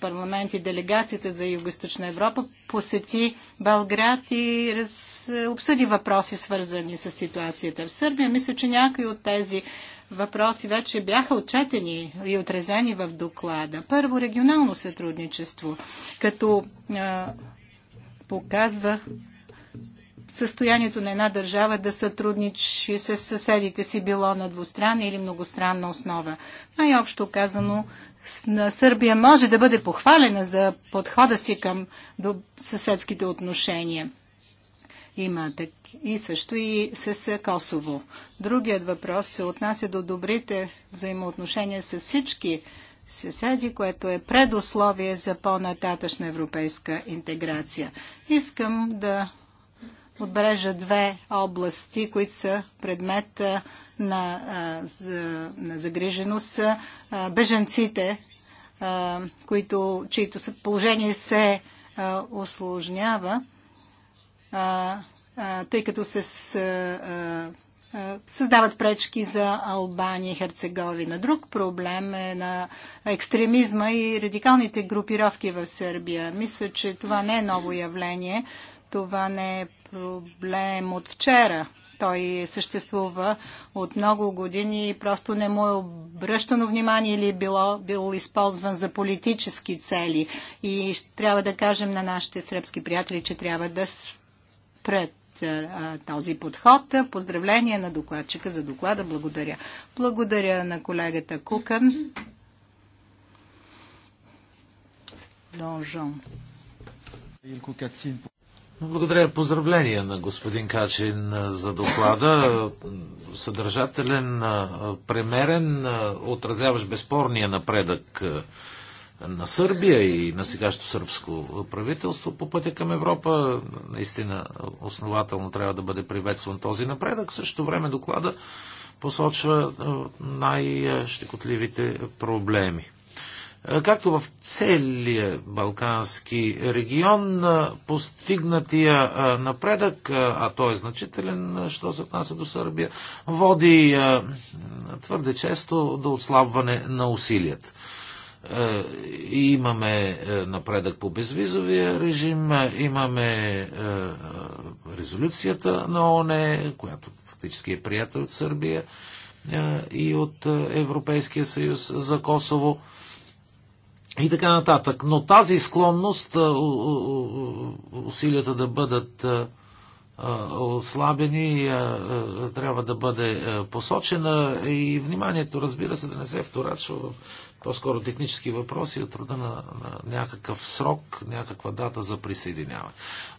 парламент и делегацията за Юго-Источна Европа посети Белград и раз... Е, обсъди въпроси, свързани с ситуацията в Сърбия. Мисля, че някои от тези въпроси вече бяха отчетени и отрезени в доклада. Първо, регионално сътрудничество, като показва състоянието на една държава да сътрудничи с съседите си било на двустранна или многостранна основа. Най-общо казано, Сърбия може да бъде похвалена за подхода си към съседските отношения. Има и също и с Косово. Другият въпрос се отнася до добрите взаимоотношения с всички съседи, което е предусловие за по-нататъчна европейска интеграция. Искам да отбележа две области, които са предмет на, на загриженост. Беженците, които, чието положение се осложнява, тъй като се създават пречки за Албания и Херцеговина. Друг проблем е на екстремизма и радикалните групировки в Сърбия. Мисля, че това не е ново явление. Това не е проблем от вчера. Той съществува от много години и просто не му е обръщано внимание или е било, бил използван за политически цели. И трябва да кажем на нашите сръбски приятели, че трябва да спрат този подход. Поздравление на докладчика за доклада. Благодаря. Благодаря на колегата Кукан. Донжон. Благодаря. Поздравления на господин Качин за доклада. Съдържателен, премерен, отразяващ безспорния напредък на Сърбия и на сегащо сърбско правителство по пътя към Европа. Наистина основателно трябва да бъде приветстван този напредък. В същото време доклада посочва най-щекотливите проблеми както в целия Балкански регион, постигнатия напредък, а той е значителен, що се отнася до Сърбия, води твърде често до отслабване на усилията. И имаме напредък по безвизовия режим, имаме резолюцията на ОНЕ, която фактически е приятел от Сърбия и от Европейския съюз за Косово и така нататък. Но тази склонност, усилията да бъдат ослабени, трябва да бъде посочена и вниманието, разбира се, да не се вторачва в по-скоро технически въпроси от рода на, на някакъв срок, някаква дата за присъединяване.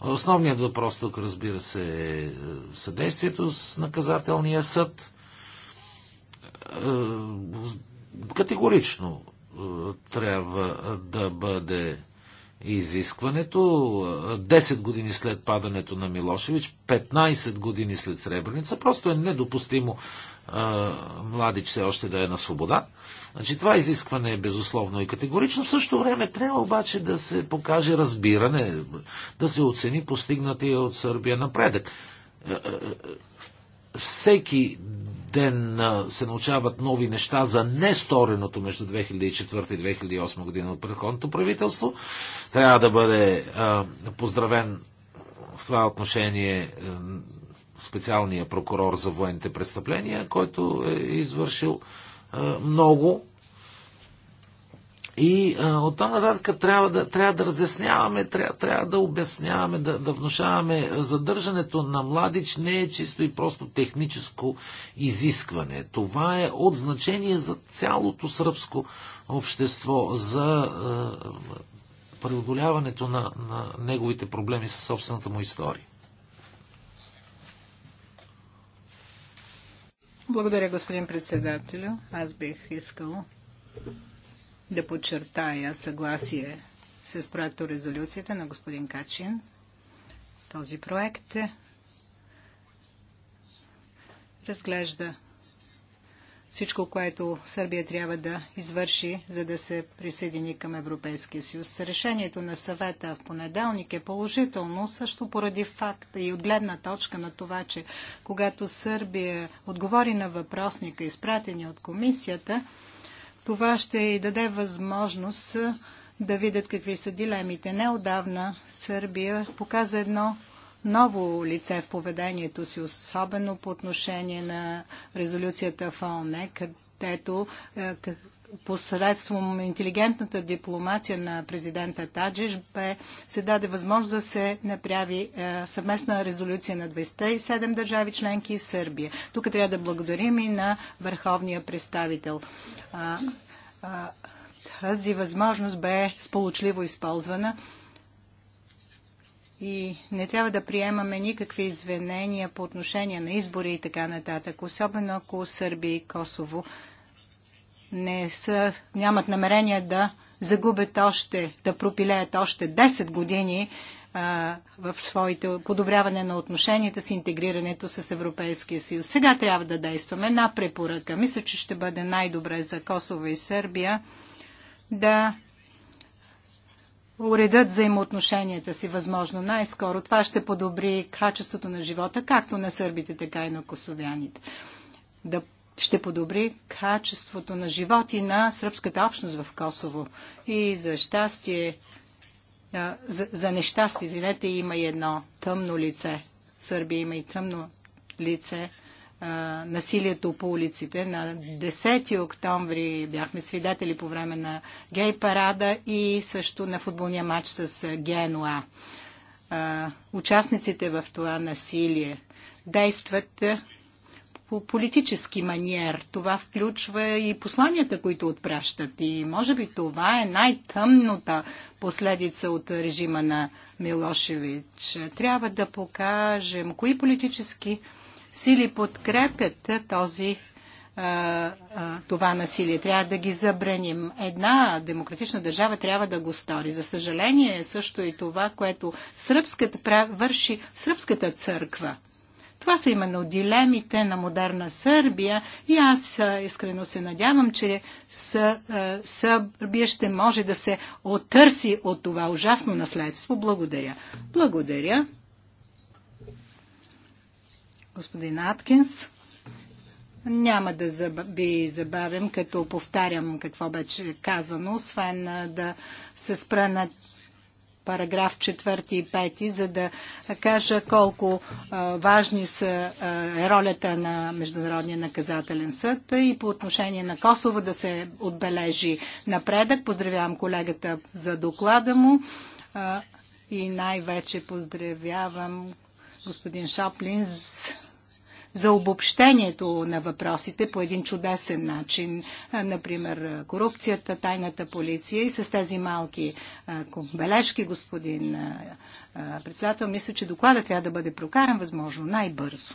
Основният въпрос тук, разбира се, е, е съдействието с наказателния съд. Е, категорично трябва да бъде изискването. 10 години след падането на Милошевич, 15 години след Сребърница, Просто е недопустимо а, младич все още да е на свобода. Значи, това изискване е безусловно и категорично. В същото време трябва обаче да се покаже разбиране, да се оцени постигнатия от Сърбия напредък. Е, е, е, всеки ден се научават нови неща за нестореното между 2004 и 2008 година от предходното правителство. Трябва да бъде поздравен в това отношение е, специалния прокурор за военните престъпления, който е извършил е, много и а, оттам нататък трябва да, трябва да разясняваме, трябва, трябва да обясняваме, да, да внушаваме. Задържането на младич не е чисто и просто техническо изискване. Това е от значение за цялото сръбско общество, за а, преодоляването на, на неговите проблеми със собствената му история. Благодаря, господин председателю. Аз бих искал да подчертая съгласие с проекто резолюцията на господин Качин. Този проект разглежда всичко, което Сърбия трябва да извърши, за да се присъедини към Европейския съюз. Решението на съвета в понеделник е положително, също поради факта и от гледна точка на това, че когато Сърбия отговори на въпросника, изпратени от комисията, това ще й даде възможност да видят какви са дилемите. Неодавна Сърбия показа едно ново лице в поведението си, особено по отношение на резолюцията в ООН, където посредством интелигентната дипломация на президента Таджиш бе се даде възможност да се направи е, съвместна резолюция на 207 държави членки и Сърбия. Тук трябва да благодарим и на върховния представител. А, а, тази възможност бе сполучливо използвана и не трябва да приемаме никакви извинения по отношение на избори и така нататък, особено ако Сърбия и Косово не са, нямат намерение да загубят още, да пропилеят още 10 години в своите подобряване на отношенията с интегрирането с Европейския съюз. Сега трябва да действаме. на препоръка. Мисля, че ще бъде най-добре за Косово и Сърбия да уредят взаимоотношенията си възможно най-скоро. Това ще подобри качеството на живота, както на сърбите, така и на косовяните. Да ще подобри качеството на живот и на сръбската общност в Косово. И за щастие, за, за нещастие, извинете, има и едно тъмно лице. Сърбия има и тъмно лице. насилието по улиците. На 10 октомври бяхме свидетели по време на гей парада и също на футболния матч с Генуа. участниците в това насилие действат по политически маниер. Това включва и посланията, които отпращат. И може би това е най-тъмната последица от режима на Милошевич. Трябва да покажем кои политически сили подкрепят този това насилие. Трябва да ги забраним. Една демократична държава трябва да го стори. За съжаление, е също и това, което сръбската върши сръбската църква. Това са именно дилемите на модерна Сърбия и аз искрено се надявам, че Сърбия ще може да се отърси от това ужасно наследство. Благодаря. Благодаря. Господин Аткинс. Няма да ви забавям, като повтарям какво беше казано, освен да се спра на параграф 4 и 5, за да кажа колко важни са ролята на Международния наказателен съд и по отношение на Косово да се отбележи напредък. Поздравявам колегата за доклада му и най-вече поздравявам господин Шаплин с за обобщението на въпросите по един чудесен начин, например корупцията, тайната полиция и с тези малки бележки, господин председател, мисля, че доклада трябва да бъде прокаран възможно най-бързо.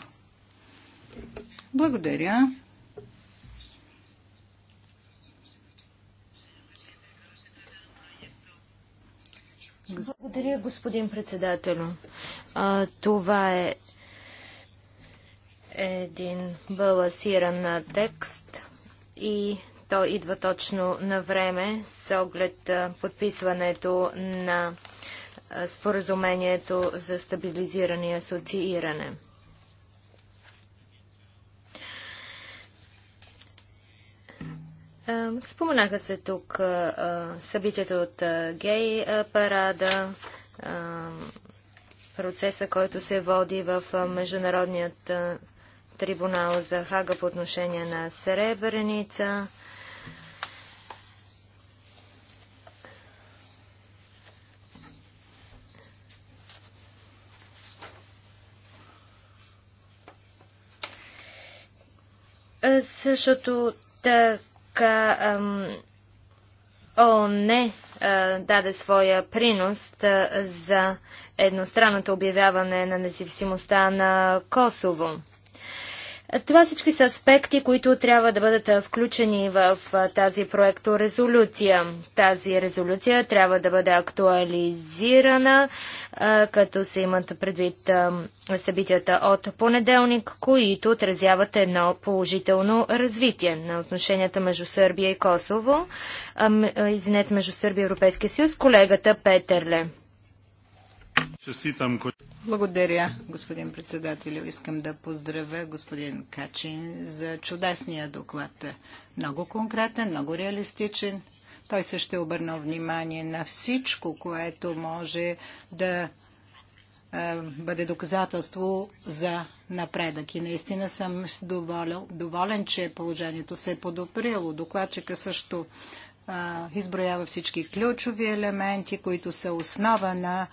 Благодаря. Благодаря, господин председател. това е един балансиран текст и то идва точно на време с оглед подписването на споразумението за стабилизиране и асоцииране. Споменаха се тук събитията от гей парада, процеса, който се води в Международният трибунал за Хага по отношение на Сребреница. Същото така ам, ООН даде своя принос за едностранното обявяване на независимостта на Косово. Това всички са аспекти, които трябва да бъдат включени в тази проекторезолюция. Тази резолюция трябва да бъде актуализирана, като се имат предвид събитията от понеделник, които отразяват едно положително развитие на отношенията между Сърбия и Косово, извинете, между Сърбия и Европейския съюз, колегата Петерле. Честитам, благодаря, господин председател. Искам да поздравя господин Качин за чудесния доклад. Много конкретен, много реалистичен. Той се ще обърна внимание на всичко, което може да бъде доказателство за напредък. И наистина съм доволен, доволен че положението се е подобрило. Докладчика също а, изброява всички ключови елементи, които са основа на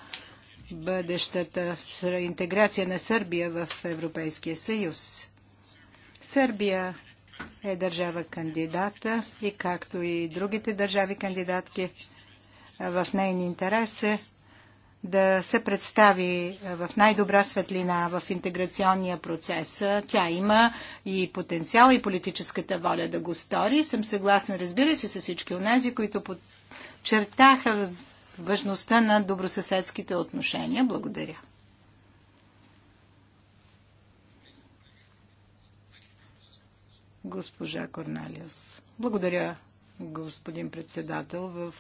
бъдещата интеграция на Сърбия в Европейския съюз. Сърбия е държава кандидата и както и другите държави кандидатки в нейни интерес е да се представи в най-добра светлина в интеграционния процес. Тя има и потенциал и политическата воля да го стори. Съм съгласна, разбира се, с всички от тези, които подчертаха важността на добросъседските отношения. Благодаря. Госпожа Корналиус. Благодаря, господин председател. В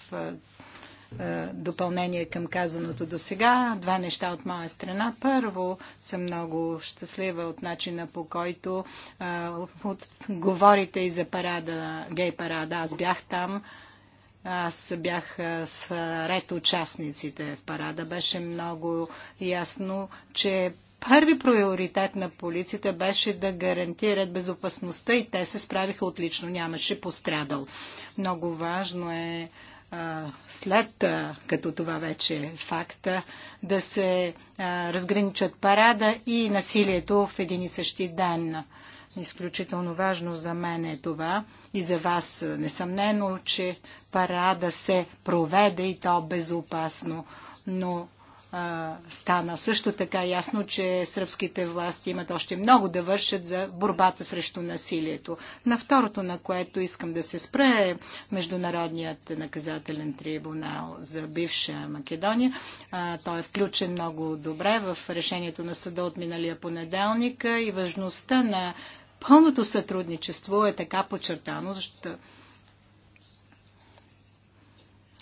допълнение към казаното до сега. Два неща от моя страна. Първо, съм много щастлива от начина по който а, от, говорите и за парада, гей парада. Аз бях там. Аз бях сред участниците в парада. Беше много ясно, че първи приоритет на полицията беше да гарантират безопасността и те се справиха отлично. Нямаше пострадал. Много важно е след като това вече е факта, да се разграничат парада и насилието в един и същи ден. Изключително важно за мен е това и за вас е, несъмнено, че парада се проведе и то безопасно, но а, стана също така ясно, че сръбските власти имат още много да вършат за борбата срещу насилието. На второто, на което искам да се спре, е Международният наказателен трибунал за бивша Македония. А, той е включен много добре в решението на съда от миналия понеделник и важността на Пълното сътрудничество е така подчертано, защото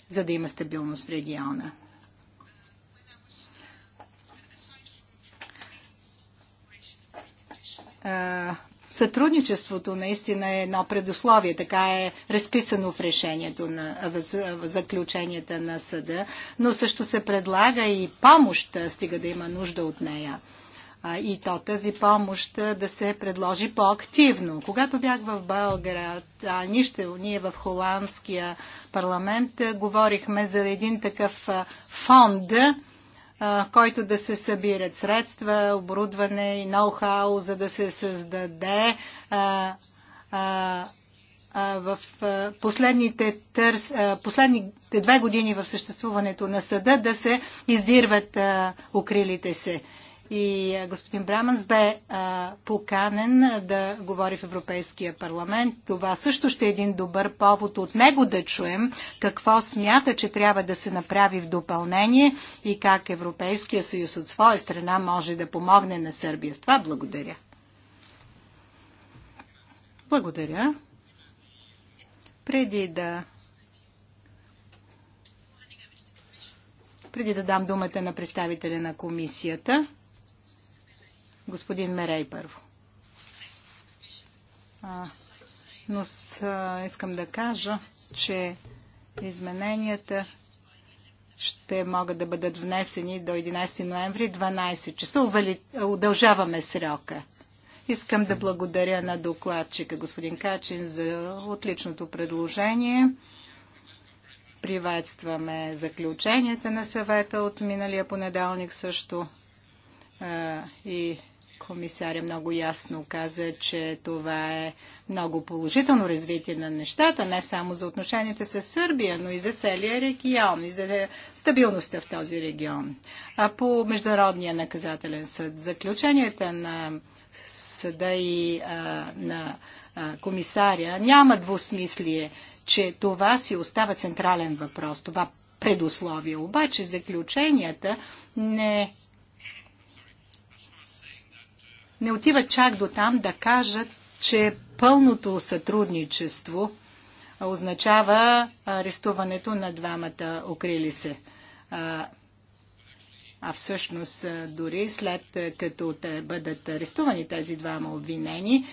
за да има стабилност в региона. Сътрудничеството наистина е едно предусловие, така е разписано в решението на в заключенията на съда, но също се предлага и помощ, стига да има нужда от нея и то тази помощ да се предложи по-активно. Когато бях в Белград, а нищо, ние в холандския парламент говорихме за един такъв фонд, който да се събират средства, оборудване и ноу-хау, за да се създаде в последните, търс, последните две години в съществуването на съда да се издирват укрилите се и господин Браманс бе а, поканен да говори в Европейския парламент. Това също ще е един добър повод от него да чуем какво смята, че трябва да се направи в допълнение и как Европейския съюз от своя страна може да помогне на Сърбия. В това благодаря. Благодаря. Преди да преди да дам думата на представителя на комисията, Господин Мерей първо. А, но с, а, искам да кажа, че измененията ще могат да бъдат внесени до 11 ноември 12 часа. Ували... Удължаваме срока. Искам да благодаря на докладчика господин Качин за отличното предложение. Приветстваме заключенията на съвета от миналия понеделник също и комисаря много ясно каза, че това е много положително развитие на нещата, не само за отношенията с Сърбия, но и за целия регион, и за стабилността в този регион. А по Международния наказателен съд, заключенията на съда и а, на а, комисаря няма двусмислие, че това си остава централен въпрос, това предусловие. Обаче заключенията не не отиват чак до там да кажат, че пълното сътрудничество означава арестуването на двамата укрили се. А всъщност дори след като те бъдат арестувани тези двама обвинени,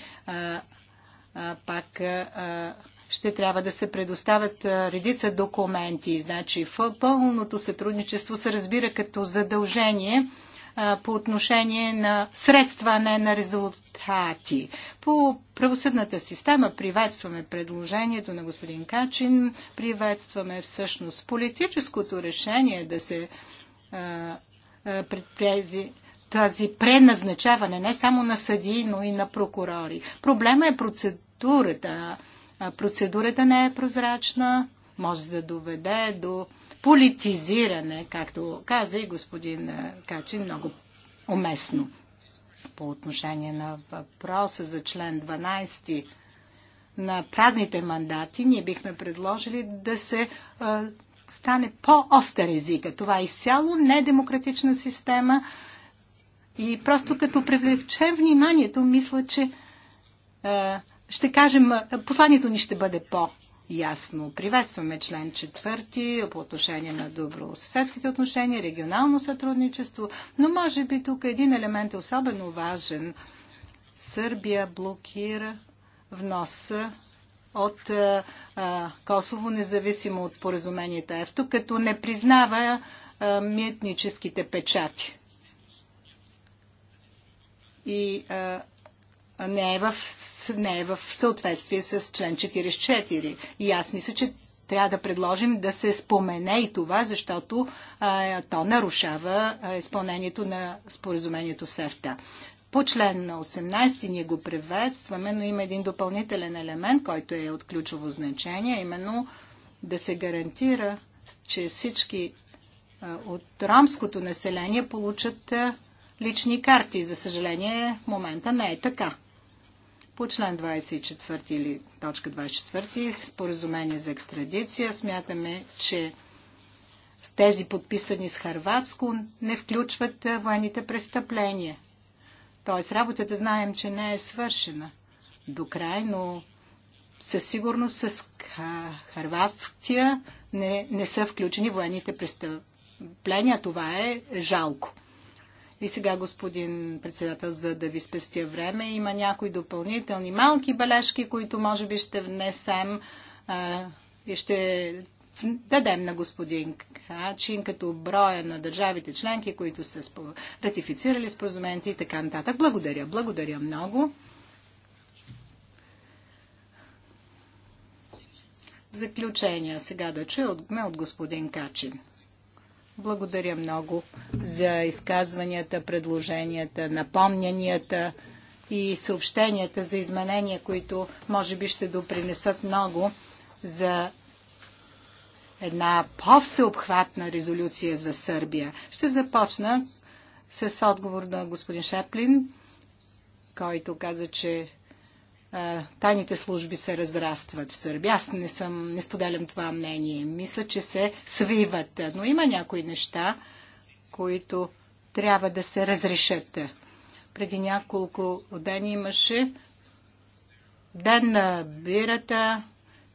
пак ще трябва да се предоставят редица документи. Значи пълното сътрудничество се разбира като задължение по отношение на средства, а не на резултати. По правосъдната система приветстваме предложението на господин Качин, приветстваме всъщност политическото решение да се предпрези тази преназначаване не само на съдии, но и на прокурори. Проблема е процедурата. Процедурата не е прозрачна, може да доведе до политизиране, както каза и господин Качин много уместно по отношение на въпроса за член 12 на празните мандати, ние бихме предложили да се стане по-остър езика. Това е изцяло недемократична система и просто като привлечем вниманието, мисля, че ще кажем, посланието ни ще бъде по-остър ясно. Приветстваме член четвърти по отношение на добросъседските отношения, регионално сътрудничество, но може би тук един елемент е особено важен. Сърбия блокира вноса от а, Косово, независимо от поразумението ЕФТО, като не признава а, митническите печати. И а, не е в, не е в съответствие с член 44. И аз мисля, че трябва да предложим да се спомене и това, защото а, то нарушава а, изпълнението на споразумението СЕФТА. По член на 18 ние го приветстваме, но има един допълнителен елемент, който е от ключово значение, именно да се гарантира, че всички а, от ромското население получат а, лични карти. За съжаление, в момента не е така. По член 24 или точка 24 споразумение за екстрадиция смятаме, че тези подписани с Харватско не включват военните престъпления. Тоест работата знаем, че не е свършена до край, но със сигурност с Харватския не, не са включени военните престъпления. Това е жалко. И сега, господин председател, за да ви спестя време, има някои допълнителни малки бележки, които може би ще внесем а, и ще дадем на господин Качин като броя на държавите членки, които са ратифицирали споразумените и така нататък. Благодаря. Благодаря много. Заключения сега да чуем от господин Качин. Благодаря много за изказванията, предложенията, напомнянията и съобщенията за изменения, които може би ще допринесат много за една по-всеобхватна резолюция за Сърбия. Ще започна с отговор на господин Шеплин, който каза, че тайните служби се разрастват в Сърбия. Аз не, съм, не споделям това мнение. Мисля, че се свиват. Но има някои неща, които трябва да се разрешат. Преди няколко дни имаше ден на бирата.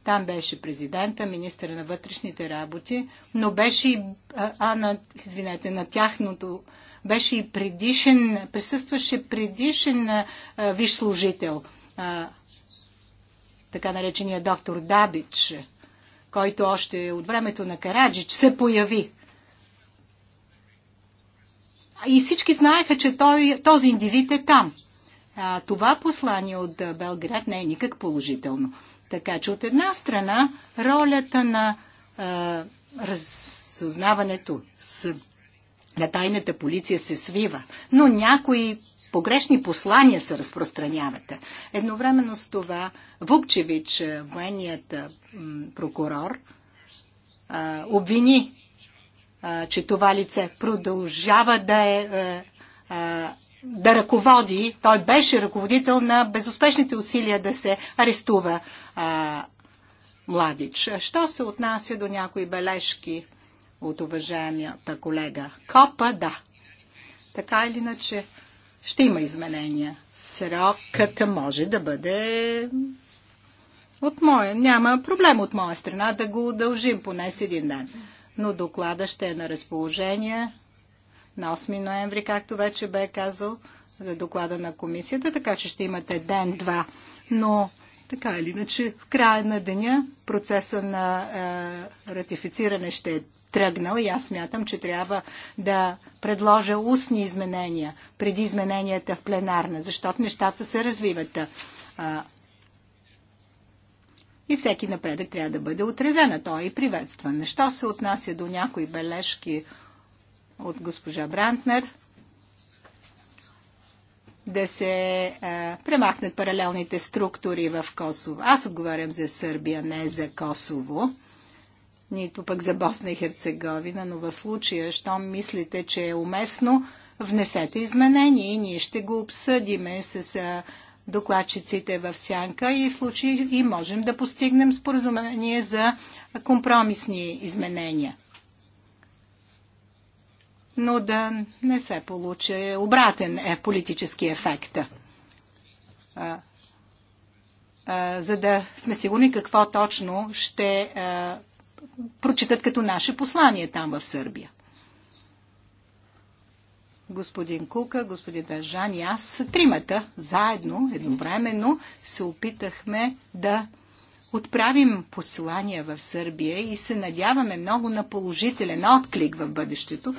Там беше президента, министра на вътрешните работи, но беше и а, на, извинете, на тяхното беше и предишен, присъстваше предишен а, виш служител – а, така наречения доктор Дабич, който още от времето на Караджич се появи. И всички знаеха, че той, този индивид е там. А, това послание от Белград не е никак положително. Така че от една страна ролята на а, разузнаването с, на тайната полиция се свива, но някои погрешни послания се разпространявате. Едновременно с това Вукчевич, е, военният е, прокурор, обвини, че това лице продължава да е, е да ръководи, той беше ръководител на безуспешните усилия да се арестува а, младич. Що се отнася до някои бележки от уважаемията колега? Копа, да. Така или иначе, ще има изменения. Срокът може да бъде от моя. Няма проблем от моя страна да го удължим поне с един ден. Но доклада ще е на разположение на 8 ноември, както вече бе казал, за доклада на комисията, така че ще имате ден-два. Но така или иначе, в края на деня процеса на е, ратифициране ще е тръгнал и аз смятам, че трябва да предложа устни изменения преди измененията в пленарна, защото нещата се развиват. А, и всеки напредък трябва да бъде отрезен, а той е и приветстван. Що се отнася до някои бележки от госпожа Брантнер? да се е, премахнат паралелните структури в Косово. Аз отговарям за Сърбия, не за Косово нито пък за Босна и Херцеговина, но в случая, щом мислите, че е уместно, внесете изменения и ние ще го обсъдиме с докладчиците в сянка и в случай и можем да постигнем споразумение за компромисни изменения. Но да не се получи обратен е политически ефект. А, а, за да сме сигурни какво точно ще прочитат като наше послание там в Сърбия. Господин Кука, господин Държан и аз, тримата, заедно, едновременно, се опитахме да отправим послания в Сърбия и се надяваме много на положителен отклик в бъдещето,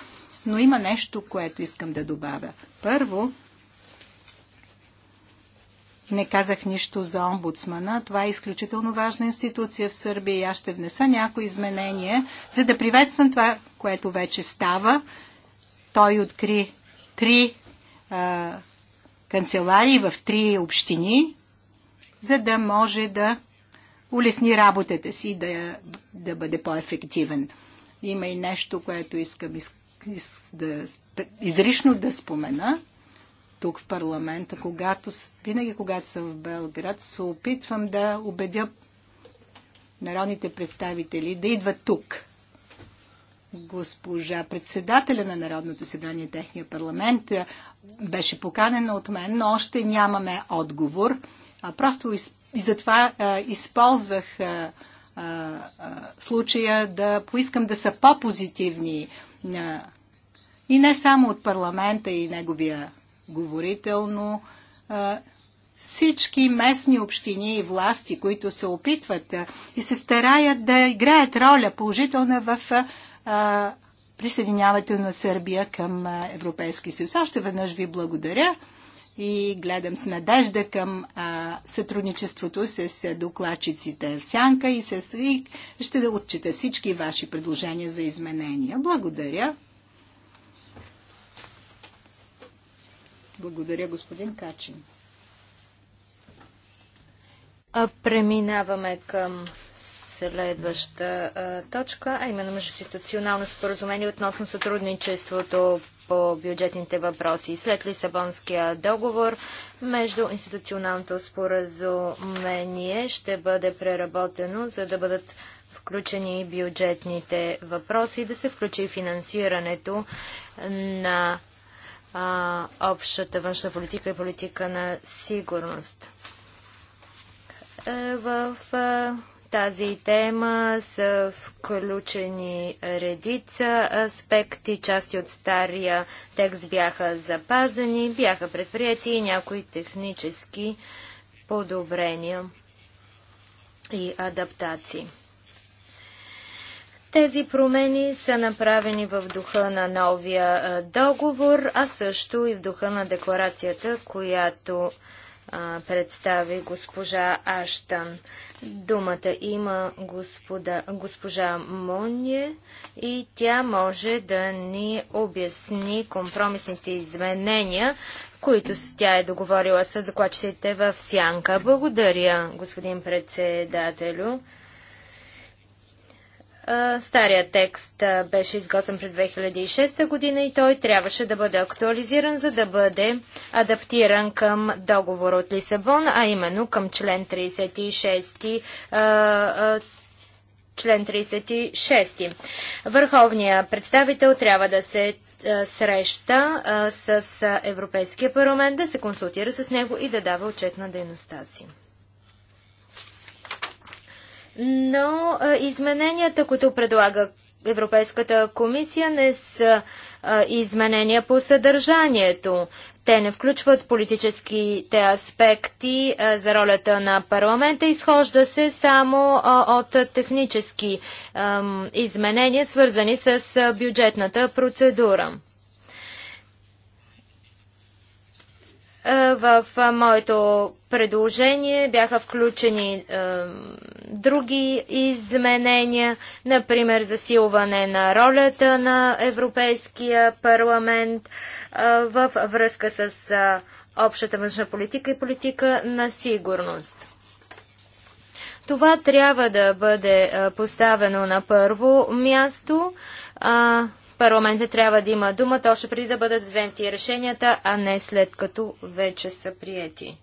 но има нещо, което искам да добавя. Първо, не казах нищо за омбудсмана. Това е изключително важна институция в Сърбия и аз ще внеса някои изменения, за да приветствам това, което вече става. Той откри три а, канцеларии в три общини, за да може да улесни работата си и да, да бъде по-ефективен. Има и нещо, което искам из, из, да, изрично да спомена тук в парламента, когато, винаги когато съм в Белград, се опитвам да убедя народните представители да идват тук. Госпожа председателя на Народното събрание, техния парламент, е, беше поканена от мен, но още нямаме отговор. А просто из, и затова а, използвах а, а, случая да поискам да са по-позитивни и не само от парламента и неговия говорително всички местни общини и власти, които се опитват и се стараят да играят роля положителна в присъединяването на Сърбия към Европейски съюз. Още веднъж ви благодаря и гледам с надежда към а, сътрудничеството с докладчиците в Сянка и, с, и ще да отчита всички ваши предложения за изменения. Благодаря. Благодаря, господин Качин. Преминаваме към следваща а, точка, а именно междуинституционално споразумение относно сътрудничеството по бюджетните въпроси. След Лисабонския договор между институционалното споразумение ще бъде преработено, за да бъдат включени бюджетните въпроси, да се включи финансирането на а, общата външна политика и политика на сигурност. Е, в а, тази тема са включени редица аспекти. Части от стария текст бяха запазени, бяха предприяти и някои технически подобрения и адаптации. Тези промени са направени в духа на новия договор, а също и в духа на декларацията, която представи госпожа Аштан. Думата има господа, госпожа Монье и тя може да ни обясни компромисните изменения, които тя е договорила с докладчиците в Сянка. Благодаря, господин председателю. Стария текст беше изготвен през 2006 година и той трябваше да бъде актуализиран, за да бъде адаптиран към договора от Лисабон, а именно към член 36 член 36. Върховният представител трябва да се среща с Европейския парламент, да се консултира с него и да дава отчет на дейността си но а, измененията, които предлага Европейската комисия, не са а, изменения по съдържанието. Те не включват политическите аспекти а, за ролята на парламента. Изхожда се само от технически изменения, свързани с бюджетната процедура. Е, в моето предложение бяха включени е, други изменения, например засилване на ролята на Европейския парламент е, в връзка с е, общата външна политика и политика на сигурност. Това трябва да бъде е, поставено на първо място. Е, Парламентът трябва да има думата още преди да бъдат взети решенията, а не след като вече са приети.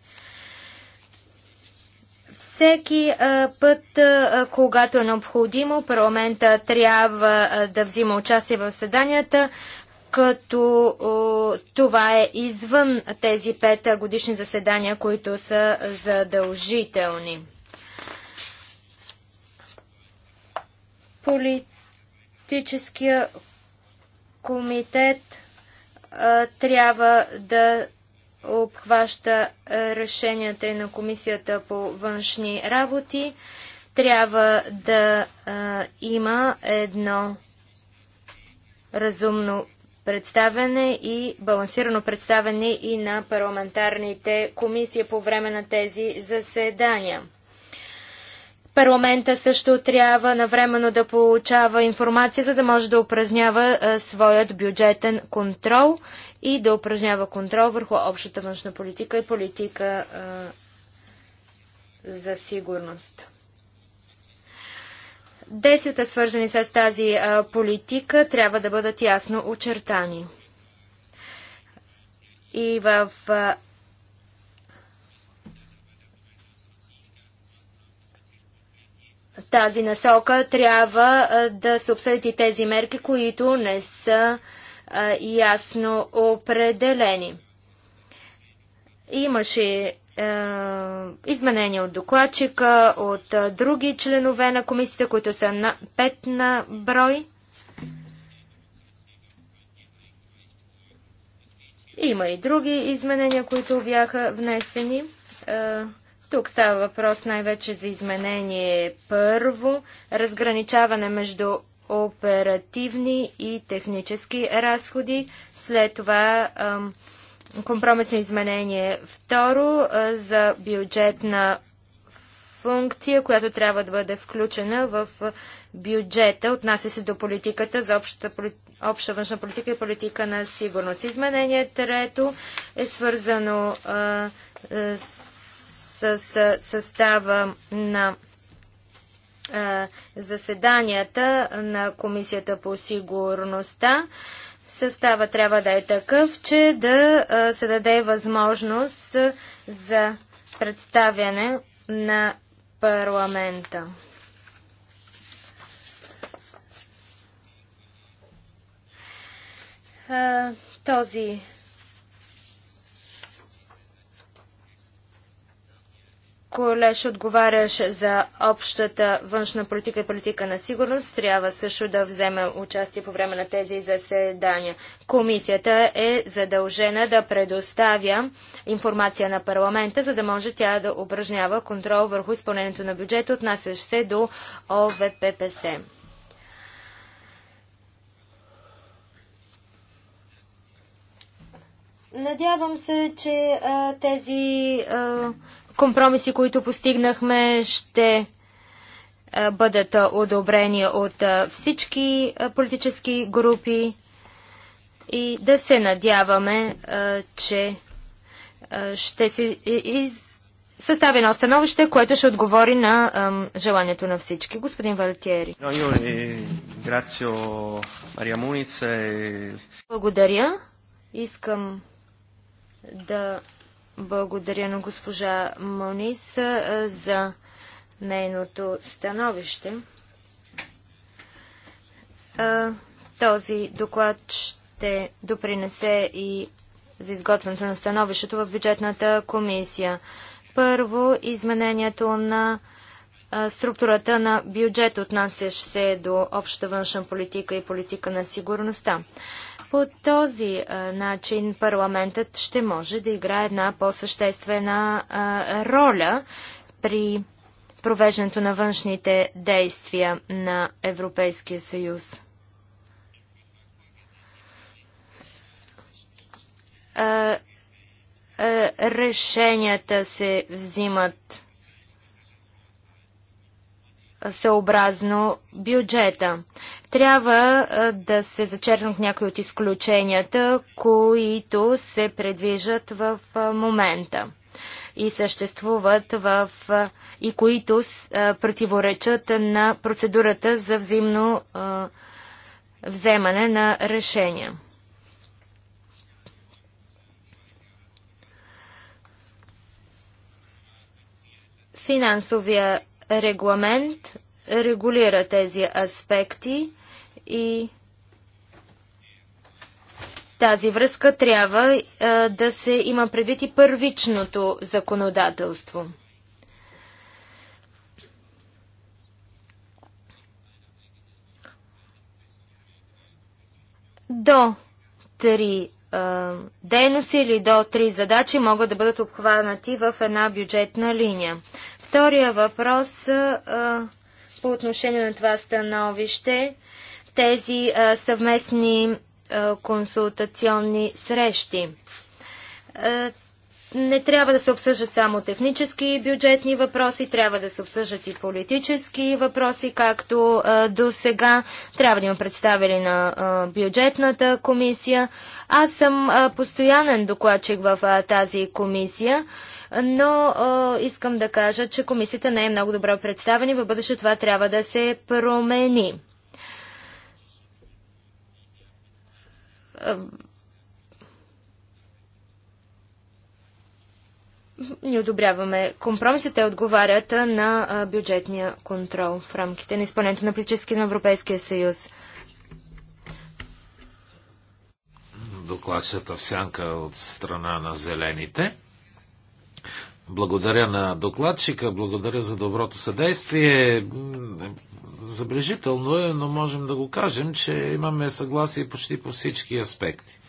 Всеки път, когато е необходимо, парламента трябва да взима участие в заседанията, като това е извън тези пет годишни заседания, които са задължителни. Политическия комитет а, трябва да обхваща решенията и на Комисията по външни работи. Трябва да а, има едно разумно представяне и балансирано представяне и на парламентарните комисии по време на тези заседания. Парламента също трябва навременно да получава информация, за да може да упражнява своят бюджетен контрол и да упражнява контрол върху общата външна политика и политика за сигурност. Действията, свързани с тази политика, трябва да бъдат ясно очертани. И в тази насока трябва да се обсъдят и тези мерки, които не са ясно определени. Имаше изменения от докладчика, от други членове на комисията, които са на 5 на брой. Има и други изменения, които бяха внесени. Тук става въпрос най-вече за изменение първо, разграничаване между оперативни и технически разходи, след това компромисно изменение второ за бюджетна функция, която трябва да бъде включена в бюджета, отнася се до политиката за общата, обща външна политика и политика на сигурност. Изменение трето е свързано а, с с състава на заседанията на Комисията по сигурността. Състава трябва да е такъв, че да се даде възможност за представяне на парламента. Този Колеж отговаряш за общата външна политика и политика на сигурност. Трябва също да вземе участие по време на тези заседания. Комисията е задължена да предоставя информация на парламента, за да може тя да упражнява контрол върху изпълнението на бюджета, отнасящ се до ОВППС. Надявам се, че а, тези а, компромиси, които постигнахме, ще бъдат одобрени от всички политически групи и да се надяваме, че ще се състави едно становище, което ще отговори на желанието на всички. Господин Валтиери. Eh, e- Благодаря. Искам да благодаря на госпожа Монис за нейното становище. Този доклад ще допринесе и за изготвянето на становището в бюджетната комисия. Първо, изменението на структурата на бюджет, отнасящ се до обща външна политика и политика на сигурността. По този а, начин парламентът ще може да играе една по-съществена роля при провеждането на външните действия на Европейския съюз. А, а, решенията се взимат съобразно бюджета. Трябва да се зачернат някои от изключенията, които се предвижат в момента и съществуват в, и които противоречат на процедурата за взаимно вземане на решения. Финансовия регламент регулира тези аспекти и тази връзка трябва да се има предвид и първичното законодателство. До три а, дейности или до три задачи могат да бъдат обхванати в една бюджетна линия. Втория въпрос а, по отношение на това становище, тези а, съвместни а, консултационни срещи не трябва да се обсъждат само технически и бюджетни въпроси, трябва да се обсъждат и политически въпроси, както а, до сега. Трябва да има представили на а, бюджетната комисия. Аз съм а, постоянен докладчик в а, тази комисия, но а, искам да кажа, че комисията не е много добра представена и в бъдеще това трябва да се промени. ни одобряваме Компромисът Те отговарят на бюджетния контрол в рамките на изпълнението на политически на Европейския съюз. Докладчата в сянка от страна на зелените. Благодаря на докладчика, благодаря за доброто съдействие. Забрежително е, но можем да го кажем, че имаме съгласие почти по всички аспекти.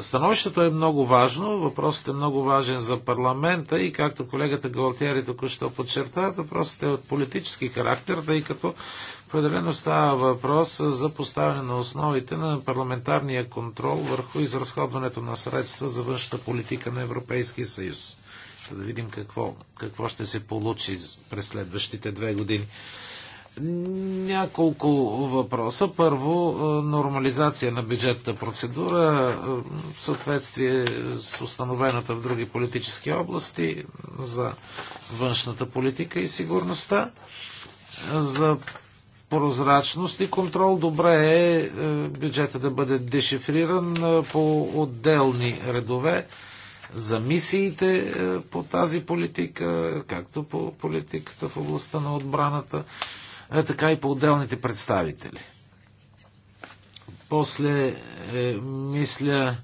Становището е много важно, въпросът е много важен за парламента и както колегата Галтиери току-що подчерта, въпросът е от политически характер, тъй като определено става въпрос за поставяне на основите на парламентарния контрол върху изразходването на средства за външната политика на Европейския съюз. Ще да видим какво, какво ще се получи през следващите две години. Няколко въпроса. Първо, е, нормализация на бюджетната процедура в е, съответствие с установената в други политически области за външната политика и сигурността. Е, за прозрачност и контрол добре е бюджета да бъде дешифриран по отделни редове за мисиите по тази политика, както по политиката в областта на отбраната а така и по отделните представители. После е, мисля,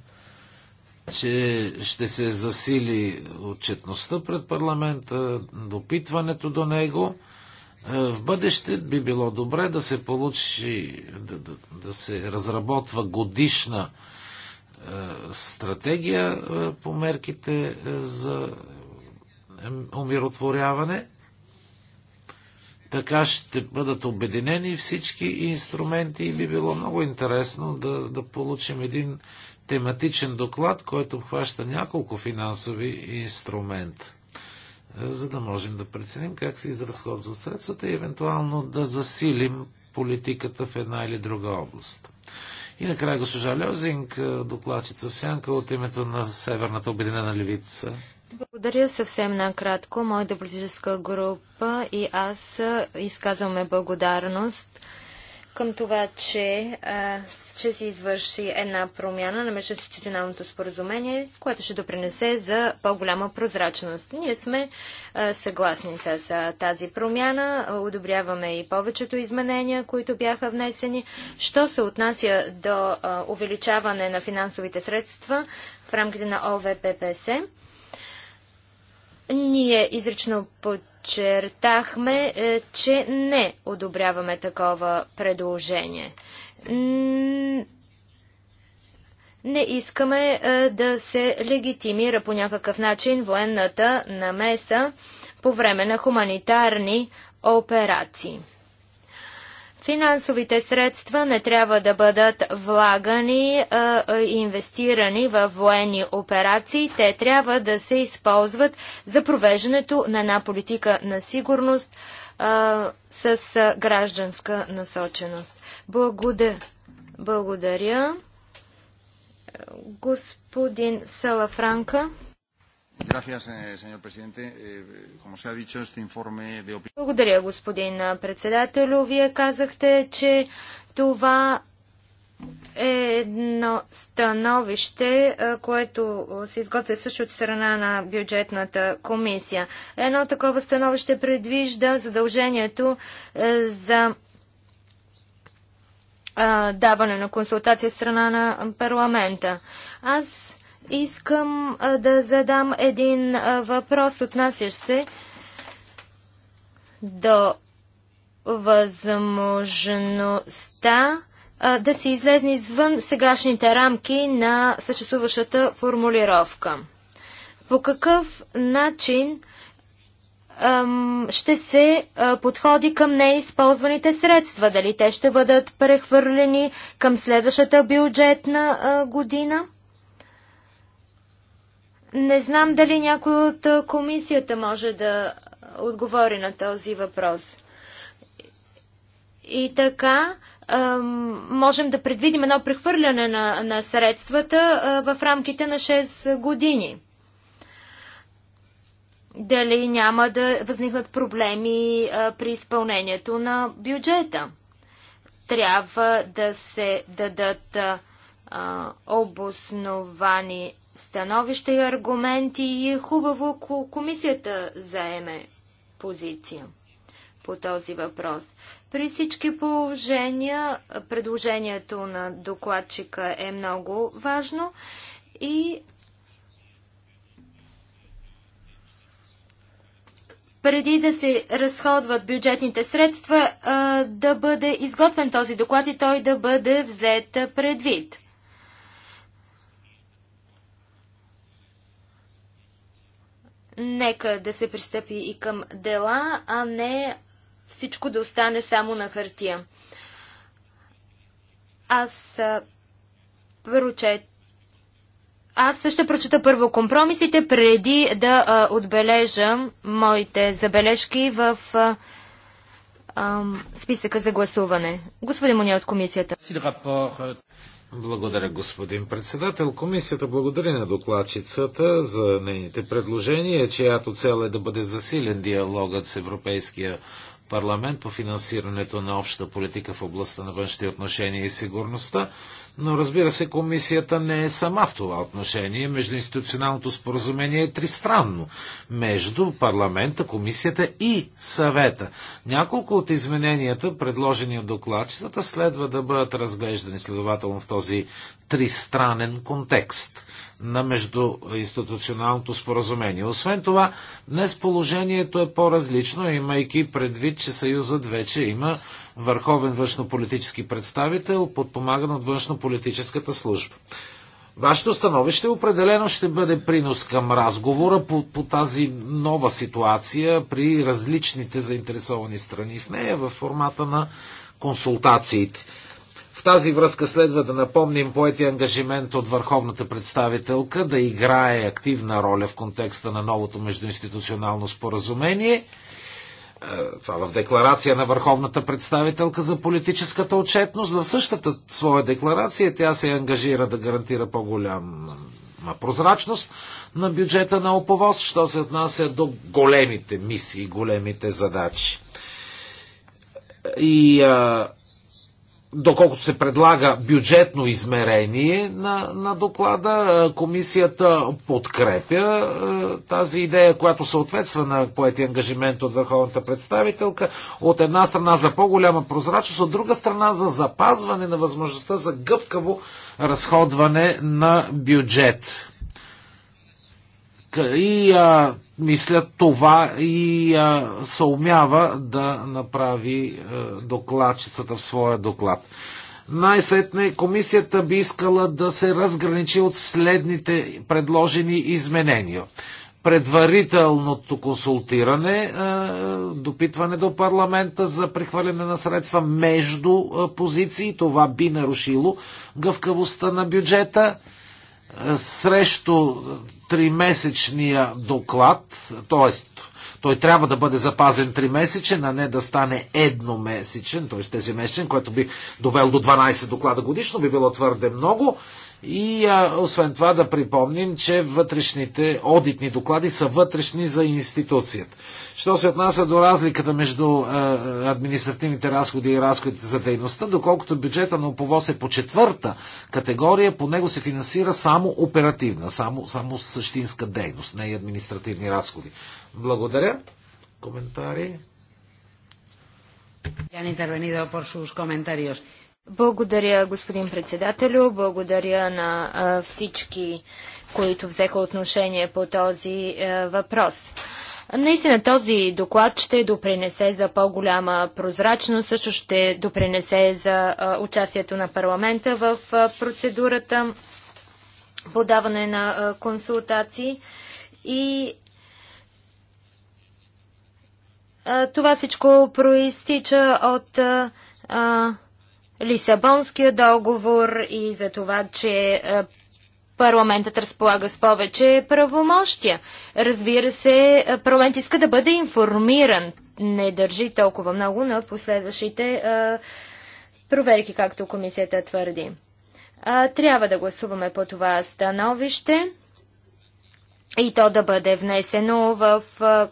че ще се засили отчетността пред парламента, допитването до него. Е, в бъдеще би било добре да се получи, да, да, да се разработва годишна е, стратегия е, по мерките е, за е, умиротворяване. Така ще бъдат обединени всички инструменти и би било много интересно да, да получим един тематичен доклад, който обхваща няколко финансови инструмента е, за да можем да преценим как се изразходват средствата и евентуално да засилим политиката в една или друга област. И накрая госпожа Льозинг, е, докладчица в Сянка от името на Северната обединена левица. Благодаря съвсем накратко. Моята политическа група и аз изказваме благодарност към това, че ще се извърши една промяна на междуинституционалното споразумение, което ще допринесе за по-голяма прозрачност. Ние сме съгласни с тази промяна, одобряваме и повечето изменения, които бяха внесени. Що се отнася до увеличаване на финансовите средства в рамките на ОВППС, ние изрично подчертахме, е, че не одобряваме такова предложение. Не искаме е, да се легитимира по някакъв начин военната намеса по време на хуманитарни операции. Финансовите средства не трябва да бъдат влагани и инвестирани в военни операции. Те трябва да се използват за провеждането на една политика на сигурност а, с гражданска насоченост. Благодаря. Благодаря. Господин Салафранка. Благодаря, господин председател. Вие казахте, че това е едно становище, което се изготвя също от страна на бюджетната комисия. Едно такова становище предвижда задължението за даване на консултация от страна на парламента. Аз Искам да задам един въпрос, отнасящ се до възможността да се излезне извън сегашните рамки на съществуващата формулировка. По какъв начин ще се подходи към неизползваните средства? Дали те ще бъдат прехвърлени към следващата бюджетна година? Не знам дали някой от комисията може да отговори на този въпрос. И така, можем да предвидим едно прехвърляне на, на средствата в рамките на 6 години. Дали няма да възникнат проблеми при изпълнението на бюджета? Трябва да се дадат обосновани становища и аргументи и е хубаво, ако комисията заеме позиция по този въпрос. При всички положения, предложението на докладчика е много важно и преди да се разходват бюджетните средства, да бъде изготвен този доклад и той да бъде взет предвид. Нека да се пристъпи и към дела, а не всичко да остане само на хартия. Аз прочет аз ще прочета първо компромисите, преди да а, отбележа моите забележки в а, а, списъка за гласуване. Господин Моня от комисията. Благодаря, господин председател. Комисията благодари на докладчицата за нейните предложения, чиято цел е да бъде засилен диалогът с Европейския парламент по финансирането на общата политика в областта на външните отношения и сигурността но разбира се, комисията не е сама в това отношение. Междуинституционалното споразумение е тристранно между парламента, комисията и съвета. Няколко от измененията, предложени от докладчетата, следва да бъдат разглеждани следователно в този тристранен контекст на междуинституционалното споразумение. Освен това, днес положението е по-различно, имайки предвид, че Съюзът вече има върховен външнополитически представител, подпомаган от външнополитическата служба. Вашето становище определено ще бъде принос към разговора по, по тази нова ситуация при различните заинтересовани страни в нея в формата на консултациите. В тази връзка следва да напомним поети ангажимент от върховната представителка да играе активна роля в контекста на новото междуинституционално споразумение. Е, това в декларация на върховната представителка за политическата отчетност. В същата своя декларация тя се ангажира да гарантира по-голям на прозрачност на бюджета на ОПОВОЗ, що се отнася до големите мисии, големите задачи. И а, доколкото се предлага бюджетно измерение на, на доклада, комисията подкрепя тази идея, която съответства на поети ангажимент от върховната представителка. От една страна за по-голяма прозрачност, от друга страна за запазване на възможността за гъвкаво разходване на бюджет. И а, мисля, това и а, съумява да направи а, е, докладчицата в своя доклад. Най-сетне комисията би искала да се разграничи от следните предложени изменения. Предварителното консултиране, е, допитване до парламента за прихвърляне на средства между е, позиции, това би нарушило гъвкавостта на бюджета срещу тримесечния доклад, т.е. той трябва да бъде запазен тримесечен, а не да стане едномесечен, т.е. тези месечен, което би довел до 12 доклада годишно, би било твърде много. И а, освен това да припомним, че вътрешните одитни доклади са вътрешни за институцията. Що се отнася до разликата между а, административните разходи и разходите за дейността, доколкото бюджета на ОПОВОС е по четвърта категория, по него се финансира само оперативна, само, само същинска дейност, не и административни разходи. Благодаря. Коментари? Han intervenido por sus comentarios. Благодаря, господин председателю. Благодаря на а, всички, които взеха отношение по този а, въпрос. Наистина този доклад ще допринесе за по-голяма прозрачност, също ще допринесе за а, участието на парламента в процедурата подаване на консултации и това всичко проистича от Лисабонския договор и за това, че парламентът разполага с повече правомощия. Разбира се, парламент иска да бъде информиран. Не държи толкова много на последващите а, проверки, както комисията твърди. А, трябва да гласуваме по това становище и то да бъде внесено в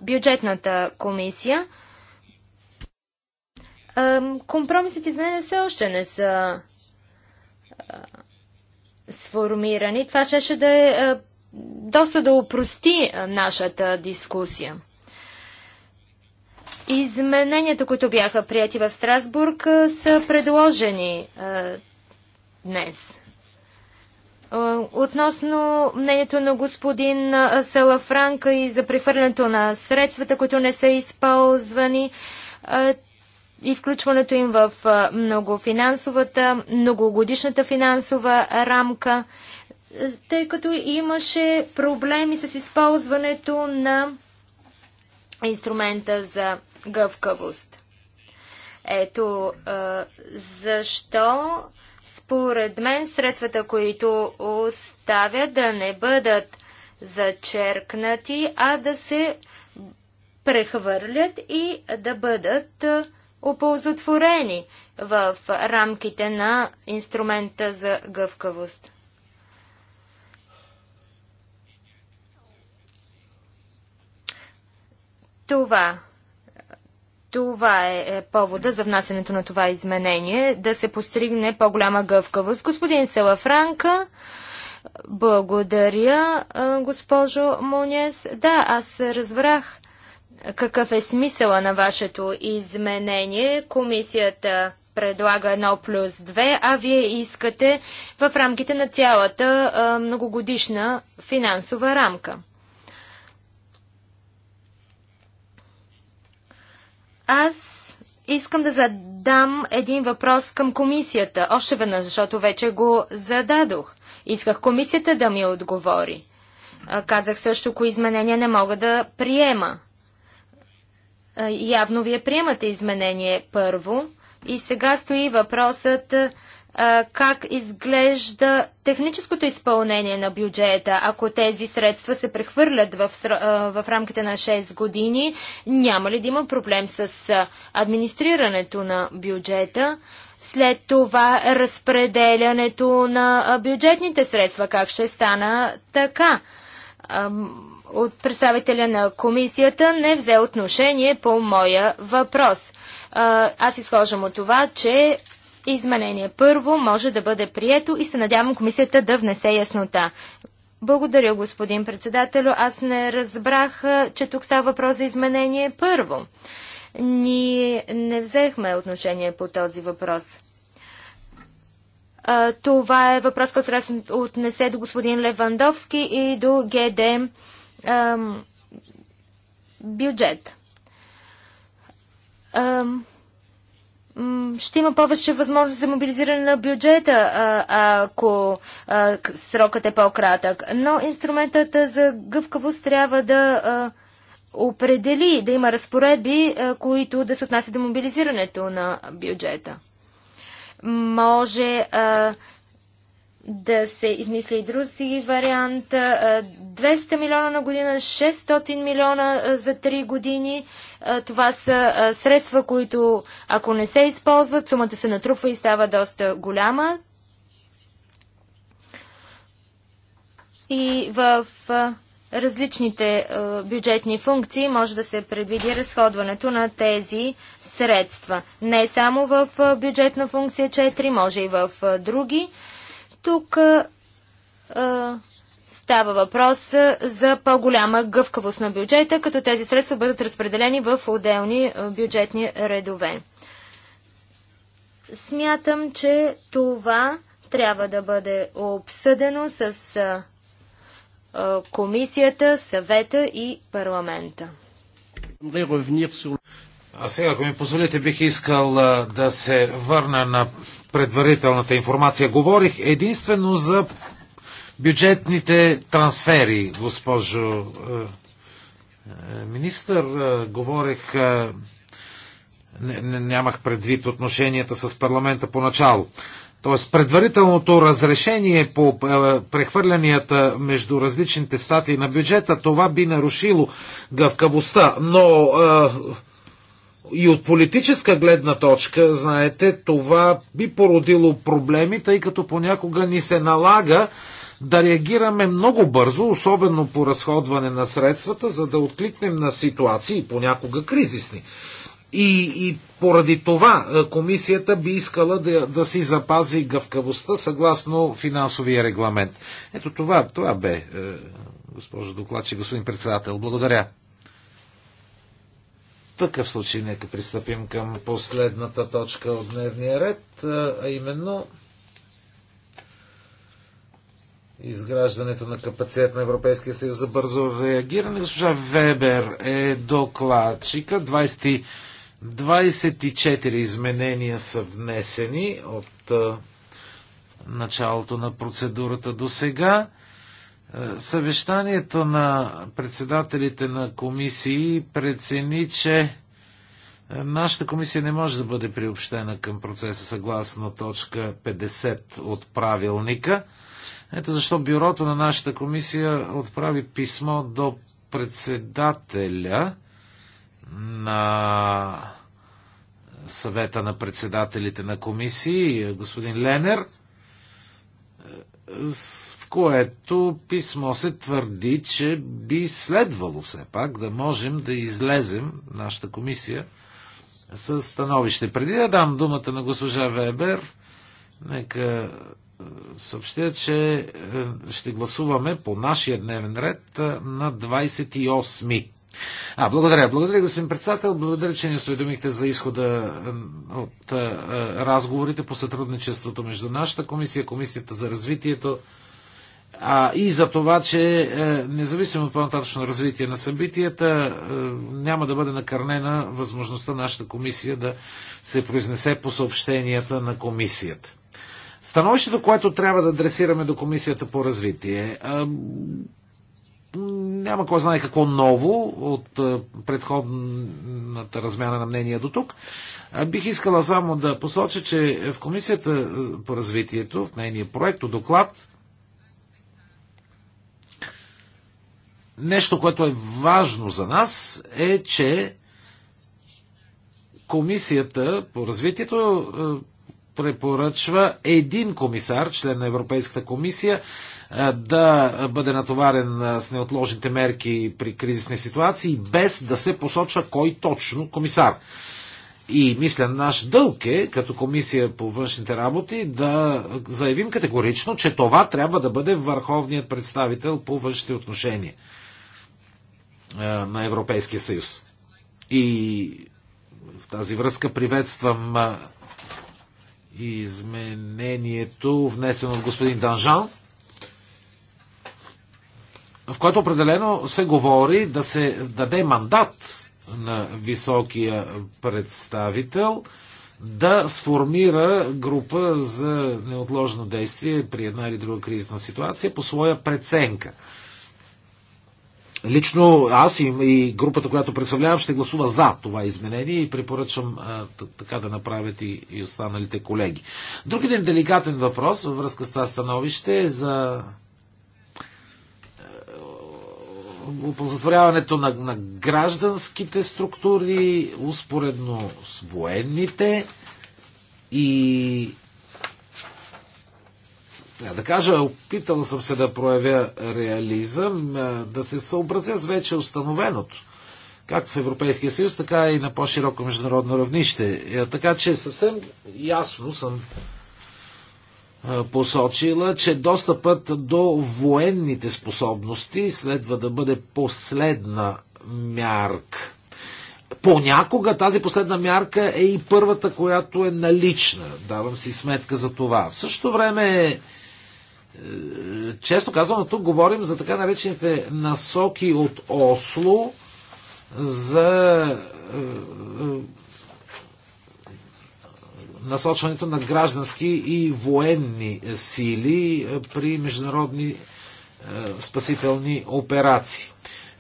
бюджетната комисия. Компромисът и изменения все още не са сформирани. Това щеше да е доста да упрости нашата дискусия. Измененията, които бяха прияти в Страсбург, са предложени а, днес. Относно мнението на господин Салафранка и за прехвърлянето на средствата, които не са използвани, и включването им в многофинансовата, многогодишната финансова рамка, тъй като имаше проблеми с използването на инструмента за гъвкавост. Ето защо според мен средствата, които оставят да не бъдат зачеркнати, а да се прехвърлят и да бъдат оползотворени в рамките на инструмента за гъвкавост. Това. Това е, е повода за внасянето на това изменение, да се постигне по-голяма гъвкавост. Господин Селафранка, благодаря, госпожо Монес. Да, аз разбрах какъв е смисъла на вашето изменение. Комисията предлага 1 плюс 2, а вие искате в рамките на цялата многогодишна финансова рамка. Аз искам да задам един въпрос към комисията, още веднъж, защото вече го зададох. Исках комисията да ми отговори. Казах също, кои изменения не мога да приема. Явно вие приемате изменение първо и сега стои въпросът как изглежда техническото изпълнение на бюджета. Ако тези средства се прехвърлят в, в рамките на 6 години, няма ли да има проблем с администрирането на бюджета? След това разпределянето на бюджетните средства, как ще стана така? от представителя на комисията не взе отношение по моя въпрос. Аз изхождам от това, че изменение първо може да бъде прието и се надявам комисията да внесе яснота. Благодаря, господин председателю. Аз не разбрах, че тук става въпрос за изменение първо. Ние не взехме отношение по този въпрос. Това е въпрос, който отнесе до господин Левандовски и до ГДМ бюджет. ще има повече възможност за мобилизиране на бюджета, ако срокът е по-кратък. Но инструментът за гъвкавост трябва да определи, да има разпоредби, които да се отнасят до мобилизирането на бюджета. Може да се измисли и други вариант. 200 милиона на година, 600 милиона за 3 години. Това са средства, които ако не се използват, сумата се натрупва и става доста голяма. И в различните бюджетни функции може да се предвиди разходването на тези средства. Не само в бюджетна функция 4, може и в други. Тук а, става въпрос за по-голяма гъвкавост на бюджета, като тези средства бъдат разпределени в отделни бюджетни редове. Смятам, че това трябва да бъде обсъдено с комисията, съвета и парламента. А сега, ако ми позволите, бих искал да се върна на предварителната информация. Говорих единствено за бюджетните трансфери, госпожо е, е, министър. Е, говорих нямах предвид отношенията с парламента поначало. Тоест предварителното разрешение по прехвърлянията между различните статии на бюджета, това би нарушило гъвкавостта. Но и от политическа гледна точка, знаете, това би породило проблеми, тъй като понякога ни се налага да реагираме много бързо, особено по разходване на средствата, за да откликнем на ситуации, понякога кризисни. И, и поради това комисията би искала да, да си запази гъвкавостта съгласно финансовия регламент. Ето това, това бе, госпожо докладче, господин председател. Благодаря такъв случай нека пристъпим към последната точка от дневния ред, а именно изграждането на капацитет на Европейския съюз за бързо реагиране. Госпожа Вебер е докладчика. 20, 24 изменения са внесени от началото на процедурата до сега. Е, съвещанието на председателите на комисии прецени, че е, нашата комисия не може да бъде приобщена към процеса съгласно точка 50 от правилника. Ето защо бюрото на нашата комисия отправи писмо до председателя на съвета на председателите на комисии, господин Ленер, в което писмо се твърди, че би следвало все пак да можем да излезем, нашата комисия, с становище. Преди да дам думата на госпожа Вебер, нека е, съобщя, че е, ще гласуваме по нашия дневен ред е, на 28 а, благодаря. Благодаря, господин председател. Благодаря, че ни осведомихте за изхода от е, е, разговорите по сътрудничеството между нашата комисия, Комисията за развитието а, и за това, че е, независимо от по-нататъчно развитие на събитията, няма да бъде накърнена възможността нашата комисия да се произнесе по съобщенията на комисията. Становището, което трябва да адресираме до комисията по развитие няма кой знае какво ново от е, предходната размяна на мнения до тук. Бих искала само да посоча, че в Комисията по развитието, в нейния проект, доклад, нещо, което е важно за нас, е, че Комисията по развитието е, препоръчва един комисар, член на Европейската комисия, е, да бъде натоварен е, с неотложните мерки при кризисни ситуации, без да се посочва кой точно комисар. И мисля, наш дълг е, като комисия по външните работи, да заявим категорично, че това трябва да бъде върховният представител по външните отношения е, на Европейския съюз. И в тази връзка приветствам изменението, внесено от господин Данжан, в който определено се говори да се даде мандат на високия представител да сформира група за неотложно действие при една или друга кризисна ситуация по своя преценка. Лично аз и групата, която представлявам, ще гласува за това изменение и препоръчвам а, така да направят и, и останалите колеги. Друг един деликатен въпрос във връзка с това становище е за оползотворяването на, на гражданските структури, успоредно с военните и да кажа, опитал съм се да проявя реализъм, да се съобразя с вече установеното. Както в Европейския съюз, така и на по-широко международно равнище. Така че съвсем ясно съм е, посочила, че достъпът до военните способности следва да бъде последна мярка. Понякога тази последна мярка е и първата, която е налична. Давам си сметка за това. В същото време, е, често казвам, тук говорим за така наречените насоки от Осло за е, насочването на граждански и военни сили е, при международни е, спасителни операции.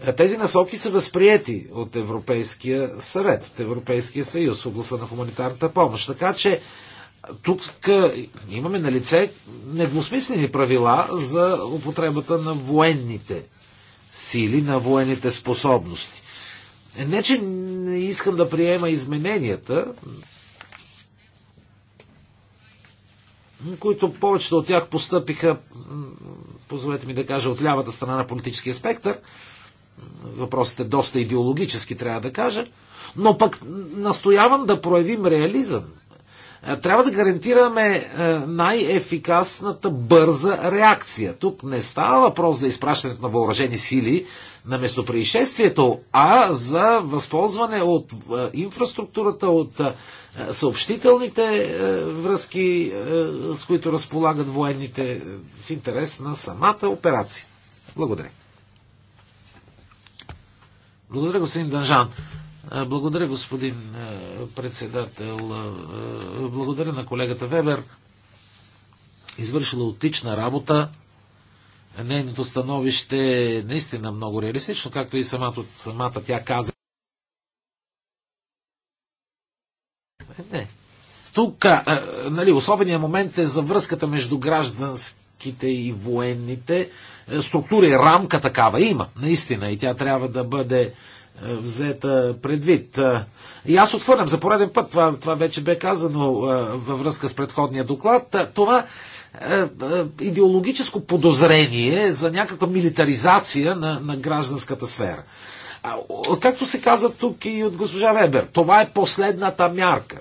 Е, тези насоки са възприяти от Европейския съвет, от Европейския съюз в областта на хуманитарната помощ. Така че тук имаме на лице недвусмислени правила за употребата на военните сили, на военните способности. Не, че не искам да приема измененията, които повечето от тях постъпиха, позволете ми да кажа, от лявата страна на политическия спектър. Въпросът е доста идеологически, трябва да кажа. Но пък настоявам да проявим реализъм е, трябва да гарантираме е, най-ефикасната бърза реакция. Тук не става въпрос за изпращането на въоръжени сили на местопришествието, а за възползване от е, инфраструктурата, от съобщителните връзки, с които разполагат военните в интерес на самата операция. Благодаря. Благодаря, господин Дънжан. Благодаря, господин председател. Благодаря на колегата Вебер. Извършила отлична работа. Нейното становище е наистина много реалистично, както и самата, самата тя каза. Не. Тук, нали, особеният момент е за връзката между гражданските и военните структури, рамка такава има, наистина, и тя трябва да бъде е, взета предвид. Е, и аз отвърнам за пореден път, това, това вече бе казано е, във връзка с предходния доклад, това идеологическо подозрение за някаква милитаризация на, на гражданската сфера. Както се каза тук и от госпожа Вебер, това е последната мярка.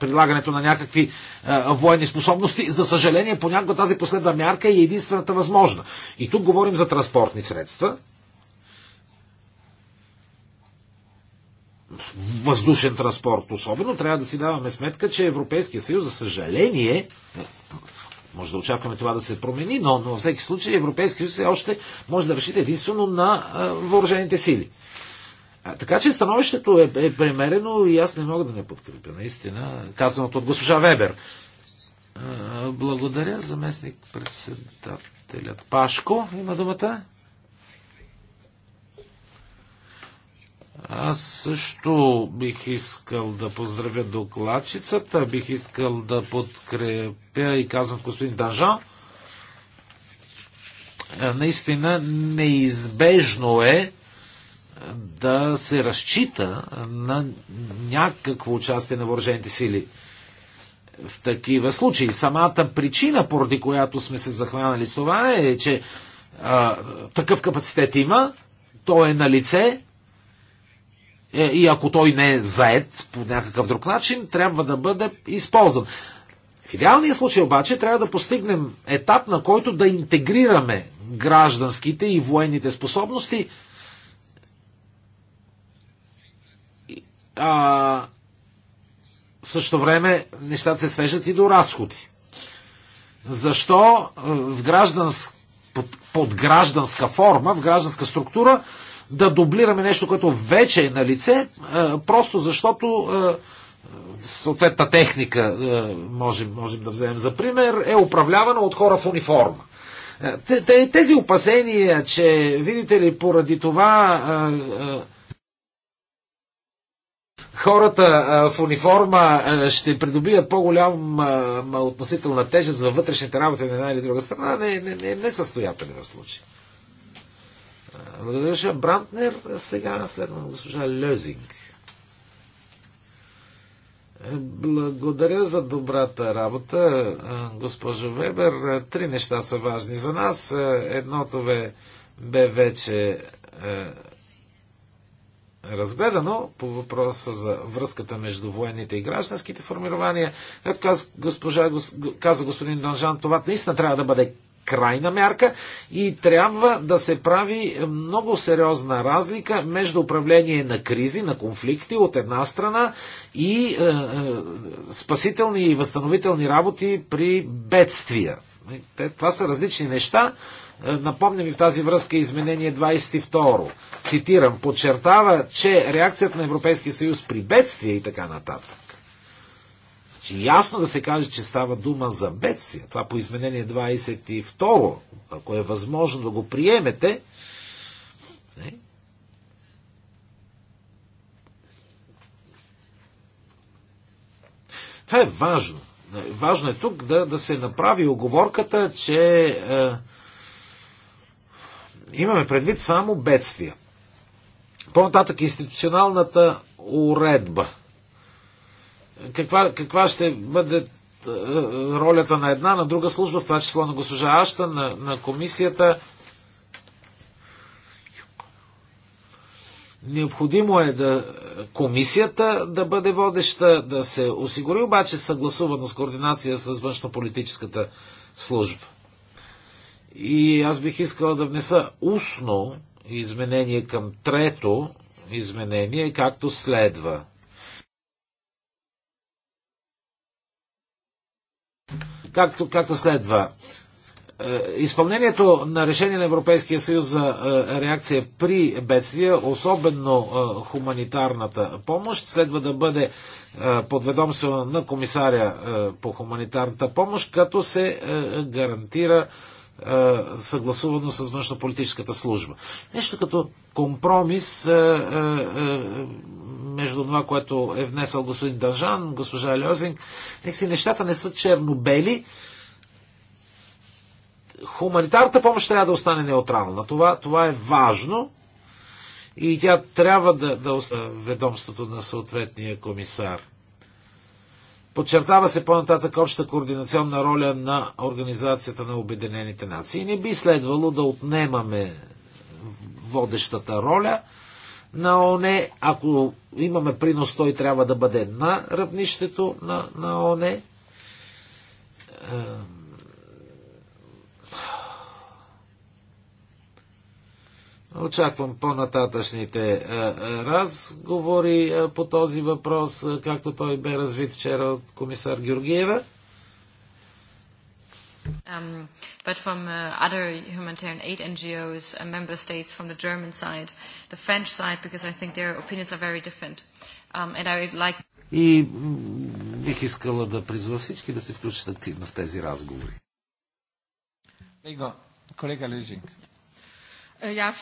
Прилагането на някакви военни способности. За съжаление, понякога тази последна мярка е единствената възможна. И тук говорим за транспортни средства, въздушен транспорт особено, трябва да си даваме сметка, че Европейския съюз, за съжаление, може да очакваме това да се промени, но, но във всеки случай Европейския съюз все още може да решите единствено на а, въоръжените сили. А, така че становището е, е премерено и аз не мога да не подкрепя, наистина, казаното от госпожа Вебер. А, благодаря, заместник председателят Пашко. Има думата. Аз също бих искал да поздравя докладчицата, бих искал да подкрепя и казвам господин Дажа. Е, наистина неизбежно е да се разчита на някакво участие на въоръжените сили в такива случаи. Самата причина, поради която сме се захванали с това, е, че а, такъв капацитет има, той е на лице, е, и ако той не е заед по някакъв друг начин, трябва да бъде използван. В идеалния случай обаче трябва да постигнем етап, на който да интегрираме гражданските и военните способности а, в същото време нещата се свежат и до разходи. Защо в гражданска под гражданска форма, в гражданска структура да дублираме нещо, което вече е на лице, е, просто защото е, съответна техника, е, можем, можем да вземем за пример, е управлявана от хора в униформа. Тези опасения, че, видите ли, поради това хората в униформа ще придобият по-голяма относителна тежест във вътрешните работи на една или друга страна, не, не, не, не състоятелен случай. Благодаря, Брантнер. Сега следвам госпожа Лезинг. Е, благодаря за добрата работа, е, госпожо Вебер. Е, три неща са важни за нас. Едното бе, бе вече е, разгледано по въпроса за връзката между военните и гражданските формирования. Както каза, госпожа, каза господин Данжан, това наистина трябва да бъде крайна мярка и трябва да се прави много сериозна разлика между управление на кризи, на конфликти от една страна и е, е, спасителни и възстановителни работи при бедствия. Те, това са различни неща. Е, Напомня ми в тази връзка изменение 22. Цитирам, подчертава, че реакцията на Европейския съюз при бедствия и така нататък Значи ясно да се каже, че става дума за бедствие. Това по изменение 22, ако е възможно да го приемете, не? Това е важно. Важно е тук да, да се направи оговорката, че е, имаме предвид само бедствия. По-нататък институционалната уредба – каква, каква ще бъде е, ролята на една, на друга служба, в това число на госпожа Ашта, на, на комисията. Необходимо е да комисията да бъде водеща, да се осигури обаче съгласувано с координация с външнополитическата служба. И аз бих искал да внеса устно изменение към трето изменение, както следва. както, както следва. Е, изпълнението на решение на Европейския съюз за е, реакция при бедствия, особено е, хуманитарната помощ, следва да бъде подведомство на комисаря по хуманитарната помощ, като се гарантира е, съгласувано с външнополитическата служба. Нещо като компромис е, е, между това, което е внесъл господин Държан, госпожа Льозинг. Нека си нещата не са черно-бели. Хуманитарната помощ трябва да остане неутрална. Това, това е важно и тя трябва да, да остане ведомството на съответния комисар. Подчертава се по-нататък общата координационна роля на Организацията на Обединените нации. Не би следвало да отнемаме водещата роля на ОНЕ. Ако имаме принос, той трябва да бъде на равнището на, на ОНЕ. Очаквам по-нататъчните е, е, разговори е, по този въпрос, както той бе развит вчера от комисар Георгиева. Um, but from uh, other humanitarian aid NGOs and uh, member states from the German side, the French side, because I think their opinions are very different. Um, and I would like... И бих искала да призова всички да се включат активно в тези разговори. Колега Лежинг. Е,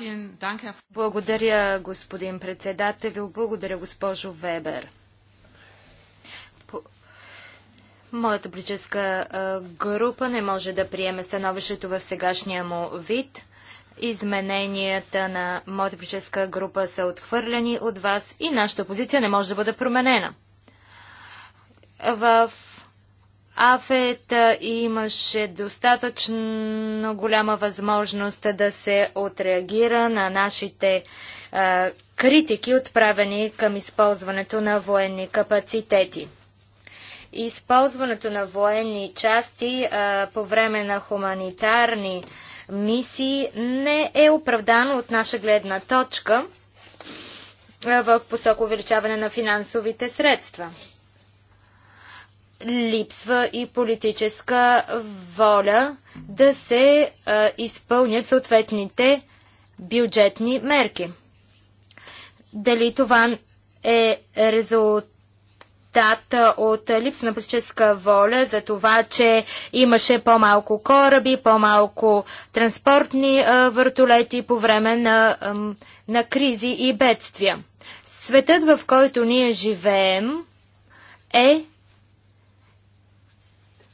Благодаря, господин председател, Благодаря, госпожо Вебер. Моята политическа група не може да приеме становището в сегашния му вид. Измененията на моята политическа група са отхвърлени от вас и нашата позиция не може да бъде променена. В АФЕТ имаше достатъчно голяма възможност да се отреагира на нашите а, критики, отправени към използването на военни капацитети. Използването на военни части а, по време на хуманитарни мисии не е оправдано от наша гледна точка в посока увеличаване на финансовите средства липсва и политическа воля да се а, изпълнят съответните бюджетни мерки. Дали това е резултат от липса на политическа воля за това, че имаше по-малко кораби, по-малко транспортни а, въртолети по време на, а, на кризи и бедствия. Светът, в който ние живеем, е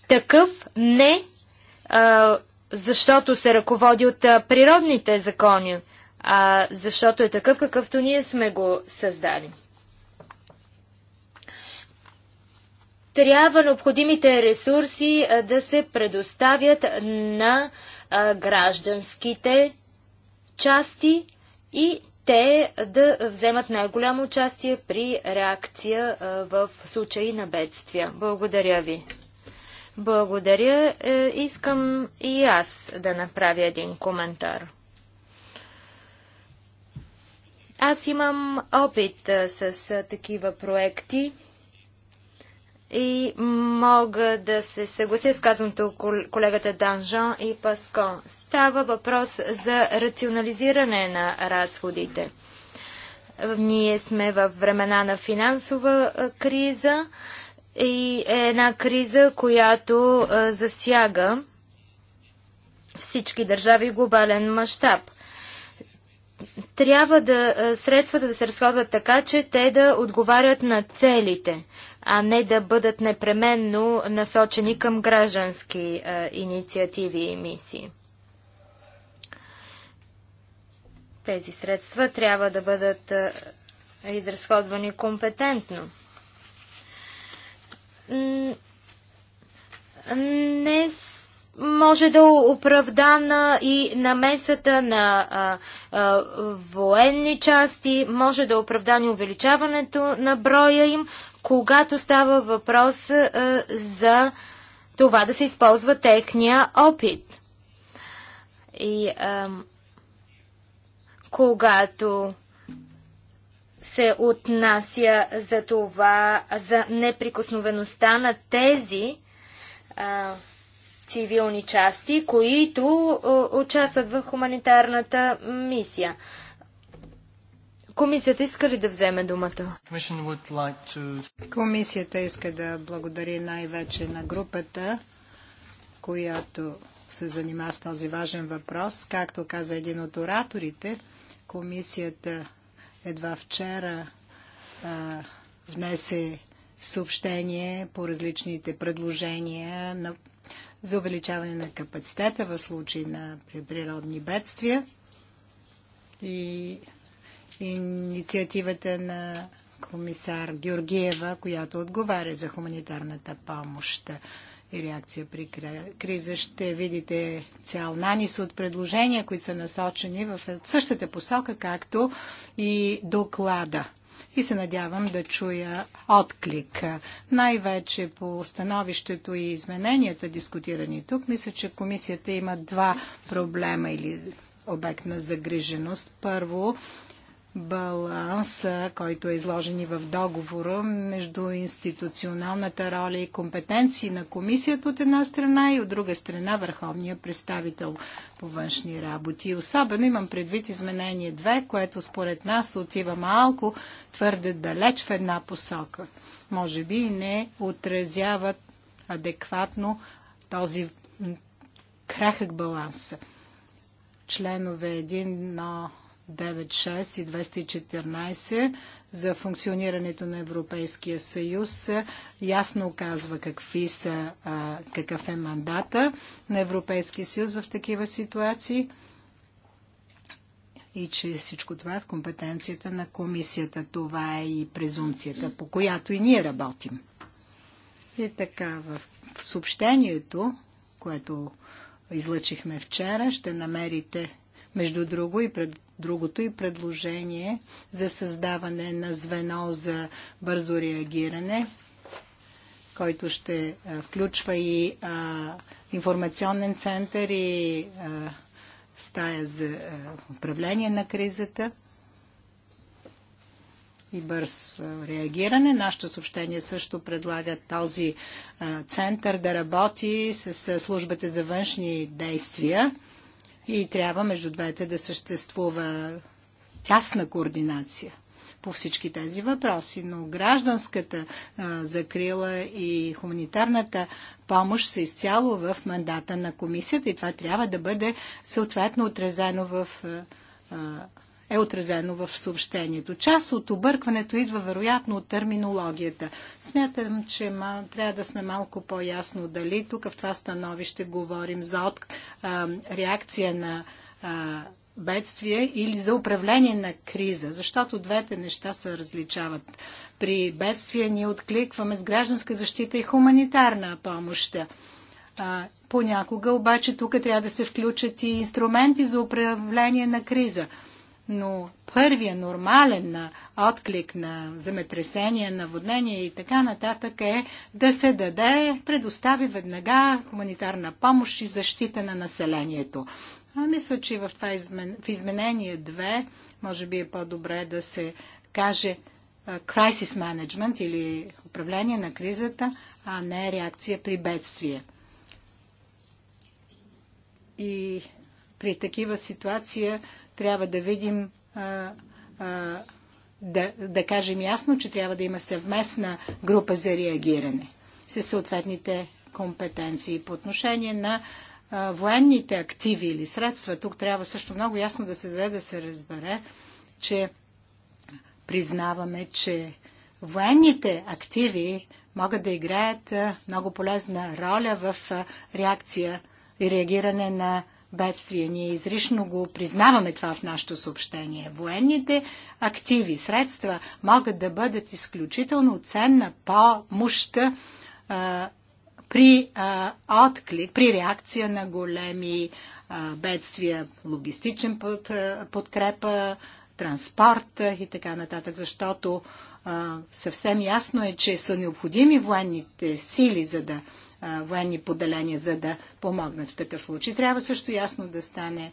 такъв не, а, защото се ръководи от а, природните закони, а защото е такъв какъвто ние сме го създали. Трябва необходимите ресурси а, да се предоставят на а, гражданските части и те да вземат най-голямо участие при реакция а, в случаи на бедствия. Благодаря ви. Благодаря. Е, искам и аз да направя един коментар. Аз имам опит е, с е, такива проекти и мога да се съглася с казаното колегата Данжон и Паско. Става въпрос за рационализиране на разходите. Ние сме във времена на финансова криза и е една криза, която а, засяга всички държави в глобален мащаб. Трябва да средствата да се разходват така, че те да отговарят на целите, а не да бъдат непременно насочени към граждански а, инициативи и мисии. Тези средства трябва да бъдат изразходвани компетентно не може да оправдана и намесата на а, а, военни части, може да оправдани увеличаването на броя им, когато става въпрос а, за това да се използва техния опит. И а, когато се отнася за това, за неприкосновеността на тези а, цивилни части, които участват в хуманитарната мисия. Комисията иска ли да вземе думата? Комисията иска да благодари най-вече на групата, която се занимава с този важен въпрос. Както каза един от ораторите, комисията едва вчера а, внесе съобщение по различните предложения на, за увеличаване на капацитета в случай на природни бедствия и инициативата на комисар Георгиева, която отговаря за хуманитарната помощ и реакция при криза. Ще видите цял нанис от предложения, които са насочени в същата посока, както и доклада. И се надявам да чуя отклик. Най-вече по становището и измененията, дискутирани тук, мисля, че комисията има два проблема или обект на загриженост. Първо, баланса, който е изложен и в договора между институционалната роля и компетенции на комисията от една страна и от друга страна върховния представител по външни работи. Особено имам предвид изменение 2, което според нас отива малко твърде далеч в една посока. Може би не отразяват адекватно този крахък баланс. Членове 1, 96 и 214 за функционирането на Европейския съюз ясно казва какви са, какъв е мандата на Европейския съюз в такива ситуации и че всичко това е в компетенцията на комисията. Това е и презумцията, по която и ние работим. И така, в съобщението, което излъчихме вчера, ще намерите между друго и пред другото и предложение за създаване на звено за бързо реагиране, който ще е, включва и а, информационен център и а, стая за а, е, управление на кризата и бърз е, реагиране. Нашето съобщение също предлага този център да работи с службата за външни действия и трябва между двете да съществува тясна координация по всички тези въпроси. Но гражданската а, закрила и хуманитарната помощ са изцяло в мандата на комисията и това трябва да бъде съответно отразено в а, е отразено в съобщението. Част от объркването идва вероятно от терминологията. Смятам, че ма, трябва да сме малко по-ясно дали тук в това становище говорим за от, а, реакция на а, бедствие или за управление на криза, защото двете неща се различават. При бедствие ние откликваме с гражданска защита и хуманитарна помощ. А, понякога обаче тук трябва да се включат и инструменти за управление на криза но първия нормален отклик на земетресение, наводнение и така нататък е да се даде, предостави веднага хуманитарна помощ и защита на населението. А мисля, че в, това измен... в изменение 2 може би е по-добре да се каже crisis management или управление на кризата, а не реакция при бедствие. И при такива ситуация трябва да видим, да, да кажем ясно, че трябва да има съвместна група за реагиране с съответните компетенции. По отношение на военните активи или средства, тук трябва също много ясно да се даде да се разбере, че признаваме, че военните активи могат да играят много полезна роля в реакция и реагиране на Бедствия. Ние изрично го признаваме това в нашето съобщение. Военните активи, средства могат да бъдат изключително ценна помощ а, при а, отклик, при реакция на големи а, бедствия, логистичен под, а, подкрепа, транспорт и така нататък, защото а, съвсем ясно е, че са необходими военните сили, за да военни поделения, за да помогнат в такъв случай. Трябва също ясно да стане,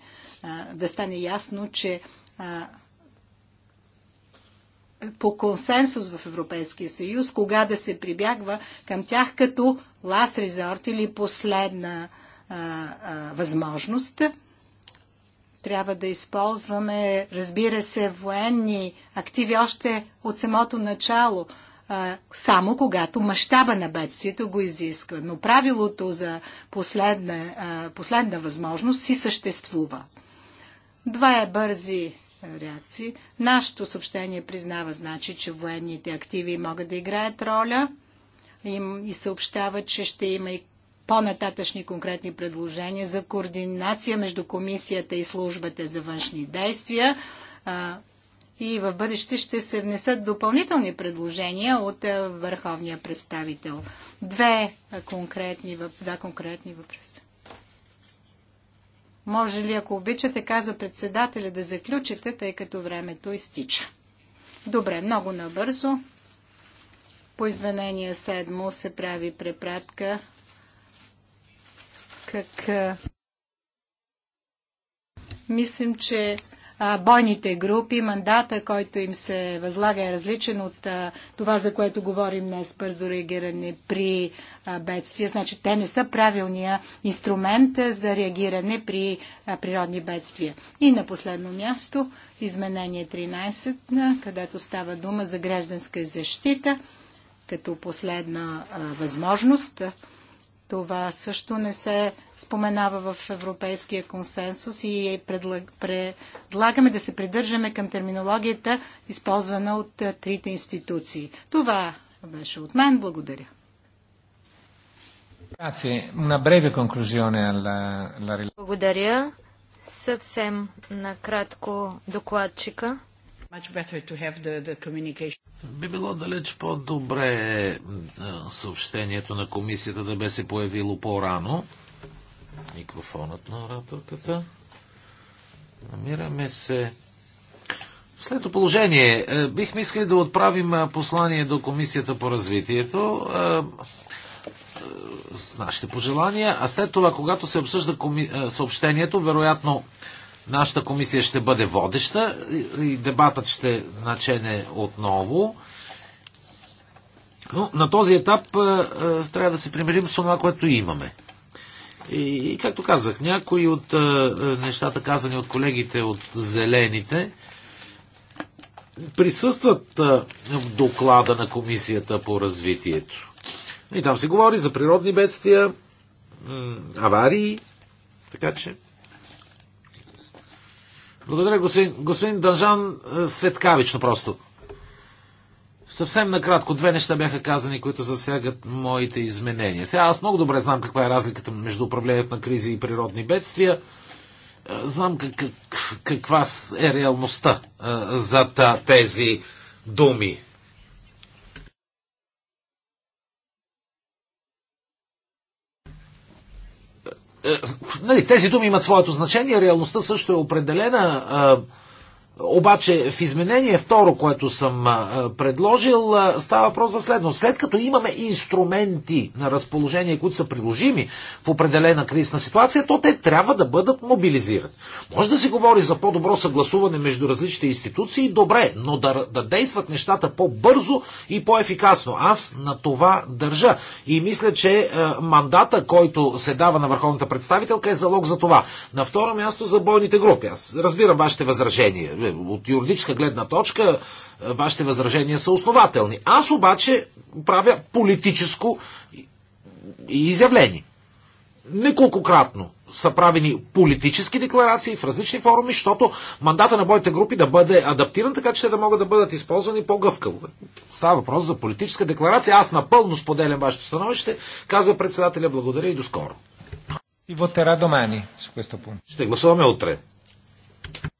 да стане ясно, че по консенсус в Европейския съюз, кога да се прибягва към тях като last resort или последна а, а, възможност. Трябва да използваме, разбира се, военни активи още от самото начало – а, само когато мащаба на бедствието го изисква. Но правилото за последна, а, последна възможност си съществува. Два е бързи реакции. Нашето съобщение признава, значи, че военните активи могат да играят роля им и съобщава, че ще има и по-нататъчни конкретни предложения за координация между комисията и службата за външни действия и в бъдеще ще се внесат допълнителни предложения от е, върховния представител. Две конкретни, два конкретни въпроса. Може ли, ако обичате, каза председателя, да заключите, тъй като времето изтича? Добре, много набързо. По извинение седмо се прави препратка как... Е, мислим, че бойните групи. Мандата, който им се възлага е различен от това, за което говорим днес, бързо реагиране при бедствия. Значи те не са правилния инструмент за реагиране при природни бедствия. И на последно място, изменение 13, където става дума за гражданска защита като последна възможност. Това също не се споменава в европейския консенсус и е предлагаме да се придържаме към терминологията, използвана от е, трите институции. Това беше от мен. Благодаря. Благодаря. Съвсем накратко докладчика. Much better to have The, the communication. Би било далеч по-добре е, съобщението на комисията да бе се появило по-рано. Микрофонът на ораторката. Намираме се Следното положение. Е, Бих мислил да отправим послание до Комисията по развитието е, с нашите пожелания, а след това, когато се обсъжда съобщението, вероятно Нашата комисия ще бъде водеща и дебатът ще начене отново. Но на този етап е, е, трябва да се примирим с това, което имаме. И, и както казах, някои от а, е, нещата, казани от колегите от зелените, присъстват а, в доклада на Комисията по развитието. И там се говори за природни бедствия, аварии, така че благодаря, господин, господин Дънжан. Е, светкавично просто. Съвсем накратко, две неща бяха казани, които засягат моите изменения. Сега аз много добре знам каква е разликата между управлението на кризи и природни бедствия. Е, знам как, как, каква е реалността зад е, за тези думи. Е, нали, тези думи имат своето значение, реалността също е определена. А, обаче в изменение второ, което съм предложил, става въпрос за следно. След като имаме инструменти на разположение, които са приложими в определена кризисна ситуация, то те трябва да бъдат мобилизирани. Може да се говори за по-добро съгласуване между различните институции, добре, но да, да действат нещата по-бързо и по-ефикасно. Аз на това държа. И мисля, че мандата, който се дава на върховната представителка е залог за това. На второ място за бойните групи. Аз разбирам вашите възражения е, от юридическа гледна точка е, вашите възражения са основателни. Аз обаче правя политическо изявление. Неколкократно са правени политически декларации в различни форуми, защото мандата на моите групи да бъде адаптиран, така че да могат да бъдат използвани по-гъвкаво. Става въпрос за политическа декларация. Аз напълно споделям вашето становище, казва председателя. Благодаря и до скоро. И вотерà domani su questo punto. Ще гласуваме утре.